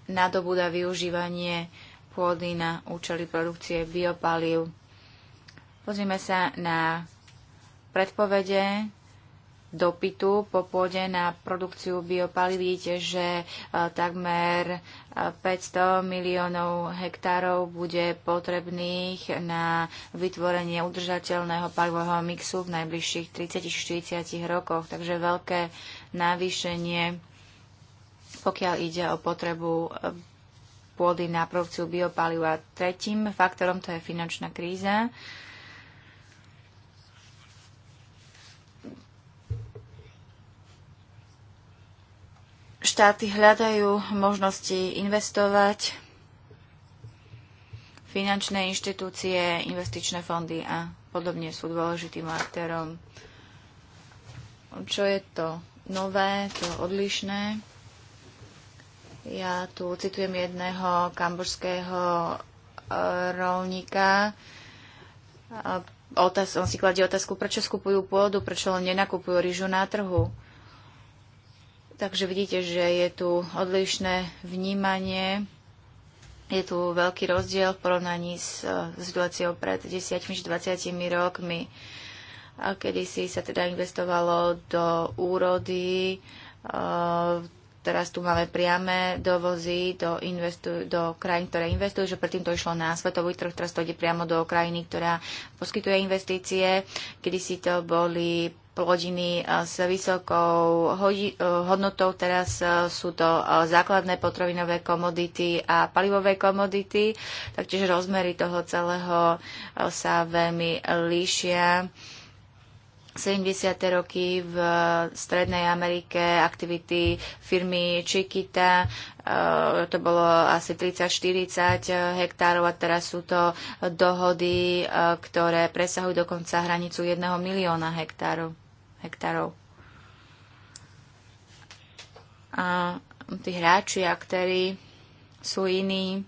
[SPEAKER 2] nadobúda využívanie pôdy na účely produkcie biopalív. Pozrime sa na predpovede dopytu po pôde na produkciu biopaliv. Vidíte, že e, takmer 500 e, miliónov hektárov bude potrebných na vytvorenie udržateľného palivového mixu v najbližších 30-40 rokoch. Takže veľké navýšenie, pokiaľ ide o potrebu e, pôdy na produkciu biopaliva. Tretím faktorom to je finančná kríza. štáty hľadajú možnosti investovať, finančné inštitúcie, investičné fondy a podobne sú dôležitým aktérom. Čo je to nové, to odlišné? Ja tu citujem jedného kambožského e, rolníka. Otáz, on si kladie otázku, prečo skupujú pôdu, prečo len nenakupujú rýžu na trhu. Takže vidíte, že je tu odlišné vnímanie, je tu veľký rozdiel v porovnaní s e, situáciou pred 10-20 rokmi, a kedysi sa teda investovalo do úrody, e, teraz tu máme priame dovozy do, investu- do krajín, ktoré investujú, že predtým to išlo na svetový trh, teraz to ide priamo do krajiny, ktorá poskytuje investície. Kedy si to boli plodiny e, s vysokou e, hodnotou. Teraz e, sú to základné potrovinové komodity a palivové komodity, taktiež rozmery toho celého sa veľmi líšia 70. roky v Strednej Amerike aktivity firmy Chiquita, eh, to bolo asi 30-40 eh, hektárov a teraz sú to dohody, eh, ktoré presahujú dokonca hranicu 1 milióna hektárov. hektárov. A tí hráči, aktéry sú iní,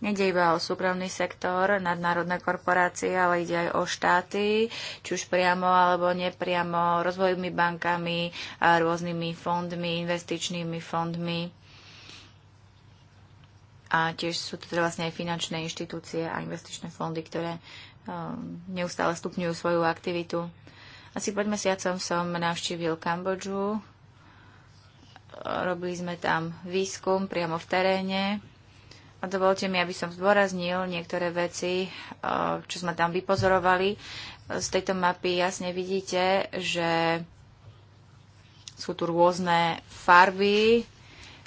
[SPEAKER 2] Nede iba o súkromný sektor, nadnárodné korporácie, ale ide aj o štáty, či už priamo alebo nepriamo, rozvojovými bankami, rôznymi fondmi, investičnými fondmi. A tiež sú to teda vlastne aj finančné inštitúcie a investičné fondy, ktoré um, neustále stupňujú svoju aktivitu. Asi ja mesiacom som navštívil Kambodžu. Robili sme tam výskum priamo v teréne. A dovolte mi, aby som zdôraznil niektoré veci, eh, čo sme tam vypozorovali. Z tejto mapy jasne vidíte, že sú tu rôzne farby.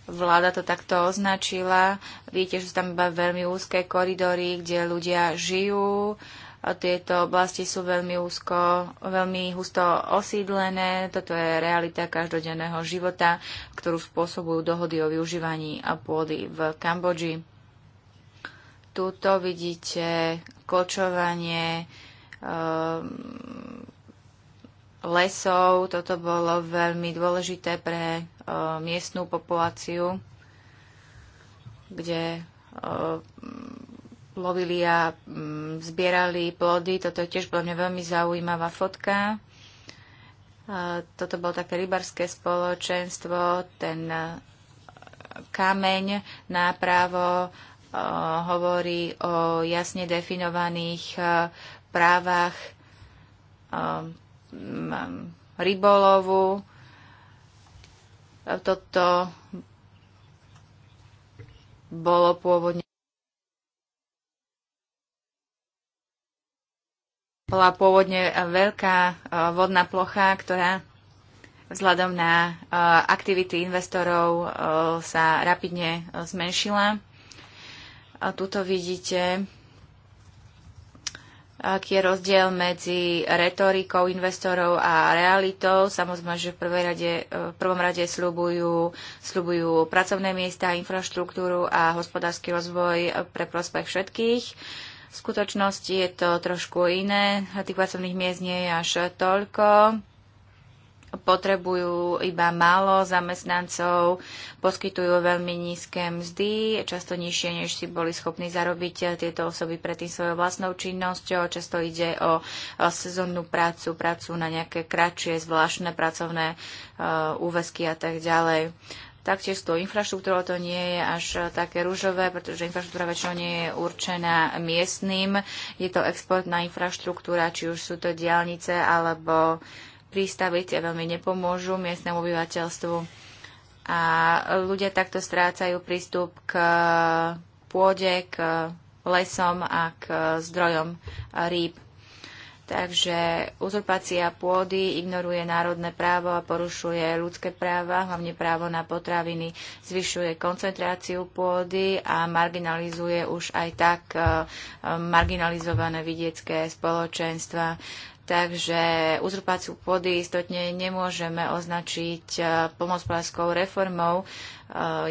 [SPEAKER 2] Vláda to takto označila. Vidíte, že sú tam iba veľmi úzke koridory, kde ľudia žijú. A tieto oblasti sú veľmi úzko, veľmi husto osídlené. Toto je realita každodenného života, ktorú spôsobujú dohody o využívaní a pôdy v Kambodži. Tuto vidíte kočovanie ehm, lesov. Toto bolo veľmi dôležité pre ehm, miestnú populáciu, kde ehm, lovili a mm, zbierali plody. Toto je tiež pre mňa veľmi zaujímavá fotka. Toto bolo také rybarské spoločenstvo, ten kameň nápravo hovorí o jasne definovaných právach rybolovu. Toto bolo pôvodne bola pôvodne veľká vodná plocha, ktorá vzhľadom na aktivity investorov sa rapidne zmenšila. A tuto vidíte, aký je rozdiel medzi retorikou investorov a realitou. Samozrejme, že v, prvej rade, e, v prvom rade slúbujú, slúbujú pracovné miesta, infraštruktúru a hospodársky rozvoj pre prospech všetkých. V skutočnosti je to trošku iné. Tých pracovných miest nie je až toľko potrebujú iba málo zamestnancov, poskytujú veľmi nízke mzdy, často nižšie, než si boli schopní zarobiť eh, tieto osoby predtým svojou vlastnou činnosťou. Často ide o sezónnu prácu, prácu na nejaké kratšie, zvláštne pracovné eh, úvesky a tak ďalej. Taktiež s tou infraštruktúrou to nie je až eh, také rúžové, pretože infraštruktúra väčšinou nie je určená miestnym. Je to exportná infraštruktúra, či už sú to diálnice alebo pristaviť tie veľmi nepomôžu miestnemu obyvateľstvu. A ľudia takto strácajú prístup k pôde, k lesom a k zdrojom rýb. Takže uzurpácia pôdy ignoruje národné právo a porušuje ľudské práva, hlavne právo na potraviny, zvyšuje koncentráciu pôdy a marginalizuje už aj tak eh, marginalizované vidiecké spoločenstva. Takže uzurpáciu pôdy istotne nemôžeme označiť e, pomospolárskou reformou. E,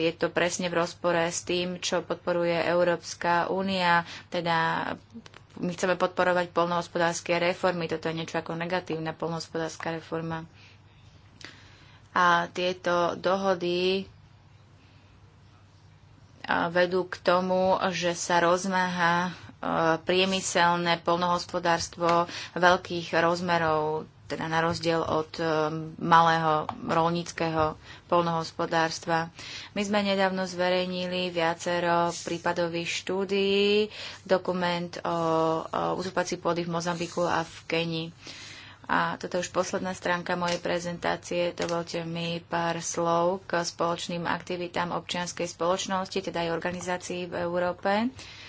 [SPEAKER 2] je to presne v rozpore s tým, čo podporuje Európska únia, teda my chceme podporovať polnohospodárske reformy. Toto je niečo ako negatívna polnohospodárska reforma. A tieto dohody e, vedú k tomu, že sa rozmáha priemyselné polnohospodárstvo veľkých rozmerov, teda na rozdiel od e, malého rolníckého polnohospodárstva. My sme nedávno zverejnili viacero prípadových štúdií, dokument o, o uzurpácii pôdy v Mozambiku a v Kenii. A toto je už posledná stránka mojej prezentácie. Dovolte mi pár slov k spoločným aktivitám občianskej spoločnosti, teda aj organizácií v Európe. Uh,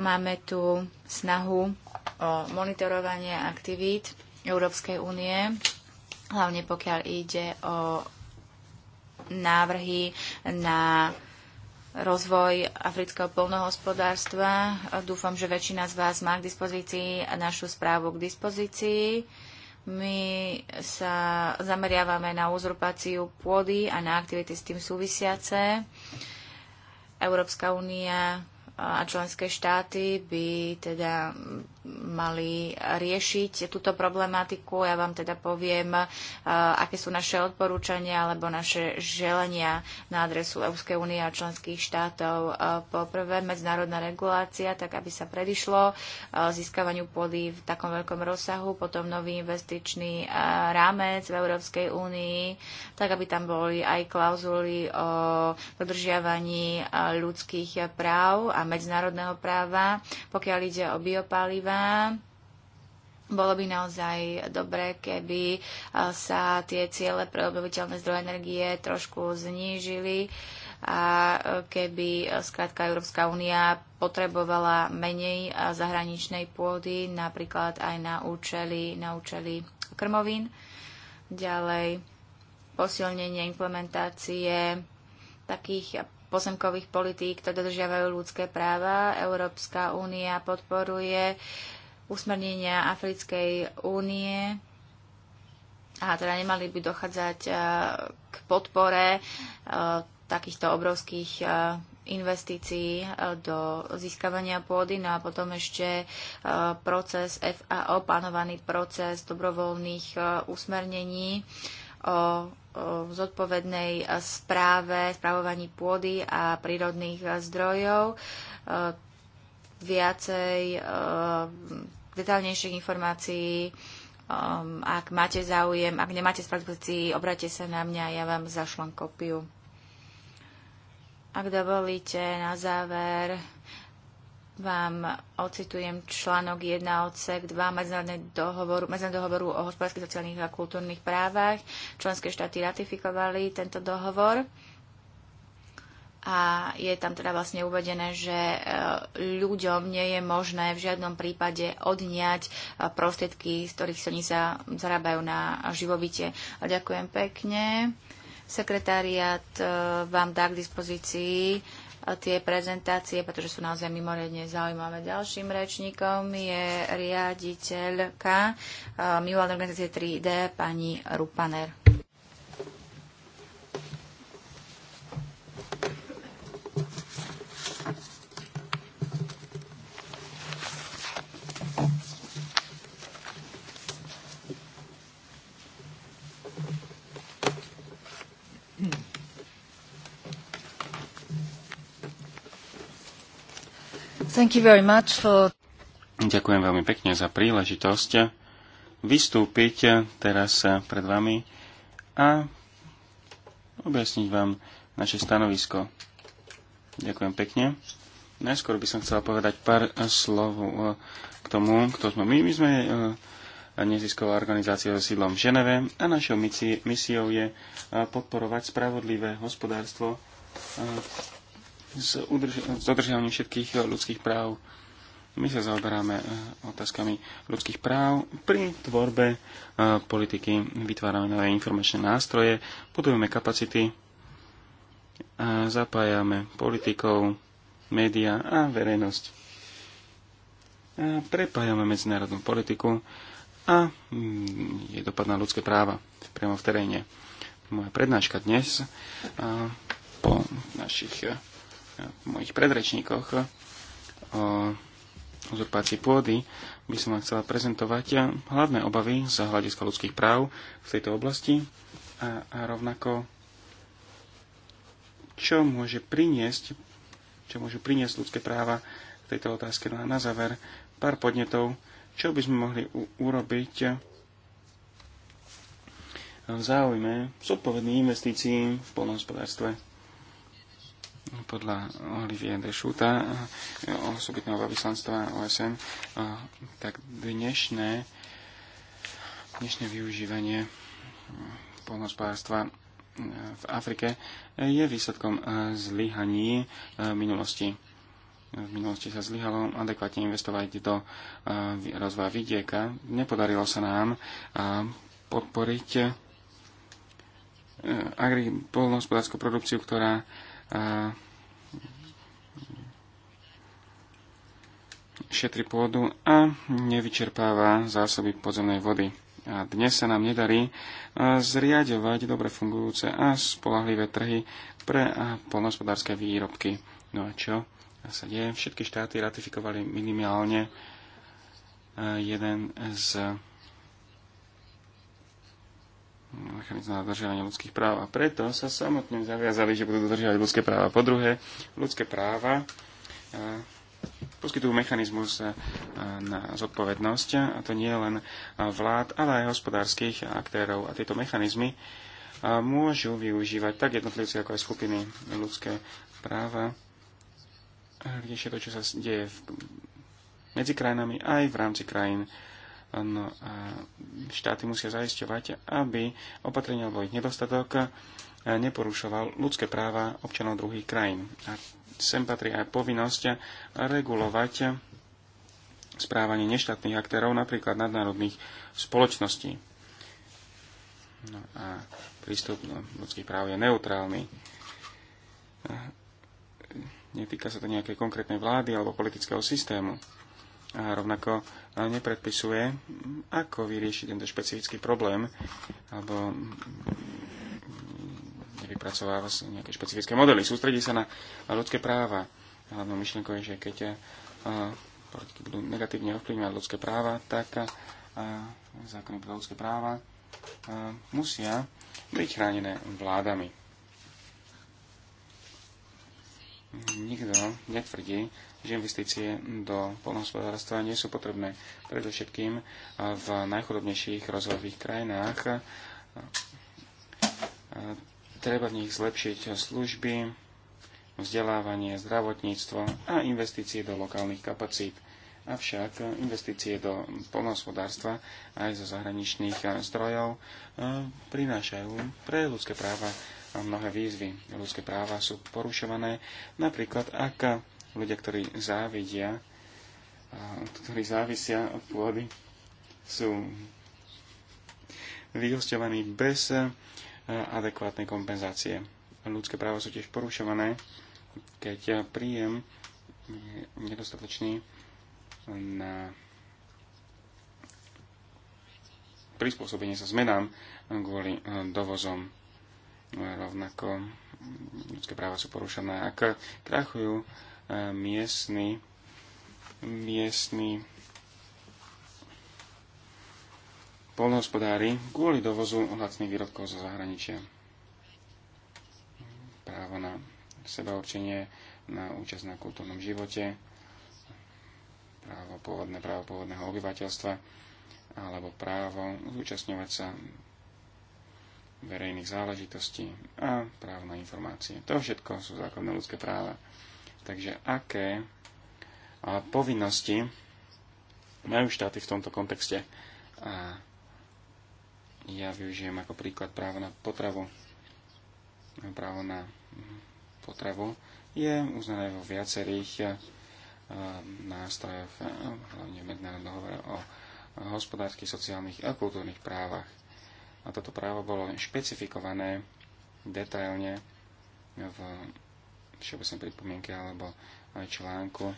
[SPEAKER 2] Máme tu snahu o monitorovanie aktivít Európskej únie, hlavne pokiaľ ide o návrhy na rozvoj afrického polnohospodárstva. Dúfam, že väčšina z vás má k dispozícii našu správu k dispozícii. My sa zameriavame na uzurpáciu pôdy a na aktivity s tým súvisiace. Európska únia a členské štáty by teda mali riešiť túto problematiku. Ja vám teda poviem, eh, aké sú naše odporúčania alebo naše želenia na adresu Európskej únie a členských štátov. Eh, poprvé, medzinárodná regulácia, tak aby sa predišlo eh, získavaniu pôdy v takom veľkom rozsahu, potom nový investičný rámec v Európskej únii, tak aby tam boli aj klauzuly o dodržiavaní ľudských práv a medzinárodného práva, pokiaľ ide o biopáliva citlivá. Bolo by naozaj dobré, keby sa tie ciele pre obnoviteľné zdroje energie trošku znížili a e, keby e, skrátka Európska únia potrebovala menej e, zahraničnej pôdy, napríklad aj na účely, na účely krmovín. Ďalej posilnenie implementácie takých pozemkových politík, ktoré dodržiavajú ľudské práva. Európska únia podporuje usmernenia Africkej únie a teda nemali by dochádzať e, k podpore e, takýchto obrovských e, investícií do získavania pôdy, no a potom ešte proces FAO, plánovaný proces dobrovoľných usmernení o zodpovednej správe, správovaní pôdy a prírodných zdrojov. Eh, viacej eh, detálnejších informácií eh, ak máte záujem, ak nemáte spraktici, obrate sa na mňa, ja vám zašlem kopiu. Ak dovolíte, na záver vám ocitujem článok 1 odsek 2 medzinárodného dohovoru, medzinárodného dohovoru o hospodárskych, sociálnych a kultúrnych právach. Členské štáty ratifikovali tento dohovor. A je tam teda vlastne uvedené, že e, ľuďom nie je možné v žiadnom prípade odňať e, prostriedky, z ktorých oni sa zarábajú na živobite. A ďakujem pekne. Sekretariat e, vám dá k dispozícii tie prezentácie, pretože sú naozaj mimoriadne zaujímavé. Ďalším rečníkom je riaditeľka eh, mimovládnej organizácie 3D, pani Rupaner. Thank you very much for...
[SPEAKER 1] Ďakujem veľmi pekne za príležitosť vystúpiť teraz pred vami a objasniť vám naše stanovisko. Ďakujem pekne. Najskôr by som chcel povedať pár slov k tomu, kto sme my. My sme eh, nezisková organizácia so sídlom v Ženeve a našou misiou je eh, podporovať spravodlivé hospodárstvo eh, s, udrž- s dodržiavaním všetkých eh, ľudských práv. My sa zaoberáme eh, otázkami ľudských práv pri tvorbe eh, politiky, vytvárame nové informačné nástroje, budujeme kapacity, zapájame politikov, médiá a verejnosť. A prepájame medzinárodnú politiku a mm, je dopad na ľudské práva priamo v teréne. Moja prednáška dnes po našich mojich predrečníkoch o uzurpácii pôdy by som vám chcela prezentovať hlavné obavy z hľadiska ľudských práv v tejto oblasti a, a rovnako čo môže priniesť, čo môžu priniesť ľudské práva v tejto otázke. No a na záver pár podnetov, čo by sme mohli urobiť v záujme zodpovedných investícií v polnohospodárstve podľa Olivia de Šuta, osobitného vyslanstva OSN, tak dnešné, dnešné využívanie polnospodárstva v Afrike je výsledkom zlyhaní minulosti. V minulosti sa zlyhalo adekvátne investovať do rozvoja vidieka. Nepodarilo sa nám podporiť agri polnohospodárskú produkciu, ktorá šetri pôdu a nevyčerpáva zásoby podzemnej vody. A dnes sa nám nedarí e, zriadovať dobre fungujúce a spolahlivé trhy pre polnospodárske výrobky. No a čo sa deje? Všetky štáty ratifikovali minimálne e, jeden z mechanizmu na dodržiavanie ľudských práv a preto sa samotne zaviazali, že budú dodržiavať ľudské práva. Po druhé, ľudské práva e, poskytujú mechanizmus e, na zodpovednosť, a to nie len vlád, ale aj hospodárskych aktérov. A tieto mechanizmy e, môžu využívať tak jednotlivci, ako aj skupiny ľudské práva. je to, čo sa deje medzi krajinami aj v rámci krajín No a štáty musia zaisťovať, aby opatrenia alebo ich nedostatok e, neporušoval ľudské práva občanov druhých krajín. A sem patrí aj povinnosť regulovať správanie neštátnych aktérov, napríklad nadnárodných spoločností. No a prístup no, ľudských práv je neutrálny e, netýka sa to nejakej konkrétnej vlády alebo politického systému a rovnako eh, nepredpisuje, ako vyriešiť tento špecifický problém, alebo nevypracováva nejaké špecifické modely. Sústredí sa na ľudské práva. Hlavnou myšlienkou je, že keď eh, politiky budú negatívne ovplyvňovať ľudské práva, tak eh, zákony pre ľudské práva musia byť chránené vládami. Nikto netvrdí, že investície do polnohospodárstva nie sú potrebné predovšetkým v najchudobnejších rozvojových krajinách. Treba v nich zlepšiť služby, vzdelávanie, zdravotníctvo a investície do lokálnych kapacít. Avšak investície do polnohospodárstva aj zo zahraničných zdrojov prinášajú pre ľudské práva mnohé výzvy. Ľudské práva sú porušované napríklad, ak ľudia, ktorí závidia, ktorí závisia od pôdy, sú vyhostovaní bez e, adekvátnej kompenzácie. Ľudské práva sú tiež porušované, keď e, príjem je nedostatočný na prispôsobenie sa zmenám kvôli e, dovozom. Rovnako ľudské práva sú porušené. Ak krachujú E, miestny, miestni polnohospodári kvôli dovozu lacných výrobkov zo zahraničia. Právo na sebaurčenie, na účasť na kultúrnom živote, právo pôvodné, právo pôvodného obyvateľstva alebo právo zúčastňovať sa verejných záležitostí a právo na informácie. To všetko sú základné ľudské práva. Takže aké povinnosti majú štáty v tomto kontexte? A ja využijem ako príklad právo na potravu. Právo na potravu je uznané vo viacerých nástrojoch, hlavne v medzinárodnom hovore o hospodárskych, sociálnych a kultúrnych právach. A toto právo bolo špecifikované detailne v všeobecnej pripomienky alebo článku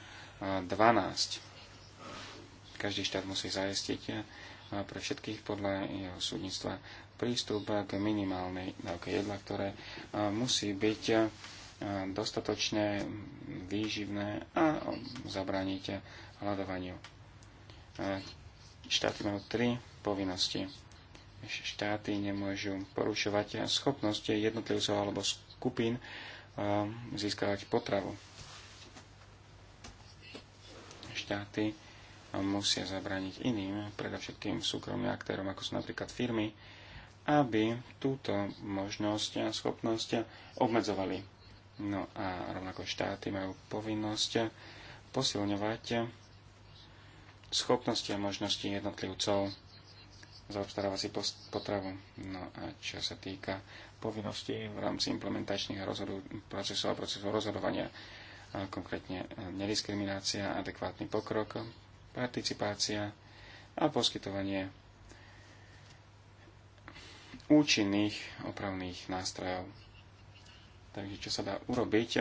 [SPEAKER 1] 12. Každý štát musí zajistiť pre všetkých podľa jeho súdnictva prístup k minimálnej dávke jedla, ktoré musí byť dostatočne výživné a zabrániť hľadovaniu. Štáty majú tri povinnosti. Štáty nemôžu porušovať schopnosti jednotlivcov alebo skupín získavať potravu. Štáty musia zabrániť iným, predovšetkým súkromným aktérom, ako sú napríklad firmy, aby túto možnosť a schopnosť obmedzovali. No a rovnako štáty majú povinnosť posilňovať schopnosti a možnosti jednotlivcov zaobstaráva si potravu. No a čo sa týka povinností v rámci implementačných rozhodu, procesov a procesov rozhodovania, a konkrétne e, nediskriminácia, adekvátny pokrok, participácia a poskytovanie účinných opravných nástrojov. Takže čo sa dá urobiť e,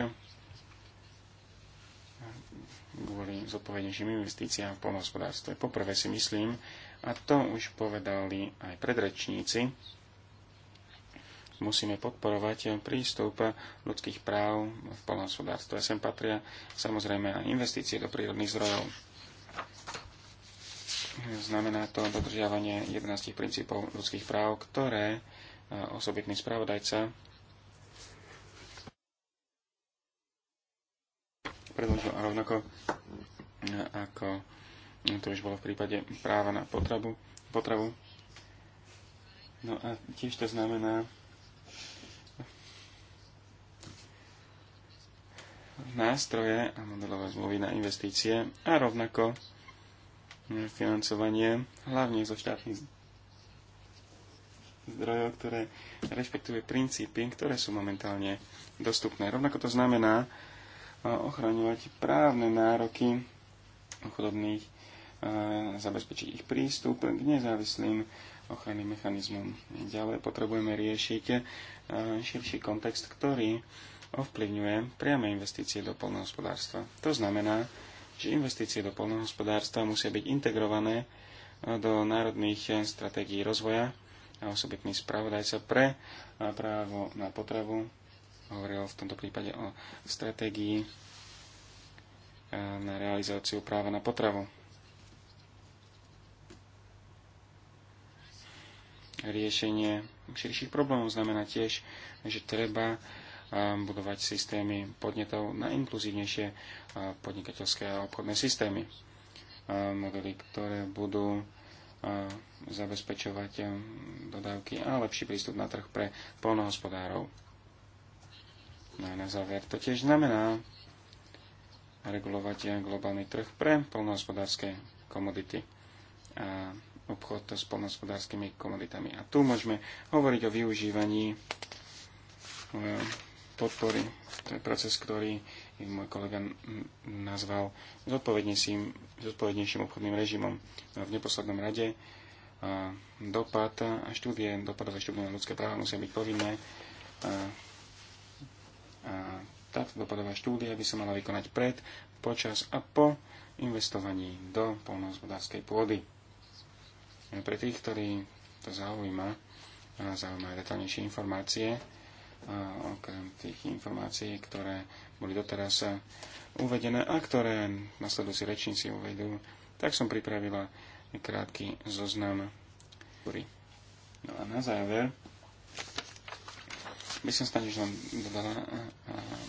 [SPEAKER 1] kvôli zodpovednejším investíciám v polnohospodárstve. Poprvé si myslím, a to už povedali aj predrečníci, musíme podporovať prístup ľudských práv v polnospodárstve. Sem patria samozrejme aj investície do prírodných zdrojov. Znamená to dodržiavanie 11 princípov ľudských práv, ktoré e, osobitný spravodajca predložil a rovnako e, ako No, to už bolo v prípade práva na potravu. potravu. No a tiež to znamená nástroje a modelové zmluvy na investície a rovnako financovanie, hlavne zo štátnych zdrojov, ktoré rešpektuje princípy, ktoré sú momentálne dostupné. Rovnako to znamená ochraňovať právne nároky chudobných zabezpečiť ich prístup k nezávislým ochranným mechanizmom. Ďalej potrebujeme riešiť e, širší kontext, ktorý ovplyvňuje priame investície do polnohospodárstva. To znamená, že investície do polnohospodárstva musia byť integrované e, do národných e, stratégií rozvoja a osobitný spravodajca pre právo na potravu hovoril v tomto prípade o stratégii na realizáciu práva na potravu. riešenie širších problémov. Znamená tiež, že treba budovať systémy podnetov na inkluzívnejšie podnikateľské a obchodné systémy. Modely, ktoré budú zabezpečovať dodávky a lepší prístup na trh pre polnohospodárov. No a na záver to tiež znamená regulovať globálny trh pre polnohospodárske komodity. A obchod s polnohospodárskymi komoditami. A tu môžeme hovoriť o využívaní e, podpory. To je proces, ktorý môj kolega nazval zodpovednejším, zodpovednejším obchodným režimom. V neposlednom rade e, dopad a štúdie, dopadové štúdie na ľudské práva musia byť povinné. E, a, a táto dopadová štúdia by sa mala vykonať pred, počas a po investovaní do polnohospodárskej pôdy. Pre tých, ktorí to zaujíma, zaujíma detálnejšie informácie, okrem tých informácií, ktoré boli doteraz uvedené a ktoré nasledujúci rečníci uvedú, tak som pripravila krátky zoznam. No a na záver by som snad už len dodala, eh, eh,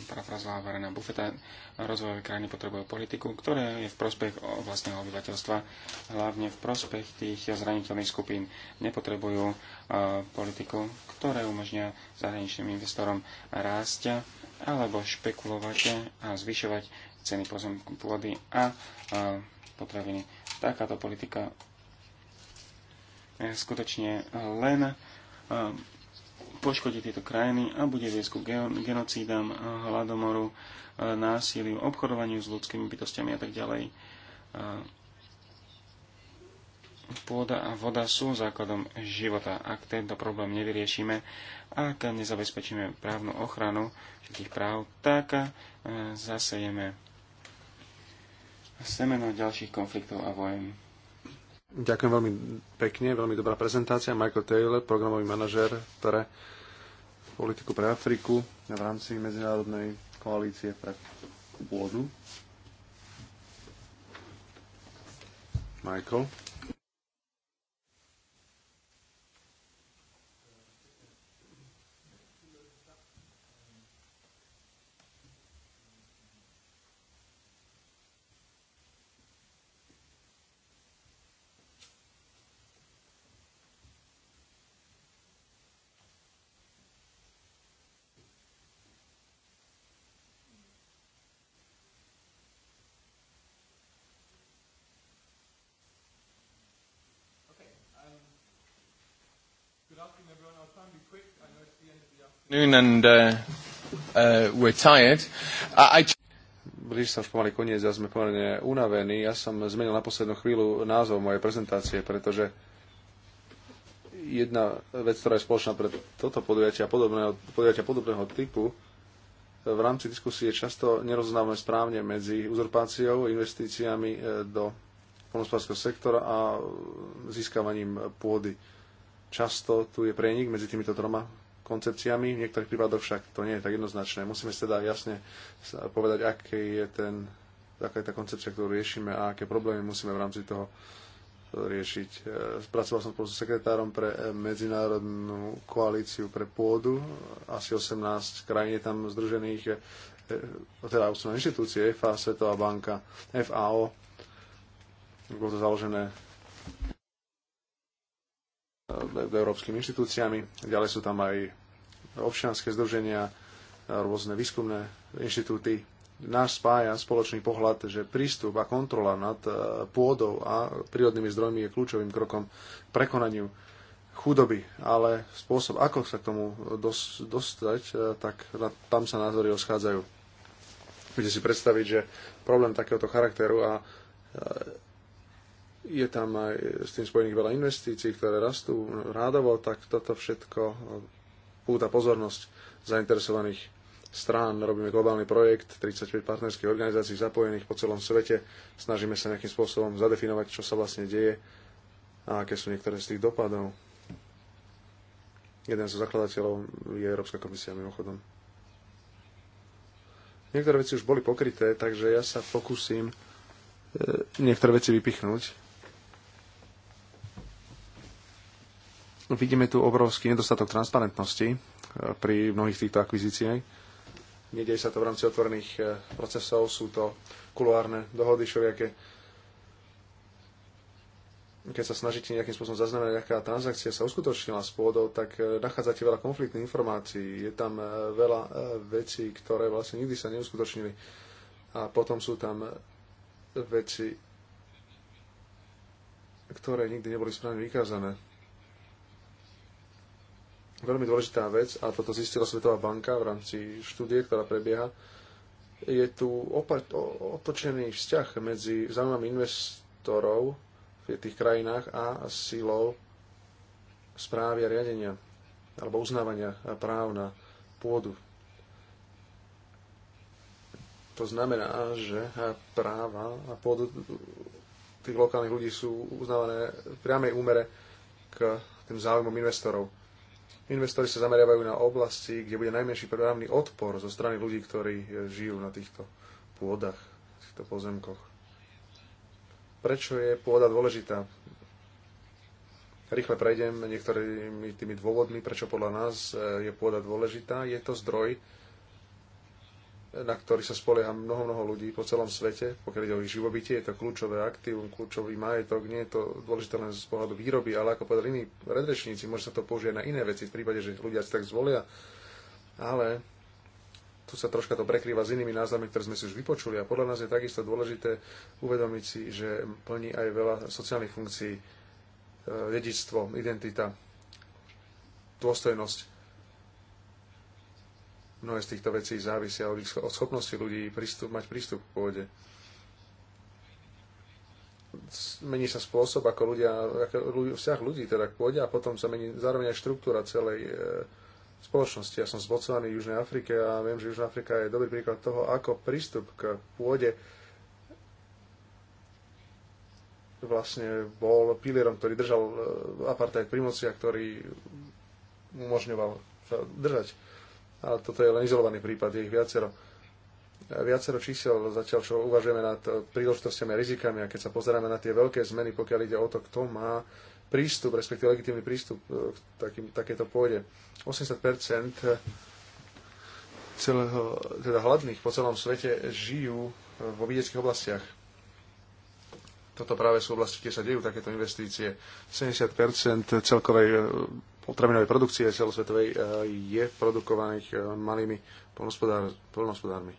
[SPEAKER 1] parafrazovala Varena Buffeta, rozvojové krajiny potrebujú politiku, ktorá je v prospech vlastného obyvateľstva, hlavne v prospech tých zraniteľných skupín. Nepotrebujú eh, politiku, ktoré umožňa zahraničným investorom rásť alebo špekulovať a zvyšovať ceny pozemku pôdy a potraviny. Takáto politika skutočne len poškodí tieto krajiny a bude viesť ku genocídam, hladomoru, násiliu, obchodovaniu s ľudskými bytostiami a tak ďalej. Pôda a voda sú základom života. Ak tento problém nevyriešime, ak nezabezpečíme právnu ochranu všetkých práv, tak e, zasejeme semeno ďalších konfliktov a vojen. Ďakujem veľmi pekne, veľmi dobrá prezentácia.
[SPEAKER 3] Michael Taylor, programový manažér, ktoré politiku pre Afriku v rámci medzinárodnej koalície pre pôdu. Michael.
[SPEAKER 1] And, uh,
[SPEAKER 3] uh, we're tired. I, I blíži sa už pomaly koniec a sme pomerne unavení. Ja som zmenil na poslednú chvíľu názov mojej prezentácie, pretože jedna vec, ktorá je spoločná pre toto podujatie a podobného, podujatia podobného typu, v rámci diskusie často nerozoznávame správne medzi uzurpáciou, investíciami e, do polnospodárskeho sektora a získavaním pôdy. Často tu je prenik medzi týmito troma koncepciami, v niektorých prípadoch však to nie je tak jednoznačné. Musíme si teda jasne povedať, aký je ten, aká je tá koncepcia, ktorú riešime a aké problémy musíme v rámci toho e, riešiť. Spracoval e, som spolu s sekretárom pre e, medzinárodnú koalíciu pre pôdu. Asi 18 krajín je tam združených, teda sú na inštitúcie, FA, Svetová banka, FAO. Bolo to založené E, e, európskymi inštitúciami. Ďalej sú tam aj občianské združenia, e, rôzne výskumné inštitúty. náš spája spoločný pohľad, že prístup a kontrola nad pôdou a prírodnými zdrojmi je kľúčovým krokom k prekonaniu chudoby, ale spôsob, ako sa k tomu dos- dostať, tak na, tam sa názory rozchádzajú. Viete si predstaviť, že problém takéhoto charakteru a je tam aj s tým spojených veľa investícií, ktoré rastú rádovo, tak toto všetko e, púta pozornosť zainteresovaných strán. Robíme globálny projekt, 35 partnerských organizácií zapojených po celom svete. Snažíme sa nejakým spôsobom zadefinovať, čo sa vlastne deje a aké sú niektoré z tých dopadov. Jeden zo zakladateľov je Európska komisia mimochodom. Niektoré veci už boli pokryté, takže ja sa pokúsim e, niektoré veci vypichnúť No, vidíme tu obrovský nedostatok transparentnosti e, pri mnohých týchto akvizíciách. Nedej sa to v rámci otvorených e, procesov, sú to kuluárne dohody všelijaké. Keď sa snažíte nejakým spôsobom zaznamenať, aká transakcia sa uskutočnila s pôdou, tak e, nachádzate veľa konfliktných informácií. Je tam veľa vecí, ktoré vlastne nikdy sa neuskutočnili. A potom sú tam veci, ktoré nikdy neboli správne vykázané Veľmi dôležitá vec, a toto zistila Svetová banka v rámci štúdie, ktorá prebieha, je tu opa- otočený vzťah medzi zaujímavými investorov v tých krajinách a silou správy a riadenia alebo uznávania práv na pôdu. To znamená, že práva a pôdu tých lokálnych ľudí sú uznávané v priamej úmere k tým záujmom investorov Investori sa zameriavajú na oblasti, kde bude najmenší právny odpor zo strany ľudí, ktorí e, žijú na týchto pôdach, týchto pozemkoch. Prečo je pôda dôležitá? Rýchle prejdem niektorými tými dôvodmi, prečo podľa nás e, je pôda dôležitá. Je to zdroj na ktorý sa spolieha mnoho, mnoho ľudí po celom svete, pokiaľ ide o ich živobytie, je to kľúčové aktívum, kľúčový majetok, nie je to dôležité len z pohľadu výroby, ale ako povedali iní predrečníci, môže sa to použiť na iné veci, v prípade, že ľudia si tak zvolia, ale tu sa troška to prekrýva s inými názvami, ktoré sme si už vypočuli a podľa nás je takisto dôležité uvedomiť si, že plní aj veľa sociálnych funkcií, eh, dedičstvo, identita, dôstojnosť Mnohé z týchto vecí závisia od, ich, od schopnosti ľudí prístup, mať prístup k pôde. Mení sa spôsob, ako ľudia, ako vzťah ľudí teda k pôde a potom sa mení zároveň aj štruktúra celej e, spoločnosti. Ja som z Botswany v Južnej Afrike a viem, že Južná Afrika je dobrý príklad toho, ako prístup k pôde vlastne bol pilierom, ktorý držal e, apartheid pri moci a ktorý umožňoval sa držať a toto je len izolovaný prípad, je ich viacero. Viacero čísel zatiaľ, čo uvažujeme nad príležitostiami a rizikami a keď sa pozeráme na tie veľké zmeny, pokiaľ ide o to, kto má prístup, respektíve legitímny prístup e, k takým, takéto pôde. 80 celého, teda hladných po celom svete žijú e, vo vidieckých oblastiach. Toto práve sú oblasti, kde sa dejú takéto investície. 70 celkovej e, potravinovej produkcie celosvetovej eh, je produkovaných eh, malými poľnohospodármi.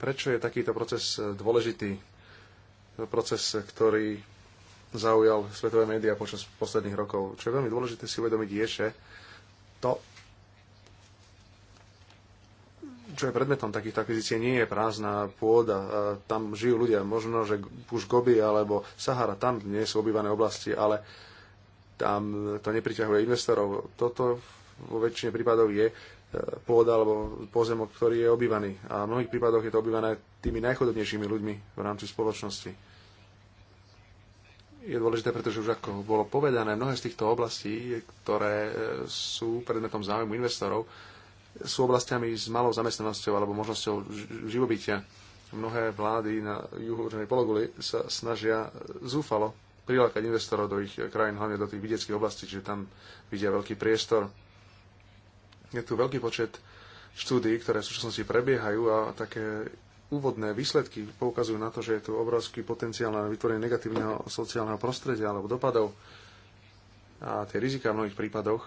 [SPEAKER 3] Prečo je takýto proces eh, dôležitý? Proces, ktorý zaujal svetové médiá počas posledných rokov. Čo je veľmi dôležité si uvedomiť je, že to, čo je predmetom takýchto akvizícií, nie je prázdna pôda. Tam žijú ľudia, možno, že už Gobi alebo Sahara, tam nie sú obývané oblasti, ale tam to nepriťahuje investorov. Toto vo väčšine prípadov je e, pôda alebo pozemok, ktorý je obývaný. A v mnohých prípadoch je to obývané tými najchodobnejšími ľuďmi v rámci spoločnosti. Je dôležité, pretože už ako bolo povedané, mnohé z týchto oblastí, ktoré e, sú predmetom záujmu investorov, sú oblastiami s malou zamestnanosťou alebo možnosťou živobytia. Mnohé vlády na juhočnej pologuli sa snažia zúfalo prilákať investorov do ich eh, krajín, hlavne do tých vidieckých oblastí, čiže tam vidia veľký priestor. Je tu veľký počet štúdií, ktoré v súčasnosti prebiehajú a také úvodné výsledky poukazujú na to, že je tu obrovský potenciál na vytvorenie negatívneho sociálneho prostredia alebo dopadov a tie rizika v mnohých prípadoch,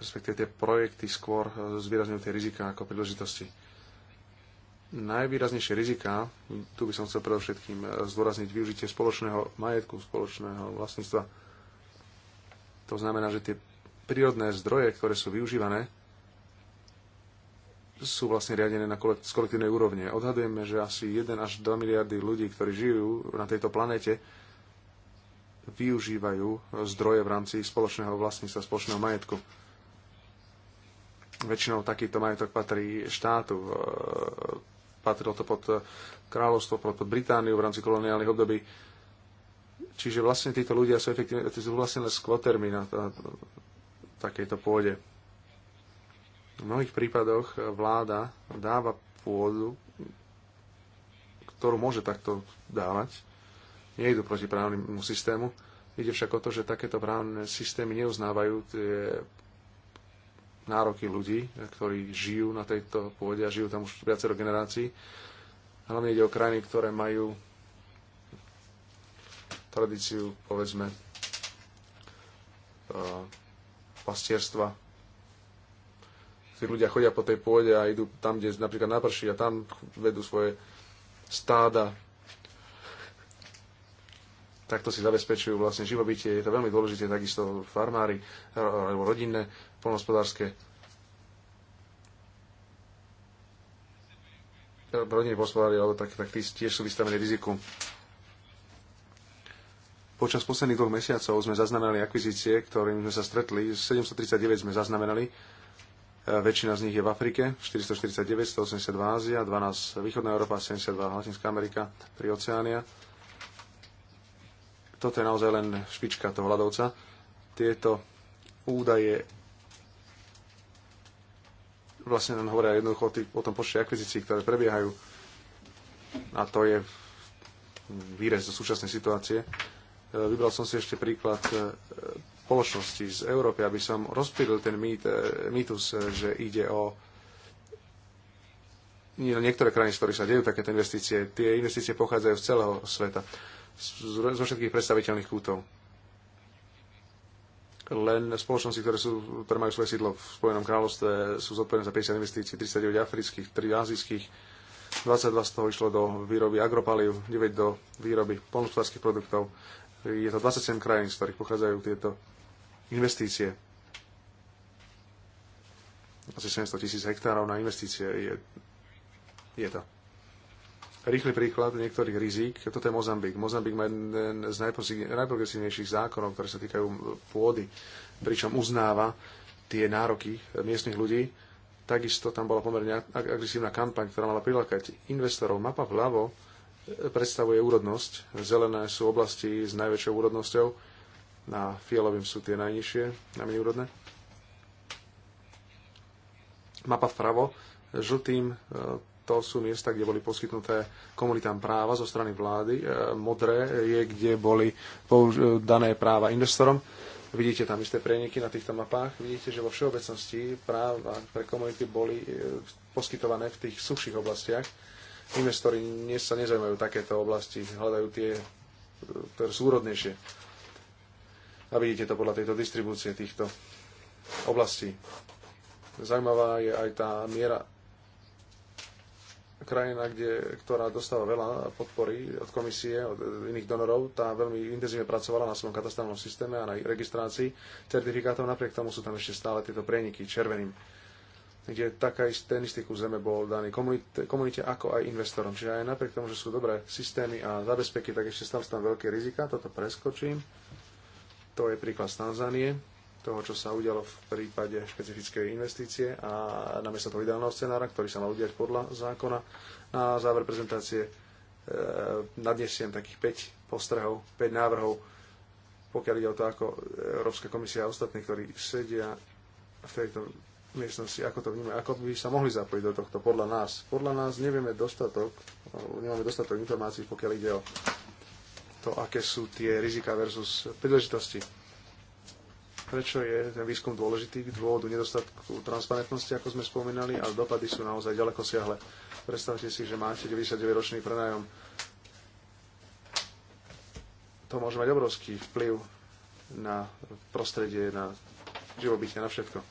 [SPEAKER 3] respektíve tie projekty skôr eh, zvýrazňujú tie rizika ako príležitosti. Najvýraznejšie rizika, tu by som chcel predovšetkým eh, zdôrazniť využitie spoločného majetku, spoločného vlastníctva. To znamená, že tie prírodné zdroje, ktoré sú využívané, sú vlastne riadené na kolekt- z kolektívnej úrovne. Odhadujeme, že asi 1 až 2 miliardy ľudí, ktorí žijú na tejto planete, využívajú eh, zdroje v rámci spoločného vlastníctva, spoločného majetku. Väčšinou takýto majetok patrí štátu. Eh, patrilo to pod eh, kráľovstvo, pod, pod Britániu v rámci koloniálnych období. Čiže vlastne títo ľudia sú, efektívne, sú vlastne len skvotermi na takejto pôde. V mnohých prípadoch vláda dáva pôdu, ktorú môže takto dávať. Nejdu proti právnemu systému. Ide však o to, že takéto právne systémy neuznávajú tie nároky ľudí, ktorí žijú na tejto pôde a žijú tam už viacero generácií. Hlavne ide o krajiny, ktoré majú tradíciu, povedzme, e, pastierstva. Tí ľudia chodia po tej pôde a idú tam, kde napríklad naprší a tam vedú svoje stáda. Takto si zabezpečujú vlastne živobytie. Je to veľmi dôležité, takisto farmári e, alebo rodinné polnospodárske rodiny polnospodári, alebo tak, tak tí tiež sú vystavení riziku. Počas posledných dvoch mesiacov sme zaznamenali akvizície, ktorým sme sa stretli. 739 sme zaznamenali. E, väčšina z nich je v Afrike, 449, 182 Ázia, 12 Východná Európa, 72 Latinská Amerika, 3 Oceánia. Toto je naozaj len špička toho hľadovca. Tieto údaje vlastne nám hovoria jednoducho o, tých, o tom počte akvizícií, ktoré prebiehajú. A to je výrez do súčasnej situácie. E, vybral som si ešte príklad e, spoločnosti z Európy, aby som rozpíril ten mýt, e, mýtus, že ide o niektoré krajiny, z ktorých sa dejú takéto investície. Tie investície pochádzajú z celého sveta, zo všetkých predstaviteľných kútov len spoločnosti, ktoré, sú, ktoré majú svoje sídlo v Spojenom kráľovstve, sú zodpovedné za 50 investícií, 39 afrických, 3 azijských, 22 z toho išlo do výroby agropalív, 9 do výroby polnospodárských produktov. Je to 27 krajín, z ktorých pochádzajú tieto investície. Asi 700 tisíc hektárov na investície je, je to. Rýchly príklad niektorých rizík, toto je Mozambik. Mozambik má jeden z najprogresívnejších zákonov, ktoré sa týkajú pôdy, pričom uznáva tie nároky miestnych ľudí. Takisto tam bola pomerne agresívna kampaň, ktorá mala prilákať investorov. Mapa vľavo e, predstavuje úrodnosť. Zelené sú oblasti s najväčšou úrodnosťou Na fialovým sú tie najnižšie, najmenej úrodné. Mapa vpravo žltým e, to sú miesta, kde boli poskytnuté komunitám práva zo strany vlády. E, modré je, kde boli e, dané práva investorom. Vidíte tam isté prieniky na týchto mapách. Vidíte, že vo všeobecnosti práva pre komunity boli e, poskytované v tých suchších oblastiach. Investori sa nezajímajú takéto oblasti, hľadajú tie, ktoré sú úrodnejšie. A vidíte to podľa tejto distribúcie týchto oblastí. Zajímavá je aj tá miera krajina, kde, ktorá dostáva veľa podpory od komisie, od iných donorov, tá veľmi intenzívne pracovala na svojom katastrálnom systéme a na registrácii certifikátov, napriek tomu sú tam ešte stále tieto prieniky červeným kde taká istý, ten istý kus zeme bol daný komunite, komunite ako aj investorom. Čiže aj napriek tomu, že sú dobré systémy a zabezpeky, tak ešte stále sú tam veľké rizika. Toto preskočím. To je príklad z Tanzánie toho, čo sa udialo v prípade špecifickej investície a namiesto toho ideálneho scenára, ktorý sa mal udiať podľa zákona. No na záver prezentácie e, nadnesiem takých 5 postrehov, 5 návrhov, pokiaľ ide o to, ako Európska komisia a ostatní, ktorí sedia v tejto miestnosti, ako to vnímajú, ako by sa mohli zapojiť do tohto podľa nás. Podľa nás nevieme dostatok, nemáme dostatok informácií, pokiaľ ide o to, aké sú tie rizika versus príležitosti Prečo je ten výskum dôležitý? K dôvodu nedostatku transparentnosti, ako sme spomínali, a dopady sú naozaj ďaleko siahle. Predstavte si, že máte 99-ročný prenajom. To môže mať obrovský vplyv na prostredie, na živobytie, na všetko.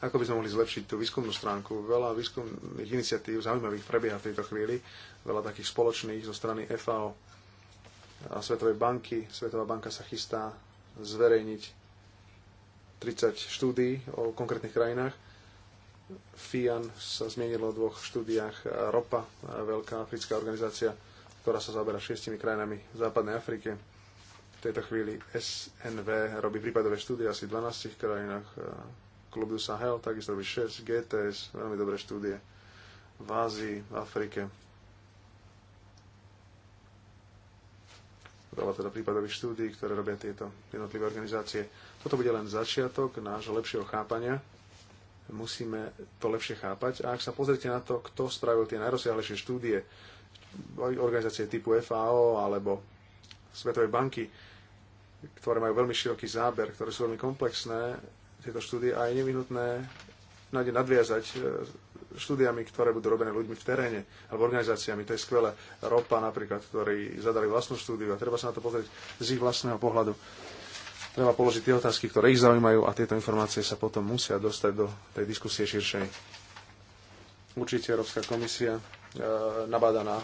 [SPEAKER 3] Ako by sme mohli zlepšiť tú výskumnú stránku? Veľa výskumných iniciatív zaujímavých prebieha v tejto chvíli, veľa takých spoločných zo strany FAO a Svetovej banky. Svetová banka sa chystá zverejniť 30 štúdí o konkrétnych krajinách. FIAN sa zmienilo o dvoch štúdiách ROPA, veľká africká organizácia, ktorá sa zaoberá šiestimi krajinami v západnej Afrike. V tejto chvíli SNV robí prípadové štúdie asi v 12 krajinách. E, Klub du Sahel takisto robí 6, GTS, veľmi dobré štúdie v Ázii, v Afrike, veľa teda prípadových štúdií, ktoré robia tieto jednotlivé organizácie. Toto bude len začiatok nášho lepšieho chápania. Musíme to lepšie chápať. A ak sa pozrite na to, kto spravil tie najrozsiahlejšie štúdie, organizácie typu FAO alebo Svetovej banky, ktoré majú veľmi široký záber, ktoré sú veľmi komplexné, tieto štúdie aj je nevyhnutné nadviazať e, štúdiami, ktoré budú robené ľuďmi v teréne alebo organizáciami. To je skvelé. Ropa napríklad, ktorí zadali vlastnú štúdiu a treba sa na to pozrieť z ich vlastného pohľadu. Treba položiť tie otázky, ktoré ich zaujímajú a tieto informácie sa potom musia dostať do tej diskusie širšej. Určite Európska komisia e, nabáda na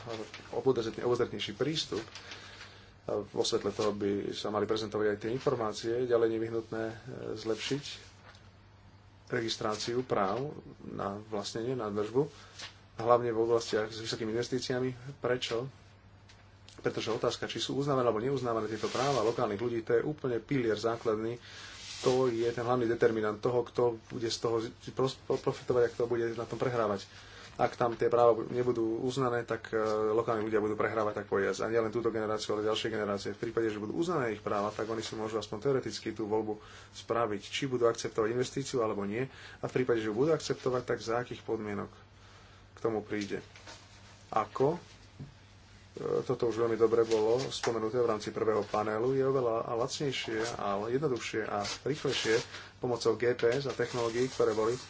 [SPEAKER 3] obozretnejší prístup e, vo svetle toho by sa mali prezentovať aj tie informácie, ďalej nevyhnutné e, zlepšiť registráciu práv na vlastnenie, na držbu, hlavne v oblastiach s vysokými investíciami. Prečo? Pretože otázka, či sú uznávané alebo neuznávané tieto práva lokálnych ľudí, to je úplne pilier základný. To je ten hlavný determinant toho, kto bude z toho profitovať a kto bude na tom prehrávať ak tam tie práva nebudú uznané, tak e, lokálni ľudia budú prehrávať, tak pojazd. A nielen túto generáciu, ale ďalšie generácie. V prípade, že budú uznané ich práva, tak oni si môžu aspoň teoreticky tú voľbu spraviť, či budú akceptovať investíciu alebo nie. A v prípade, že budú akceptovať, tak za akých podmienok k tomu príde. Ako e, toto už veľmi dobre bolo spomenuté v rámci prvého panelu, je oveľa lacnejšie a jednoduchšie a rýchlejšie pomocou GPS a technológií, ktoré boli e,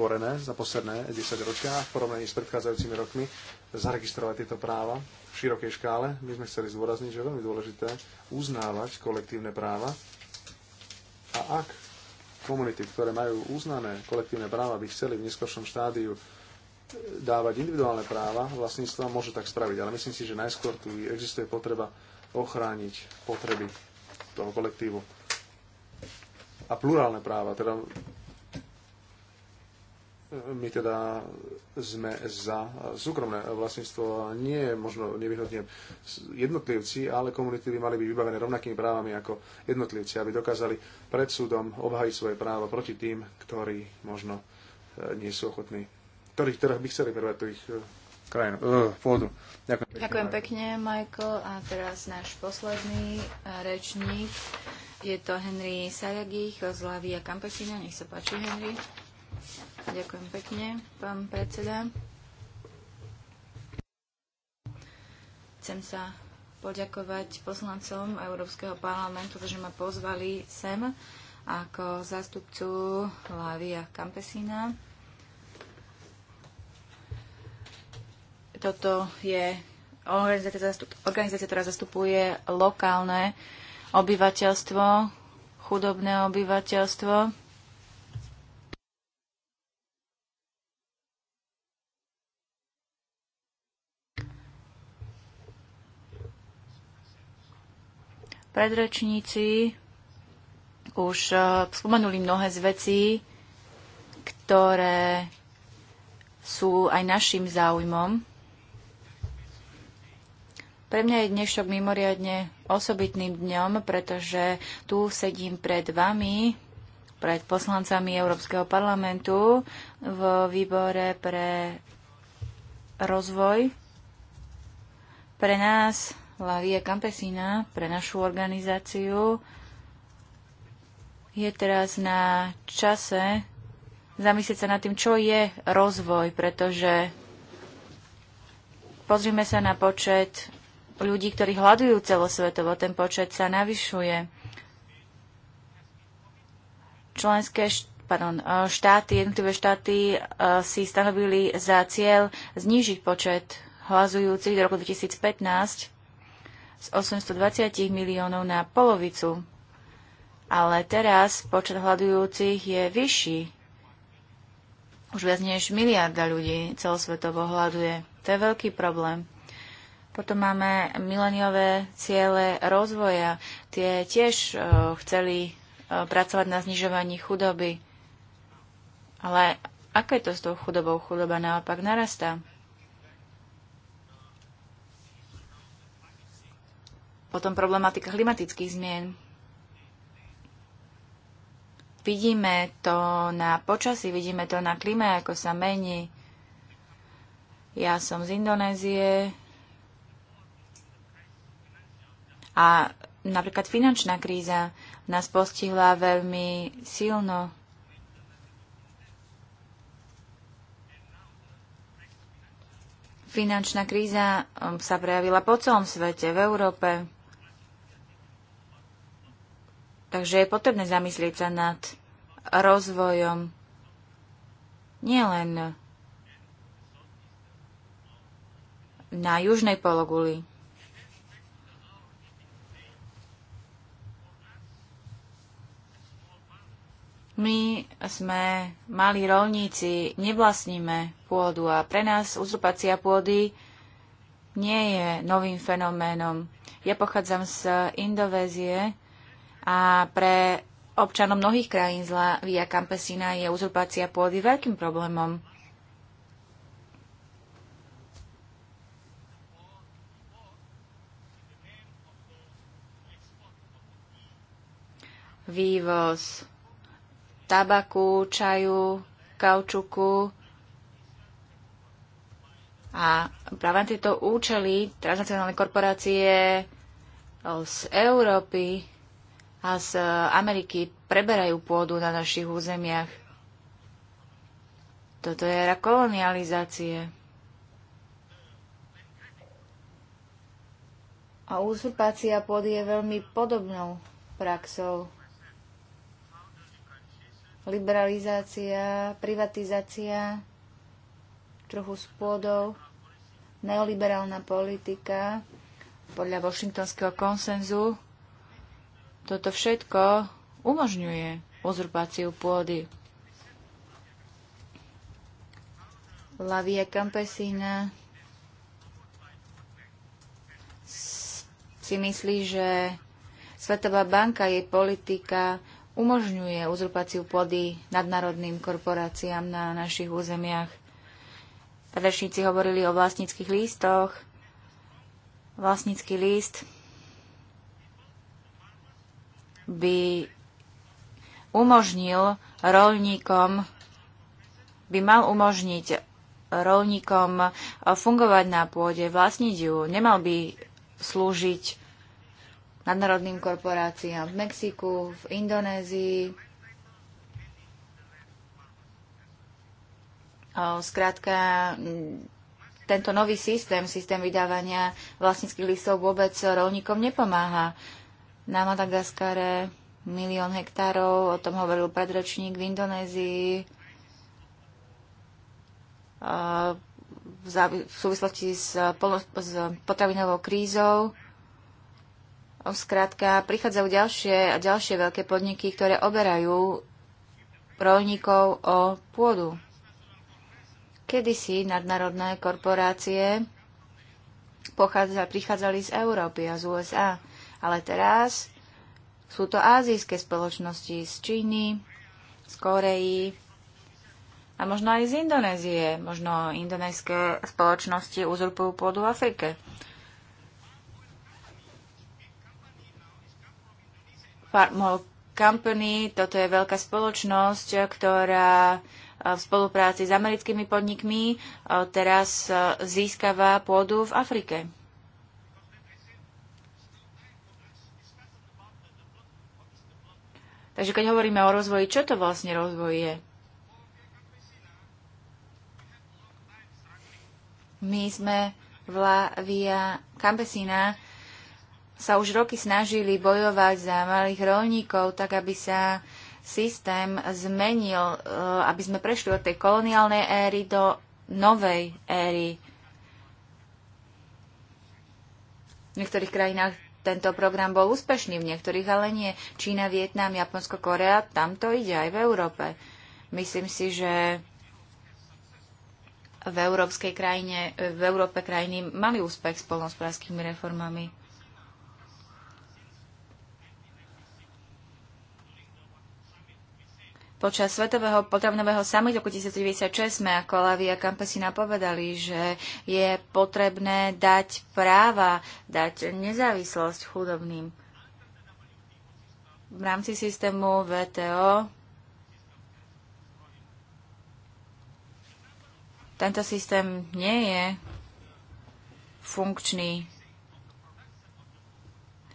[SPEAKER 3] otvorené za posledné 10 ročia v porovnaní s predchádzajúcimi rokmi zaregistrovať tieto práva v širokej škále. My sme chceli zdôrazniť, že je veľmi dôležité uznávať kolektívne práva a ak komunity, ktoré majú uznané kolektívne práva, by chceli v neskôršom štádiu dávať individuálne práva vlastníctva, môže tak spraviť. Ale myslím si, že najskôr tu existuje potreba ochrániť potreby toho kolektívu. A plurálne práva, teda my teda sme za súkromné vlastníctvo a nie možno nevyhodne jednotlivci, ale komunity by mali byť vybavené rovnakými právami ako jednotlivci, aby dokázali pred súdom obhajiť svoje právo proti tým, ktorí možno eh, nie sú ochotní, ktorých teda by chceli prevať do ich eh, krajinu, eh, pôdu. Ďakujem pekne. Ďakujem
[SPEAKER 2] pekne, Michael. A teraz náš posledný rečník. Je to Henry Sajagich z Lavia Campesina. Nech sa páči, Henry. Ďakujem pekne, pán predseda. Chcem sa poďakovať poslancom Európskeho parlamentu, že ma pozvali sem ako zástupcu Lavia Campesina. Toto je organizácia, ktorá zastupuje lokálne obyvateľstvo, chudobné obyvateľstvo. Predrečníci už eh, spomenuli mnohé z vecí, ktoré sú aj našim záujmom. Pre mňa je dnešok mimoriadne osobitným dňom, pretože tu sedím pred vami, pred poslancami Európskeho parlamentu v výbore pre rozvoj. Pre nás La Via Campesina pre našu organizáciu je teraz na čase zamyslieť sa nad tým, čo je rozvoj, pretože pozrime sa na počet ľudí, ktorí hľadujú celosvetovo, ten počet sa navyšuje. Členské št- pardon, e, štáty, jednotlivé štáty e, si stanovili za cieľ znížiť počet hlasujúcich do roku 2015 z 820 miliónov na polovicu. Ale teraz počet hľadujúcich je vyšší. Už viac než miliarda ľudí celosvetovo hľaduje. To je veľký problém. Potom máme mileniové ciele rozvoja. Tie tiež e, chceli e, pracovať na znižovaní chudoby. Ale ako je to s tou chudobou? Chudoba naopak narastá. Potom problematika klimatických zmien. Vidíme to na počasí, vidíme to na klíme, ako sa mení. Ja som z Indonézie a napríklad finančná kríza nás postihla veľmi silno. Finančná kríza um, sa prejavila po celom svete, v Európe. Takže je potrebné zamyslieť sa nad rozvojom nielen na južnej pologuli. My sme mali rolníci, nevlastníme pôdu a pre nás uzurpácia pôdy nie je novým fenoménom. Ja pochádzam z Indovézie, a pre občanov mnohých krajín zla Via Campesina je uzurpácia pôdy veľkým problémom. Vývoz tabaku, čaju, kaučuku, a práve tieto účely transnacionálne korporácie z Európy a z Ameriky preberajú pôdu na našich územiach. Toto je era kolonializácie. A uzurpácia pôdy je veľmi podobnou praxou. Liberalizácia, privatizácia, trochu s pôdou, neoliberálna politika podľa Washingtonského konsenzu toto všetko umožňuje uzurpáciu pôdy. Lavia Campesina si myslí, že Svetová banka, jej politika umožňuje uzurpáciu pôdy nadnárodným korporáciám na našich územiach. Rečníci hovorili o vlastníckých lístoch. Vlastnícky list by umožnil rolníkom, by mal umožniť rolníkom eh, fungovať na pôde, vlastniť ju. Nemal by slúžiť nadnárodným korporáciám v Mexiku, v Indonézii. Skrátka, mm, tento nový systém, systém vydávania vlastníckých listov vôbec rolníkom nepomáha na Madagaskare, milión hektárov, o tom hovoril predročník v Indonézii. V súvislosti s potravinovou krízou. zkrátka prichádzajú ďalšie a ďalšie veľké podniky, ktoré oberajú rolníkov o pôdu. Kedysi nadnárodné korporácie prichádzali z Európy a z USA. Ale teraz sú to azijské spoločnosti z Číny, z Koreji a možno aj z Indonézie. Možno indonéske spoločnosti uzurpujú pôdu v Afrike. Farmall Company, toto je veľká spoločnosť, ktorá eh, v spolupráci s americkými podnikmi eh, teraz eh, získava pôdu v Afrike. Takže keď hovoríme o rozvoji, čo to vlastne rozvoj je? My sme v Via Campesina sa už roky snažili bojovať za malých rolníkov, tak aby sa systém zmenil, e, aby sme prešli od tej koloniálnej éry do novej éry. V niektorých krajinách tento program bol úspešný, v niektorých ale nie. Čína, Vietnam, Japonsko, Korea, tam to ide aj v Európe. Myslím si, že v, európskej krajine, v Európe krajiny mali úspech s polnospodárskými reformami. Počas Svetového potravinového samitu roku 1996 sme ako Lavia Campesina povedali, že je potrebné dať práva, dať nezávislosť chudobným. V rámci systému VTO tento systém nie je funkčný,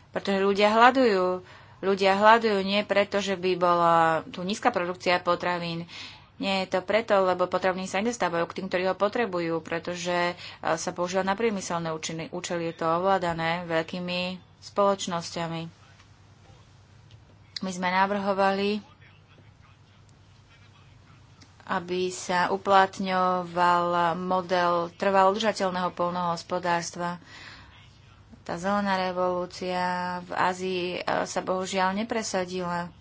[SPEAKER 2] pretože ľudia hľadujú Ľudia hľadujú nie preto, že by bola tu nízka produkcia potravín, nie je to preto, lebo potraviny sa nedostávajú k tým, ktorí ho potrebujú, pretože e, sa používa na priemyselné účely. Je to ovládané veľkými spoločnosťami. My sme navrhovali, aby sa uplatňoval model trvalo udržateľného polnohospodárstva. hospodárstva tá zelená revolúcia v Ázii e, sa bohužiaľ nepresadila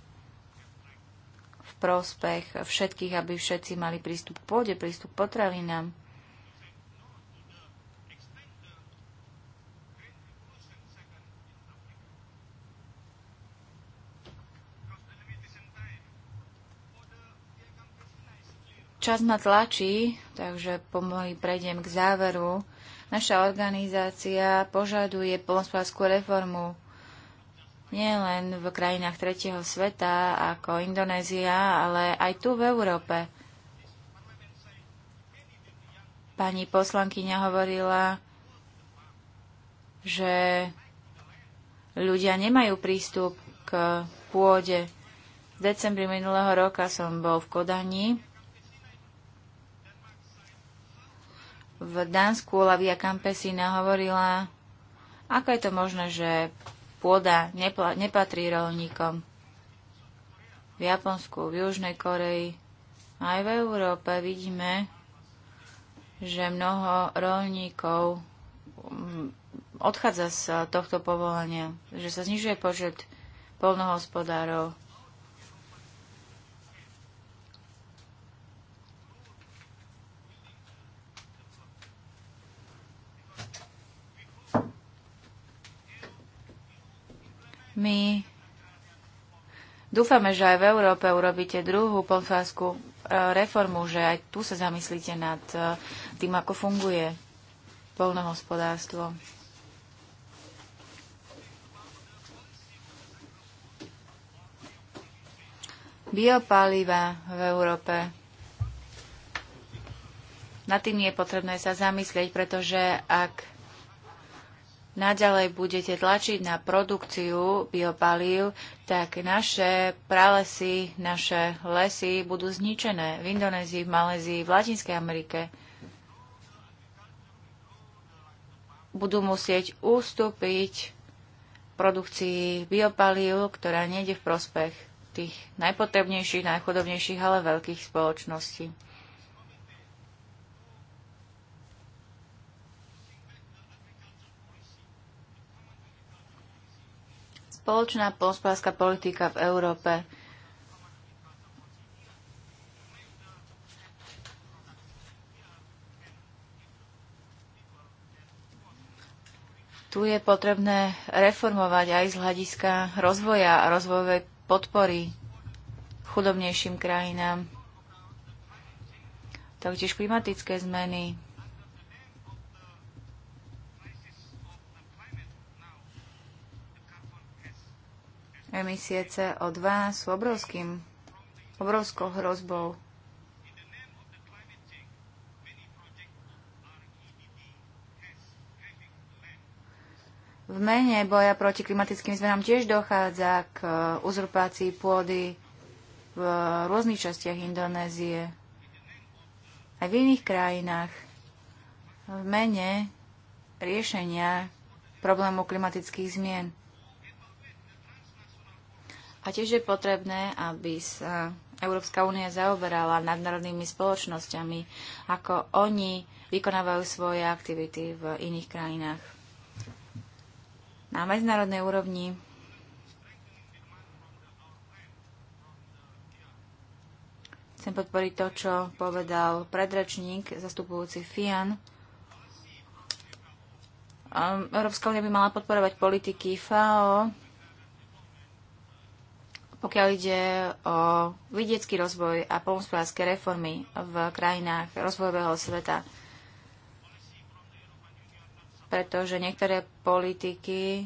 [SPEAKER 2] v prospech všetkých, aby všetci mali prístup k pôde, prístup k potravinám. čas ma tlačí, takže pomaly prejdem k záveru. Naša organizácia požaduje polnospodárskú reformu nielen v krajinách tretieho sveta ako Indonézia, ale aj tu v Európe. Pani poslankyňa hovorila, že ľudia nemajú prístup k pôde. V decembri minulého roka som bol v Kodani v Dánsku Lavia Campesina hovorila, ako je to možné, že pôda nepatrí rolníkom. V Japonsku, v Južnej Koreji, aj v Európe vidíme, že mnoho rolníkov mm, odchádza z tohto povolenia, že sa znižuje počet polnohospodárov. My dúfame, že aj v Európe urobíte druhú polfáskú e, reformu, že aj tu sa zamyslíte nad e, tým, ako funguje polnohospodárstvo. Biopaliva v Európe. Na tým je potrebné sa zamyslieť, pretože ak naďalej budete tlačiť na produkciu biopalív, tak naše pralesy, naše lesy budú zničené v Indonézii, v Malézii, v Latinskej Amerike. Budú musieť ústupiť produkcii biopalív, ktorá nejde v prospech tých najpotrebnejších, najchodobnejších, ale veľkých spoločností. Spoločná hospodárska politika v Európe Tu je potrebné reformovať aj z hľadiska rozvoja a rozvojovej podpory chudobnejším krajinám. Taktiež klimatické zmeny, Emisie CO2 sú obrovským, obrovskou hrozbou. V mene boja proti klimatickým zmenám tiež dochádza k e, uzurpácii pôdy v rôznych častiach Indonézie, aj v iných krajinách. V mene riešenia problému klimatických zmien. A tiež je potrebné, aby sa Európska únia zaoberala nadnárodnými spoločnosťami, ako oni vykonávajú svoje aktivity v iných krajinách. Na medzinárodnej úrovni chcem podporiť to, čo povedal predrečník zastupujúci FIAN. Um, Európska únia by mala podporovať politiky FAO, pokiaľ ide o vidiecký rozvoj a polnospodárske reformy v krajinách rozvojového sveta. Pretože niektoré politiky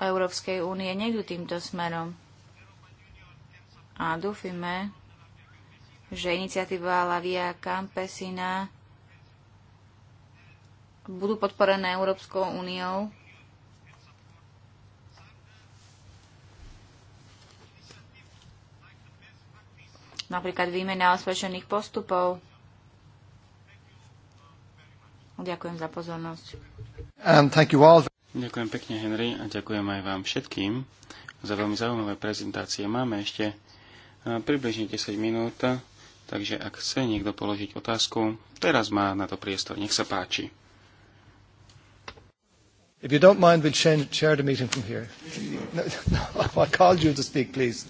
[SPEAKER 2] Európskej únie nejdú týmto smerom. A dúfime, že iniciatíva Lavia Campesina budú podporené Európskou úniou napríklad výmena osvedčených postupov. Ďakujem za pozornosť.
[SPEAKER 1] Um, thank you all. Ďakujem pekne, Henry, a ďakujem aj vám všetkým za veľmi zaujímavé prezentácie. Máme ešte uh, približne 10 minút, takže ak chce niekto položiť otázku, teraz má na to priestor. Nech sa páči.
[SPEAKER 3] If you don't mind, we'll share the meeting from here. No, no, I called you to speak, please.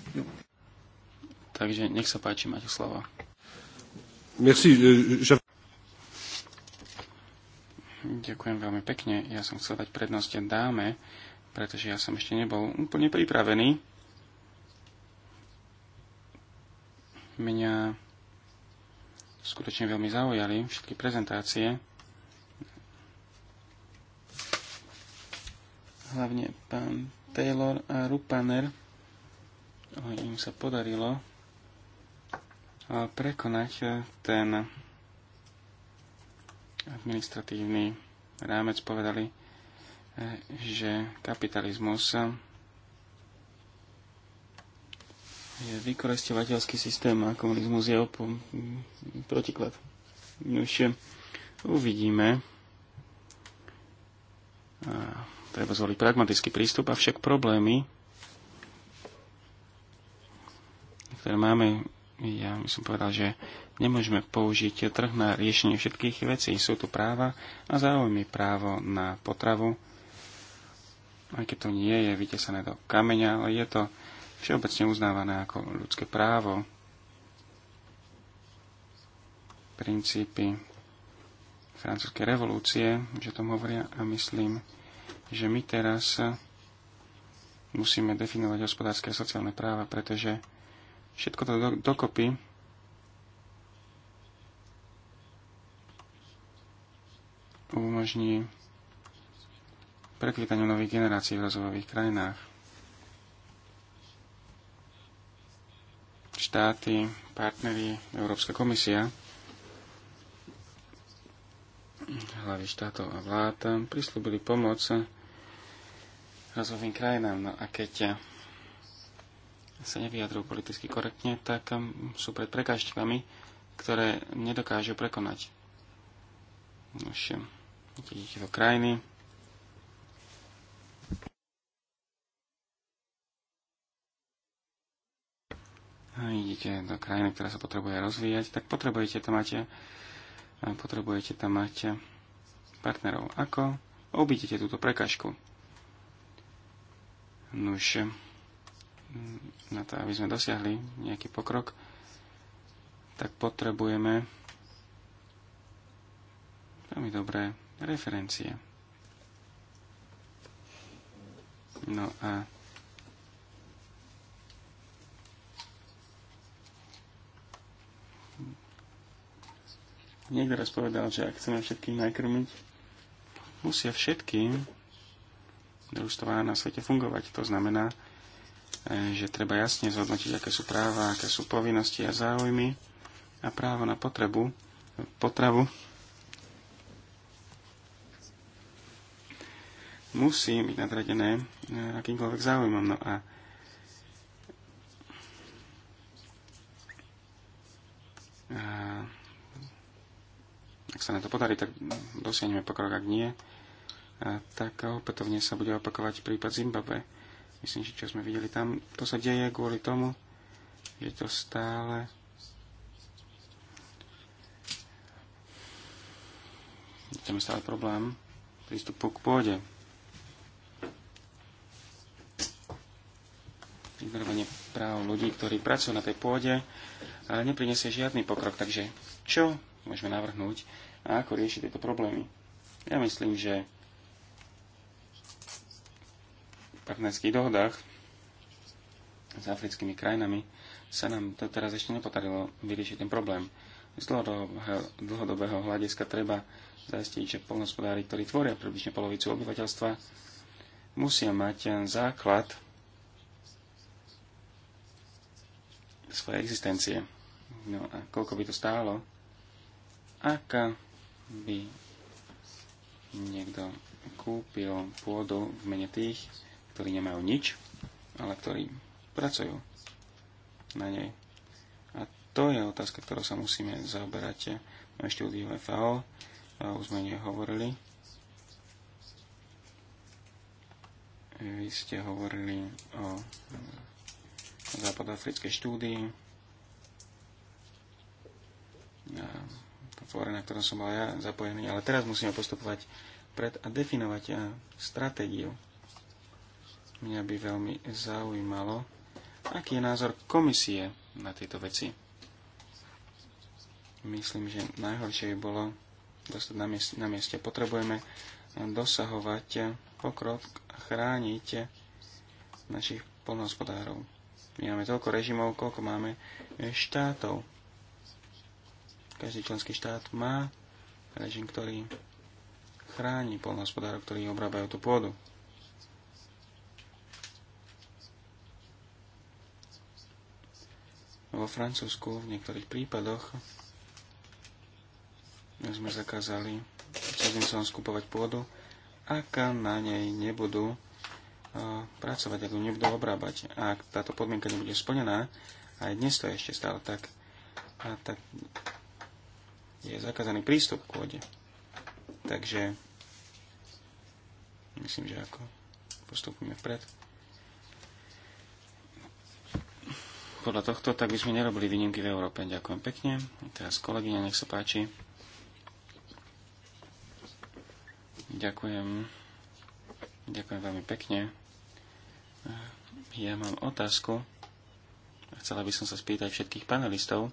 [SPEAKER 1] Takže nech sa páči, máte slovo. Merci, že... Ďakujem veľmi pekne. Ja som chcel dať prednosť dáme, pretože ja som ešte nebol úplne pripravený. Mňa skutočne veľmi zaujali všetky prezentácie. Hlavne pán Taylor a Rupaner. Im sa podarilo prekonať e, ten administratívny rámec. Povedali, e, že kapitalizmus je vykoristovateľský systém a komunizmus je opo- protiklad. Už uvidíme. A treba zvoliť pragmatický prístup, avšak problémy, ktoré máme ja by som povedal, že nemôžeme použiť trh na riešenie všetkých vecí. Sú tu práva a záujmy právo na potravu, aj keď to nie je vytesané do kameňa, ale je to všeobecne uznávané ako ľudské právo, princípy francúzskej revolúcie, že tom hovoria a myslím, že my teraz musíme definovať hospodárske a sociálne práva, pretože Všetko to do, dokopy umožní prekvitaniu nových generácií v rozvojových krajinách. Štáty, partneri, Európska komisia, hlavy štátov a vlád prislúbili pomoc rozvojovým krajinám. No a keď sa nevyjadrujú politicky korektne, tak um, sú pred prekážkami, ktoré nedokážu prekonať. Už um, idete do krajiny, idete do krajiny, ktorá sa potrebuje rozvíjať, tak potrebujete tam mať, um, potrebujete tam mať partnerov. Ako obídete túto prekažku? no na to, aby sme dosiahli nejaký pokrok, tak potrebujeme veľmi dobré referencie. No a niekto raz povedal, že ak chceme všetkým nakrmiť, musia všetky družstvá na svete fungovať. To znamená, že treba jasne zhodnotiť, aké sú práva, aké sú povinnosti a záujmy a právo na potrebu, potravu musí byť nadradené eh, akýmkoľvek záujmom. No a A ak sa na to podarí, tak dosiahneme pokrok, ak nie, eh, tak opätovne sa bude opakovať prípad Zimbabwe. Myslím, že čo sme videli tam, to sa deje kvôli tomu, že to stále tam je stále problém prístupu k pôde. Ignorovanie práv ľudí, ktorí pracujú na tej pôde, ale neprinesie žiadny pokrok. Takže čo môžeme navrhnúť a ako riešiť tieto problémy? Ja myslím, že partnerských dohodách s africkými krajinami sa nám to teraz ešte nepodarilo vyriešiť ten problém. Z dlhodobého hľadiska treba zaistiť, že polnospodári, ktorí tvoria približne polovicu obyvateľstva, musia mať základ svojej existencie. No a koľko by to stálo? Ak by niekto kúpil pôdu v mene tých, ktorí nemajú nič, ale ktorí pracujú na nej. A to je otázka, ktorou sa musíme zaoberať na no štúdiu FAO. A už sme hovorili. Vy ste hovorili o západoafrickej štúdii. A to fóre, na ktorom som bol ja zapojený. Ale teraz musíme postupovať pred a definovať stratégiu Mňa by veľmi zaujímalo, aký je názor komisie na tieto veci. Myslím, že najhoršie by bolo dostať na mieste, na mieste. Potrebujeme dosahovať pokrok, a chrániť našich polnohospodárov. My máme toľko režimov, koľko máme štátov. Každý členský štát má režim, ktorý chráni polnohospodárov, ktorí obrábajú tú pôdu. vo Francúzsku v niektorých prípadoch sme zakázali cudzincom skupovať pôdu, ak na nej nebudú pracovať, ak ju nebudú obrábať. A ak táto podmienka nebude splnená, aj dnes to je ešte stále tak, a tak je zakázaný prístup k vode. Takže myslím, že ako postupíme vpred. podľa tohto, tak by sme nerobili výnimky v Európe. Ďakujem pekne. Teraz kolegyňa, nech sa páči. Ďakujem. Ďakujem veľmi pekne. Ja mám otázku. Chcela by som sa spýtať všetkých panelistov.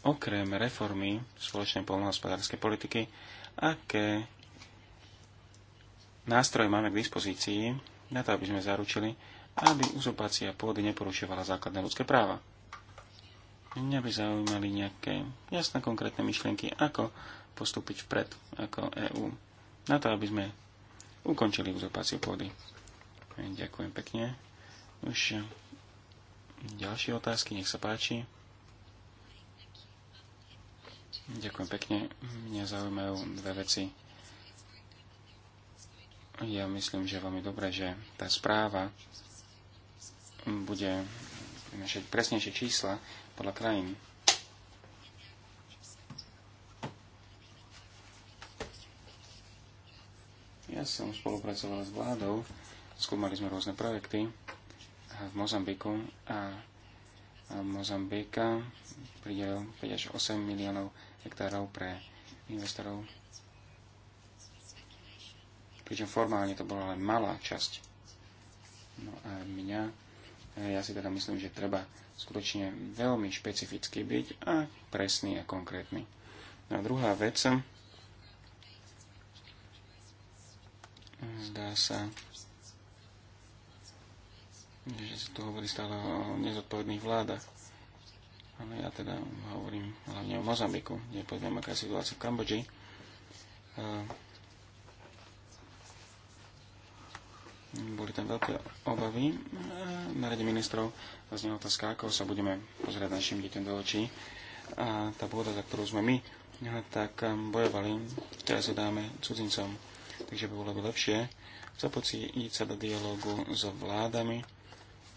[SPEAKER 1] Okrem reformy spoločnej polnohospodárskej politiky, aké nástroje máme k dispozícii na to, aby sme zaručili, aby uzurpácia pôdy neporušovala základné ľudské práva. Mňa by zaujímali nejaké jasné konkrétne myšlienky, ako postúpiť vpred ako EÚ, na to, aby sme ukončili uzurpáciu pôdy. Ďakujem pekne. Už ďalšie otázky, nech sa páči. Ďakujem pekne. Mňa zaujímajú dve veci. Ja myslím, že je veľmi dobré, že tá správa bude naše presnejšie čísla podľa krajín. Ja som spolupracoval s vládou, skúmali sme rôzne projekty v Mozambiku a Mozambika pridelil 5 až 8 miliónov hektárov pre investorov. Pričom formálne to bola len malá časť. No a mňa Eh, ja si teda myslím, že treba skutočne veľmi špecificky byť a presný a konkrétny. A druhá vec, eh, zdá sa, že sa tu hovorí stále o nezodpovedných vládach. Ale ja teda hovorím hlavne o Mozambiku, kde poviem, aká je situácia v Kambodži. Eh, Boli tam veľké obavy. E, na rade ministrov Vlastne otázka, ako sa budeme pozerať našim deťom do očí. A tá pôda, za ktorú sme my, e, tak e, bojovali, teraz ju dáme cudzincom. Takže by bolo by lepšie zapociť sa do dialogu so vládami.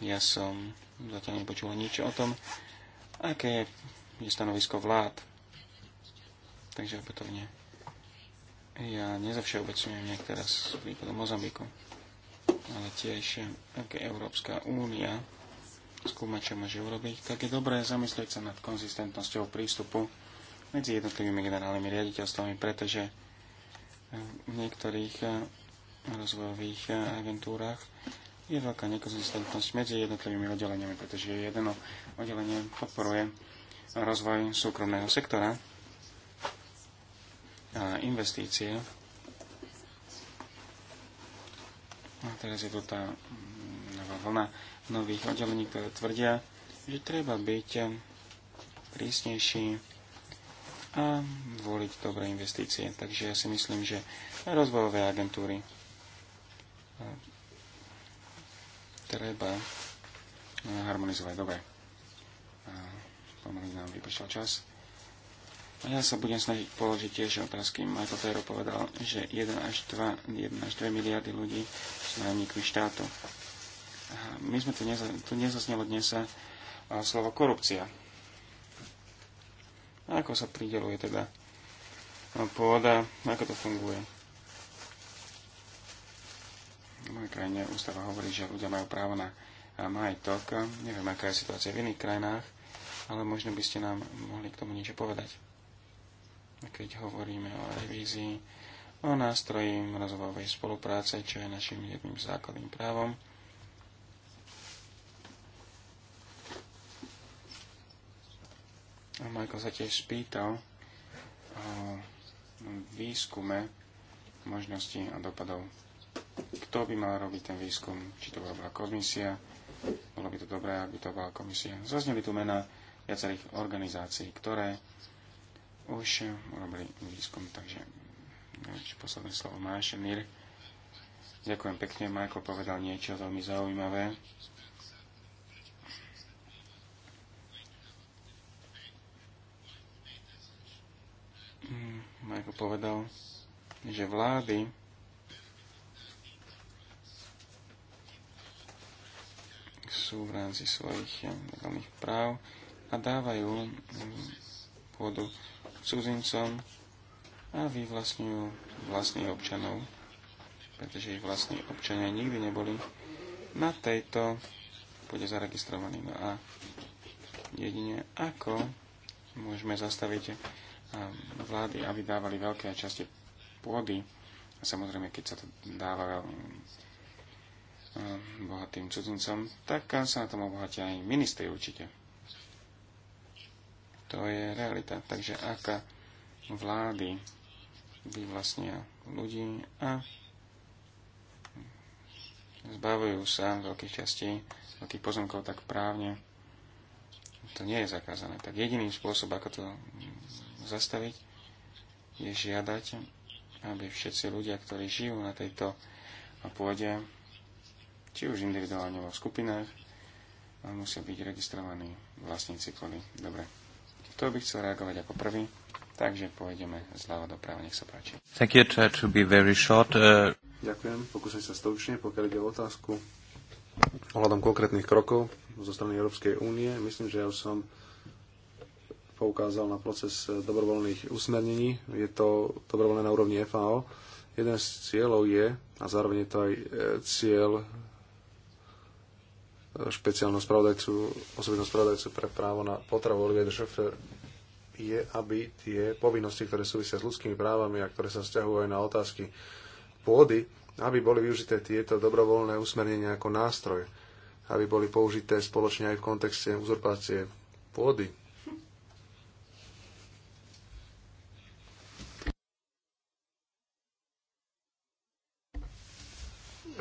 [SPEAKER 1] Ja som zatiaľ nepočul nič o tom, aké je stanovisko vlád. Takže opätovne. Ja nezavšeobecňujem niektorá z prípadom Mozambiku ale tiež ak Európska únia skúmať, čo môže urobiť, tak je dobré zamyslieť sa nad konzistentnosťou prístupu medzi jednotlivými generálnymi riaditeľstvami, pretože eh, v niektorých eh, rozvojových eh, agentúrach je veľká nekonzistentnosť medzi jednotlivými oddeleniami, pretože jedno oddelenie podporuje rozvoj súkromného sektora a investície No, teraz je tu tá mm, nová vlna nových oddelení, ktoré tvrdia, že treba byť eh, prísnejší a voliť dobré investície. Takže ja si myslím, že rozvojové agentúry eh, treba eh, harmonizovať dobre. Pomaly nám vypršal čas. Ja sa budem snažiť položiť tiež otázky. Michael Ferro povedal, že 1 až 2, 1 až 2 miliardy ľudí sú nájomníkmi štátu. My sme tu, neza, tu nezaznelo dnes a, eh, a slovo korupcia. A ako sa prideluje teda eh, pôda, ako to funguje. V mojej krajine ústava hovorí, že ľudia majú právo na eh, majetok. Neviem, aká je situácia v iných krajinách, ale možno by ste nám mohli k tomu niečo povedať keď hovoríme o revízii, o nástroji rozvojovej spolupráce, čo je našim jedným základným právom. A Michael sa tiež spýtal o výskume možností a dopadov. Kto by mal robiť ten výskum? Či to bola komisia? Bolo by to dobré, ak by to bola komisia. Zazneli tu mená viacerých organizácií, ktoré už eh, urobili výskum, takže neviem, posledné slovo máš, Mir. Ďakujem pekne, Michael povedal niečo veľmi zaujímavé. Mm, Michael povedal, že vlády sú v rámci svojich eh, legálnych práv a dávajú mm, pôdu cudzincom a vyvlastňujú vlastných občanov, pretože ich vlastní občania nikdy neboli na tejto bude zaregistrovaný. No a jedine ako môžeme zastaviť eh, vlády, aby dávali veľké časti pôdy. A samozrejme, keď sa to dáva eh, bohatým cudzincom, tak sa na tom obohatia aj ministri určite. To je realita. Takže ak vlády by vlastne ľudí a zbavujú sa veľkých častí veľkých pozemkov, tak právne to nie je zakázané. Tak jediný spôsob, ako to zastaviť, je žiadať, aby všetci ľudia, ktorí žijú na tejto pôde, či už individuálne vo skupinách, musia byť registrovaní vlastníci pôdy. Dobre. Kto by chcel reagovať ako prvý? Takže pôjdeme zľava doprava, nech sa páči. Thank you, try to be very short. Uh... Ďakujem, pokúsim sa stručne, pokiaľ ide o otázku
[SPEAKER 3] ohľadom konkrétnych krokov zo strany Európskej únie. Myslím, že ja už som poukázal na proces dobrovoľných usmernení. Je to dobrovoľné na úrovni FAO. Jeden z cieľov je, a zároveň je to aj e, cieľ špeciálnu spravodajcu, osobitnú spravodajcu pre právo na potravu Olivier de je, aby tie povinnosti, ktoré súvisia s ľudskými právami a ktoré sa vzťahujú aj na otázky pôdy, aby boli využité tieto dobrovoľné usmernenia ako nástroj, aby boli použité spoločne aj v kontexte uzurpácie pôdy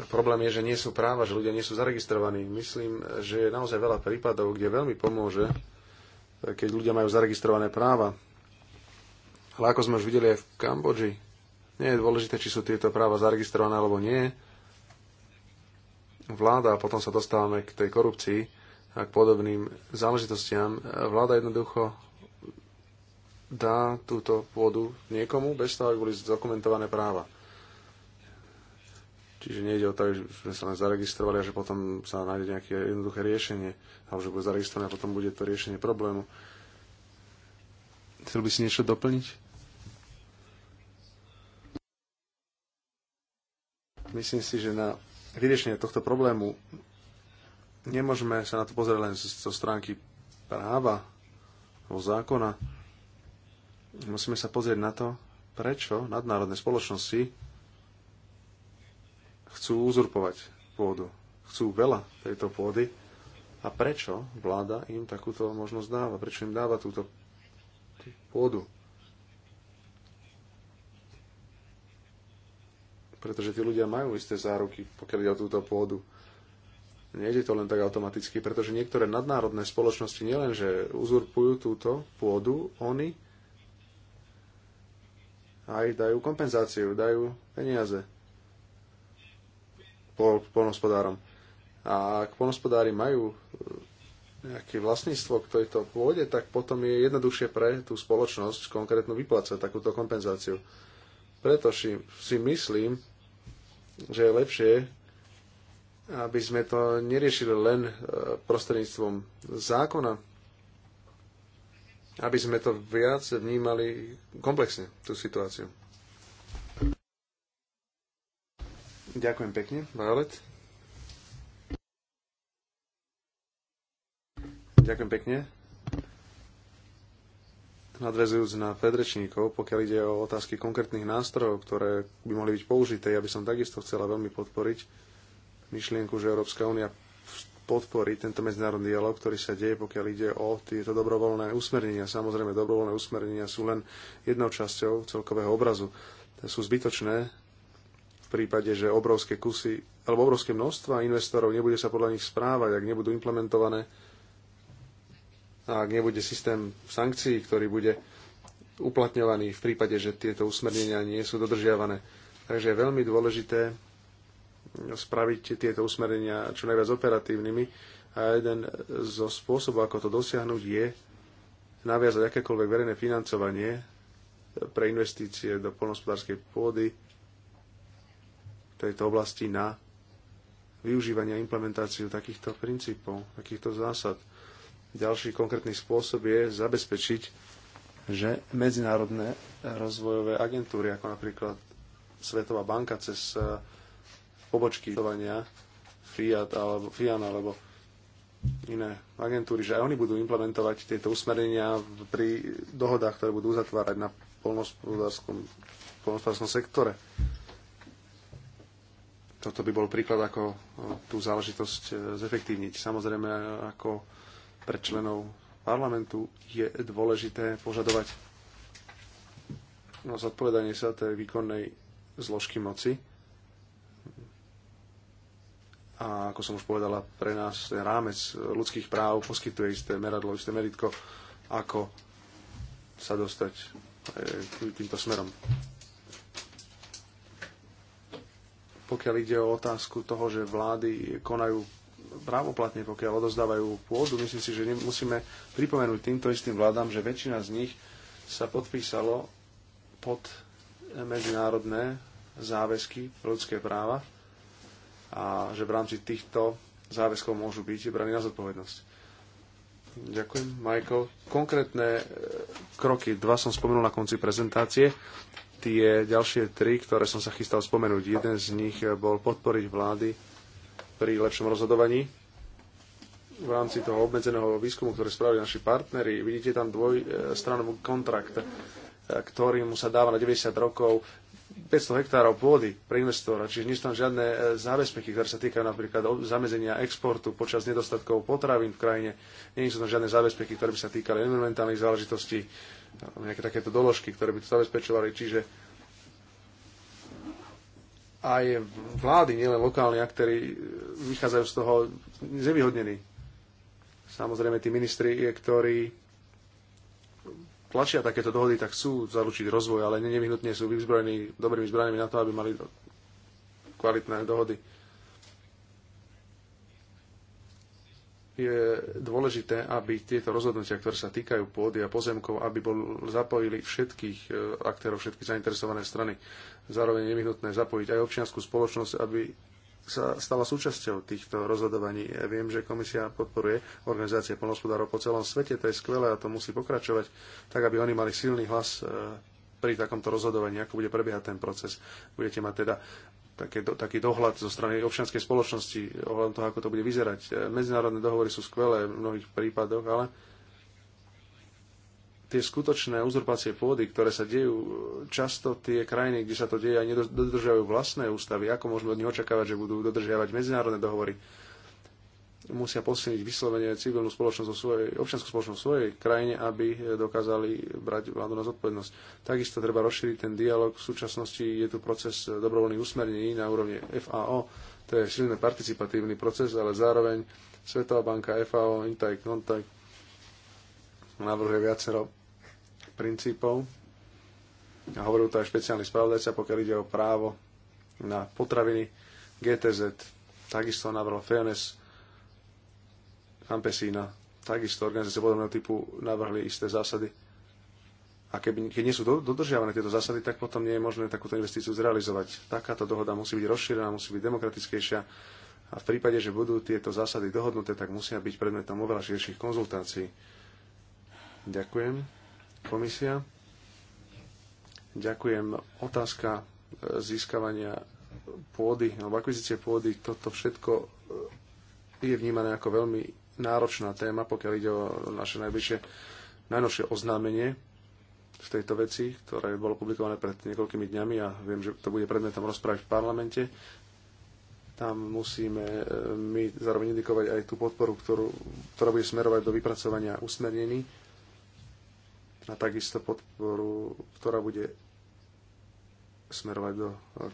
[SPEAKER 3] problém je, že nie sú práva, že ľudia nie sú zaregistrovaní. Myslím, že je naozaj veľa prípadov, kde veľmi pomôže, keď ľudia majú zaregistrované práva. Ale ako sme už videli aj v Kambodži, nie je dôležité, či sú tieto práva zaregistrované alebo nie. Vláda, a potom sa dostávame k tej korupcii a k podobným záležitostiam, vláda jednoducho dá túto pôdu niekomu bez toho, aby boli zdokumentované práva. Čiže nejde o to, že sme sa len zaregistrovali a že potom sa nájde nejaké jednoduché riešenie, alebo že bude zaregistrované a potom bude to riešenie problému. Chcel by si niečo doplniť? Myslím si, že na vyriešenie tohto problému nemôžeme sa na to pozrieť len zo stránky práva alebo zákona. Musíme sa pozrieť na to, prečo nadnárodné spoločnosti chcú uzurpovať pôdu. Chcú veľa tejto pôdy. A prečo vláda im takúto možnosť dáva? Prečo im dáva túto pôdu? Pretože tí ľudia majú isté záruky, pokiaľ ide o túto pôdu. Nejde to len tak automaticky, pretože niektoré nadnárodné spoločnosti nielenže uzurpujú túto pôdu, oni aj dajú kompenzáciu, dajú peniaze polnospodárom. A ak polnospodári majú e, nejaké vlastníctvo k tejto pôde, tak potom je jednoduchšie pre tú spoločnosť konkrétnu vyplácať takúto kompenzáciu. Preto si, si myslím, že je lepšie, aby sme to neriešili len e, prostredníctvom zákona, aby sme to viac vnímali komplexne, tú situáciu. Ďakujem pekne, Violet. Ďakujem pekne. Nadvezujúc na predrečníkov, pokiaľ ide o otázky konkrétnych nástrojov, ktoré by mohli byť použité, ja by som takisto chcela veľmi podporiť myšlienku, že Európska únia podporí tento medzinárodný dialog, ktorý sa deje, pokiaľ ide o tieto dobrovoľné usmernenia. Samozrejme, dobrovoľné usmernenia sú len jednou časťou celkového obrazu. sú zbytočné, prípade, že obrovské kusy alebo obrovské množstva investorov nebude sa podľa nich správať, ak nebudú implementované a ak nebude systém sankcií, ktorý bude uplatňovaný v prípade, že tieto usmernenia nie sú dodržiavané. Takže je veľmi dôležité spraviť tieto usmernenia čo najviac operatívnymi a jeden zo spôsobov, ako to dosiahnuť, je naviazať akékoľvek verejné financovanie pre investície do polnospodárskej pôdy tejto oblasti na využívanie a implementáciu takýchto princípov, takýchto zásad. Ďalší konkrétny spôsob je zabezpečiť, že medzinárodné rozvojové agentúry, ako napríklad Svetová banka cez e, pobočky Fiat alebo FIAN alebo iné agentúry, že aj oni budú implementovať tieto usmernenia pri dohodách, ktoré budú uzatvárať na polnospodárskom, polnospodárskom sektore toto by bol príklad, ako e, tú záležitosť e, zefektívniť. Samozrejme, ako pre členov parlamentu je dôležité požadovať no, zodpovedanie sa tej výkonnej zložky moci. A ako som už povedala, pre nás ten rámec ľudských práv poskytuje isté meradlo, isté meritko, ako sa dostať e, týmto smerom. pokiaľ ide o otázku toho, že vlády konajú právoplatne, pokiaľ odozdávajú pôdu, myslím si, že musíme pripomenúť týmto istým vládam, že väčšina z nich sa podpísalo pod medzinárodné záväzky ľudské práva a že v rámci týchto záväzkov môžu byť braní na zodpovednosť. Ďakujem, Michael. Konkrétne e, kroky, dva som spomenul na konci prezentácie tie ďalšie tri, ktoré som sa chystal spomenúť. Jeden z nich bol podporiť vlády pri lepšom rozhodovaní v rámci toho obmedzeného výskumu, ktoré spravili naši partnery. Vidíte tam dvojstranový kontrakt, ktorým sa dáva na 90 rokov 500 hektárov pôdy pre investora, čiže nie sú tam žiadne e, zábezpeky, ktoré sa týkajú napríklad zamedzenia exportu počas nedostatkov potravín v krajine. Nie sú tam žiadne zábezpeky, ktoré by sa týkali environmentálnych záležitostí, nejaké takéto doložky, ktoré by to zabezpečovali. Čiže aj vlády, nielen lokálni aktéry, e, vychádzajú z toho nevyhodnení. Samozrejme, tí ministri, e, ktorí tlačia takéto dohody, tak chcú zaručiť rozvoj, ale nevyhnutne sú vyzbrojení dobrými zbraniami na to, aby mali kvalitné dohody. Je dôležité, aby tieto rozhodnutia, ktoré sa týkajú pôdy a pozemkov, aby bol, zapojili všetkých e, aktérov, všetky zainteresované strany. Zároveň je nevyhnutné zapojiť aj občianskú spoločnosť, aby sa stala súčasťou týchto rozhodovaní. Ja viem, že komisia podporuje organizácie polnospodárov po celom svete, to je skvelé a to musí pokračovať, tak aby oni mali silný hlas e, pri takomto rozhodovaní, ako bude prebiehať ten proces. Budete mať teda také, do, taký dohľad zo strany občianskej spoločnosti ohľadom toho, ako to bude vyzerať. E, medzinárodné dohovory sú skvelé v mnohých prípadoch, ale tie skutočné uzurpácie pôdy, ktoré sa dejú e, často tie krajiny, kde sa to deje a nedodržiavajú vlastné ústavy, ako môžeme od nich očakávať, že budú dodržiavať medzinárodné dohovory, musia posilniť vyslovene civilnú spoločnosť vo svojej, občianskú spoločnosť vo svojej krajine, aby e, dokázali brať vládu na zodpovednosť. Takisto treba rozšíriť ten dialog. V súčasnosti je tu proces e, dobrovoľných usmernení na úrovni FAO. To je silný participatívny proces, ale zároveň Svetová banka, FAO, Intake, Contact navrhuje viacero princípov. A hovoril to aj špeciálny spravodajca, pokiaľ ide o právo na potraviny. GTZ takisto navrhol Fairness Campesina, takisto organizácie podobného typu navrhli isté zásady. A keby, keď nie sú do, dodržiavané tieto zásady, tak potom nie je možné takúto investíciu zrealizovať. Takáto dohoda musí byť rozšírená, musí byť demokratickejšia a v prípade, že budú tieto zásady dohodnuté, tak musia byť predmetom oveľa širších konzultácií. Ďakujem komisia. Ďakujem. Otázka e, získavania pôdy alebo akvizície pôdy, toto všetko e, je vnímané ako veľmi náročná téma, pokiaľ ide o naše najbližšie, najnovšie oznámenie v tejto veci, ktoré bolo publikované pred niekoľkými dňami a viem, že to bude predmetom rozprávy v parlamente. Tam musíme e, my zároveň indikovať aj tú podporu, ktorú, ktorá bude smerovať do vypracovania usmernení a takisto podporu, ktorá bude smerovať do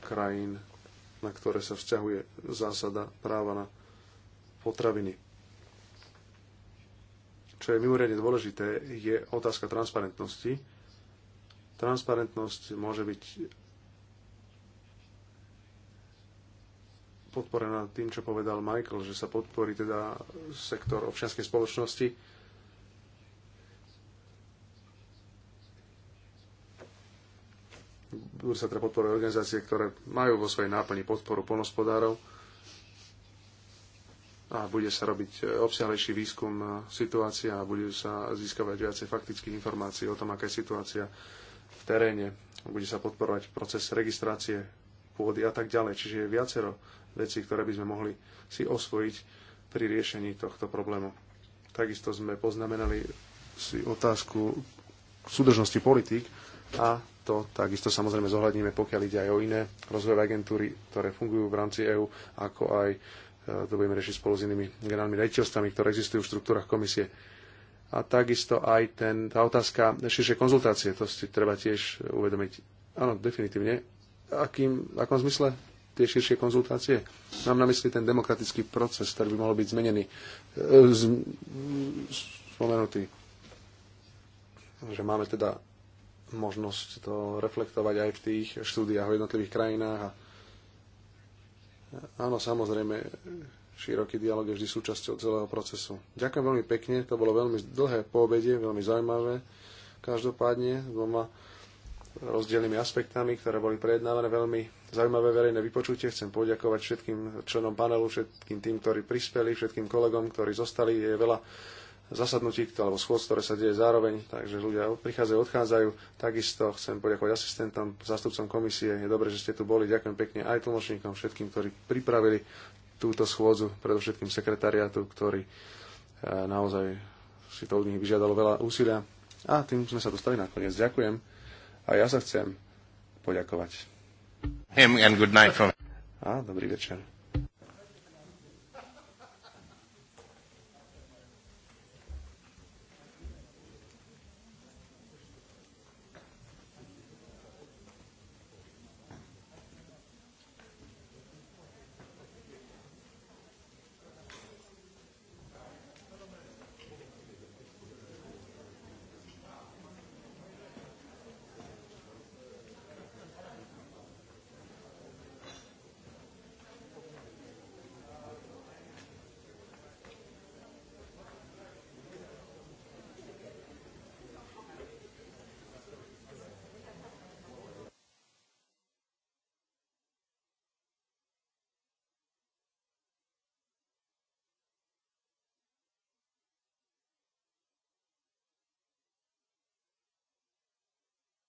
[SPEAKER 3] krajín, na ktoré sa vzťahuje zásada práva na potraviny. Čo je mimoriadne dôležité, je otázka transparentnosti. Transparentnosť môže byť podporená tým, čo povedal Michael, že sa podporí teda sektor občianskej spoločnosti, budú sa treba podporovať organizácie, ktoré majú vo svojej náplni podporu polnospodárov a bude sa robiť e, obsiahlejší výskum e, situácie a bude sa získavať viacej faktických informácií o tom, aká je situácia v teréne. Bude sa podporovať proces registrácie pôdy a tak ďalej. Čiže je viacero vecí, ktoré by sme mohli si osvojiť pri riešení tohto problému. Takisto sme poznamenali si otázku súdržnosti politík a to takisto samozrejme zohľadníme, pokiaľ ide aj o iné rozvojové agentúry, ktoré fungujú v rámci EÚ, ako aj e, to budeme riešiť spolu s inými generálnymi rejiteľstvami, ktoré existujú v štruktúrach komisie. A takisto aj ten, tá otázka širšie konzultácie, to si treba tiež uvedomiť. Áno, definitívne. Akým, akom zmysle tie širšie konzultácie? Mám na mysli ten demokratický proces, ktorý by mohol byť zmenený, e, z, spomenutý. Že máme teda možnosť to reflektovať aj v tých štúdiách v jednotlivých krajinách. A áno, samozrejme, široký dialog je vždy súčasťou celého procesu. Ďakujem veľmi pekne, to bolo veľmi dlhé poobede, veľmi zaujímavé. Každopádne dvoma rozdielnými aspektami, ktoré boli prejednávané. Veľmi zaujímavé verejné vypočutie. Chcem poďakovať všetkým členom panelu, všetkým tým, ktorí prispeli, všetkým kolegom, ktorí zostali. Je veľa zasadnutí alebo schôd, ktoré sa deje zároveň, takže ľudia prichádzajú, odchádzajú. Takisto chcem poďakovať asistentom, zástupcom komisie. Je dobré, že ste tu boli. Ďakujem pekne aj tlmočníkom, všetkým, ktorí pripravili túto schôdzu, predovšetkým sekretariátu, ktorý e, naozaj si to od nich vyžiadalo veľa úsilia. A tým sme sa dostali nakoniec. Ďakujem. A ja sa chcem poďakovať.
[SPEAKER 1] Him and good night from...
[SPEAKER 3] A dobrý večer.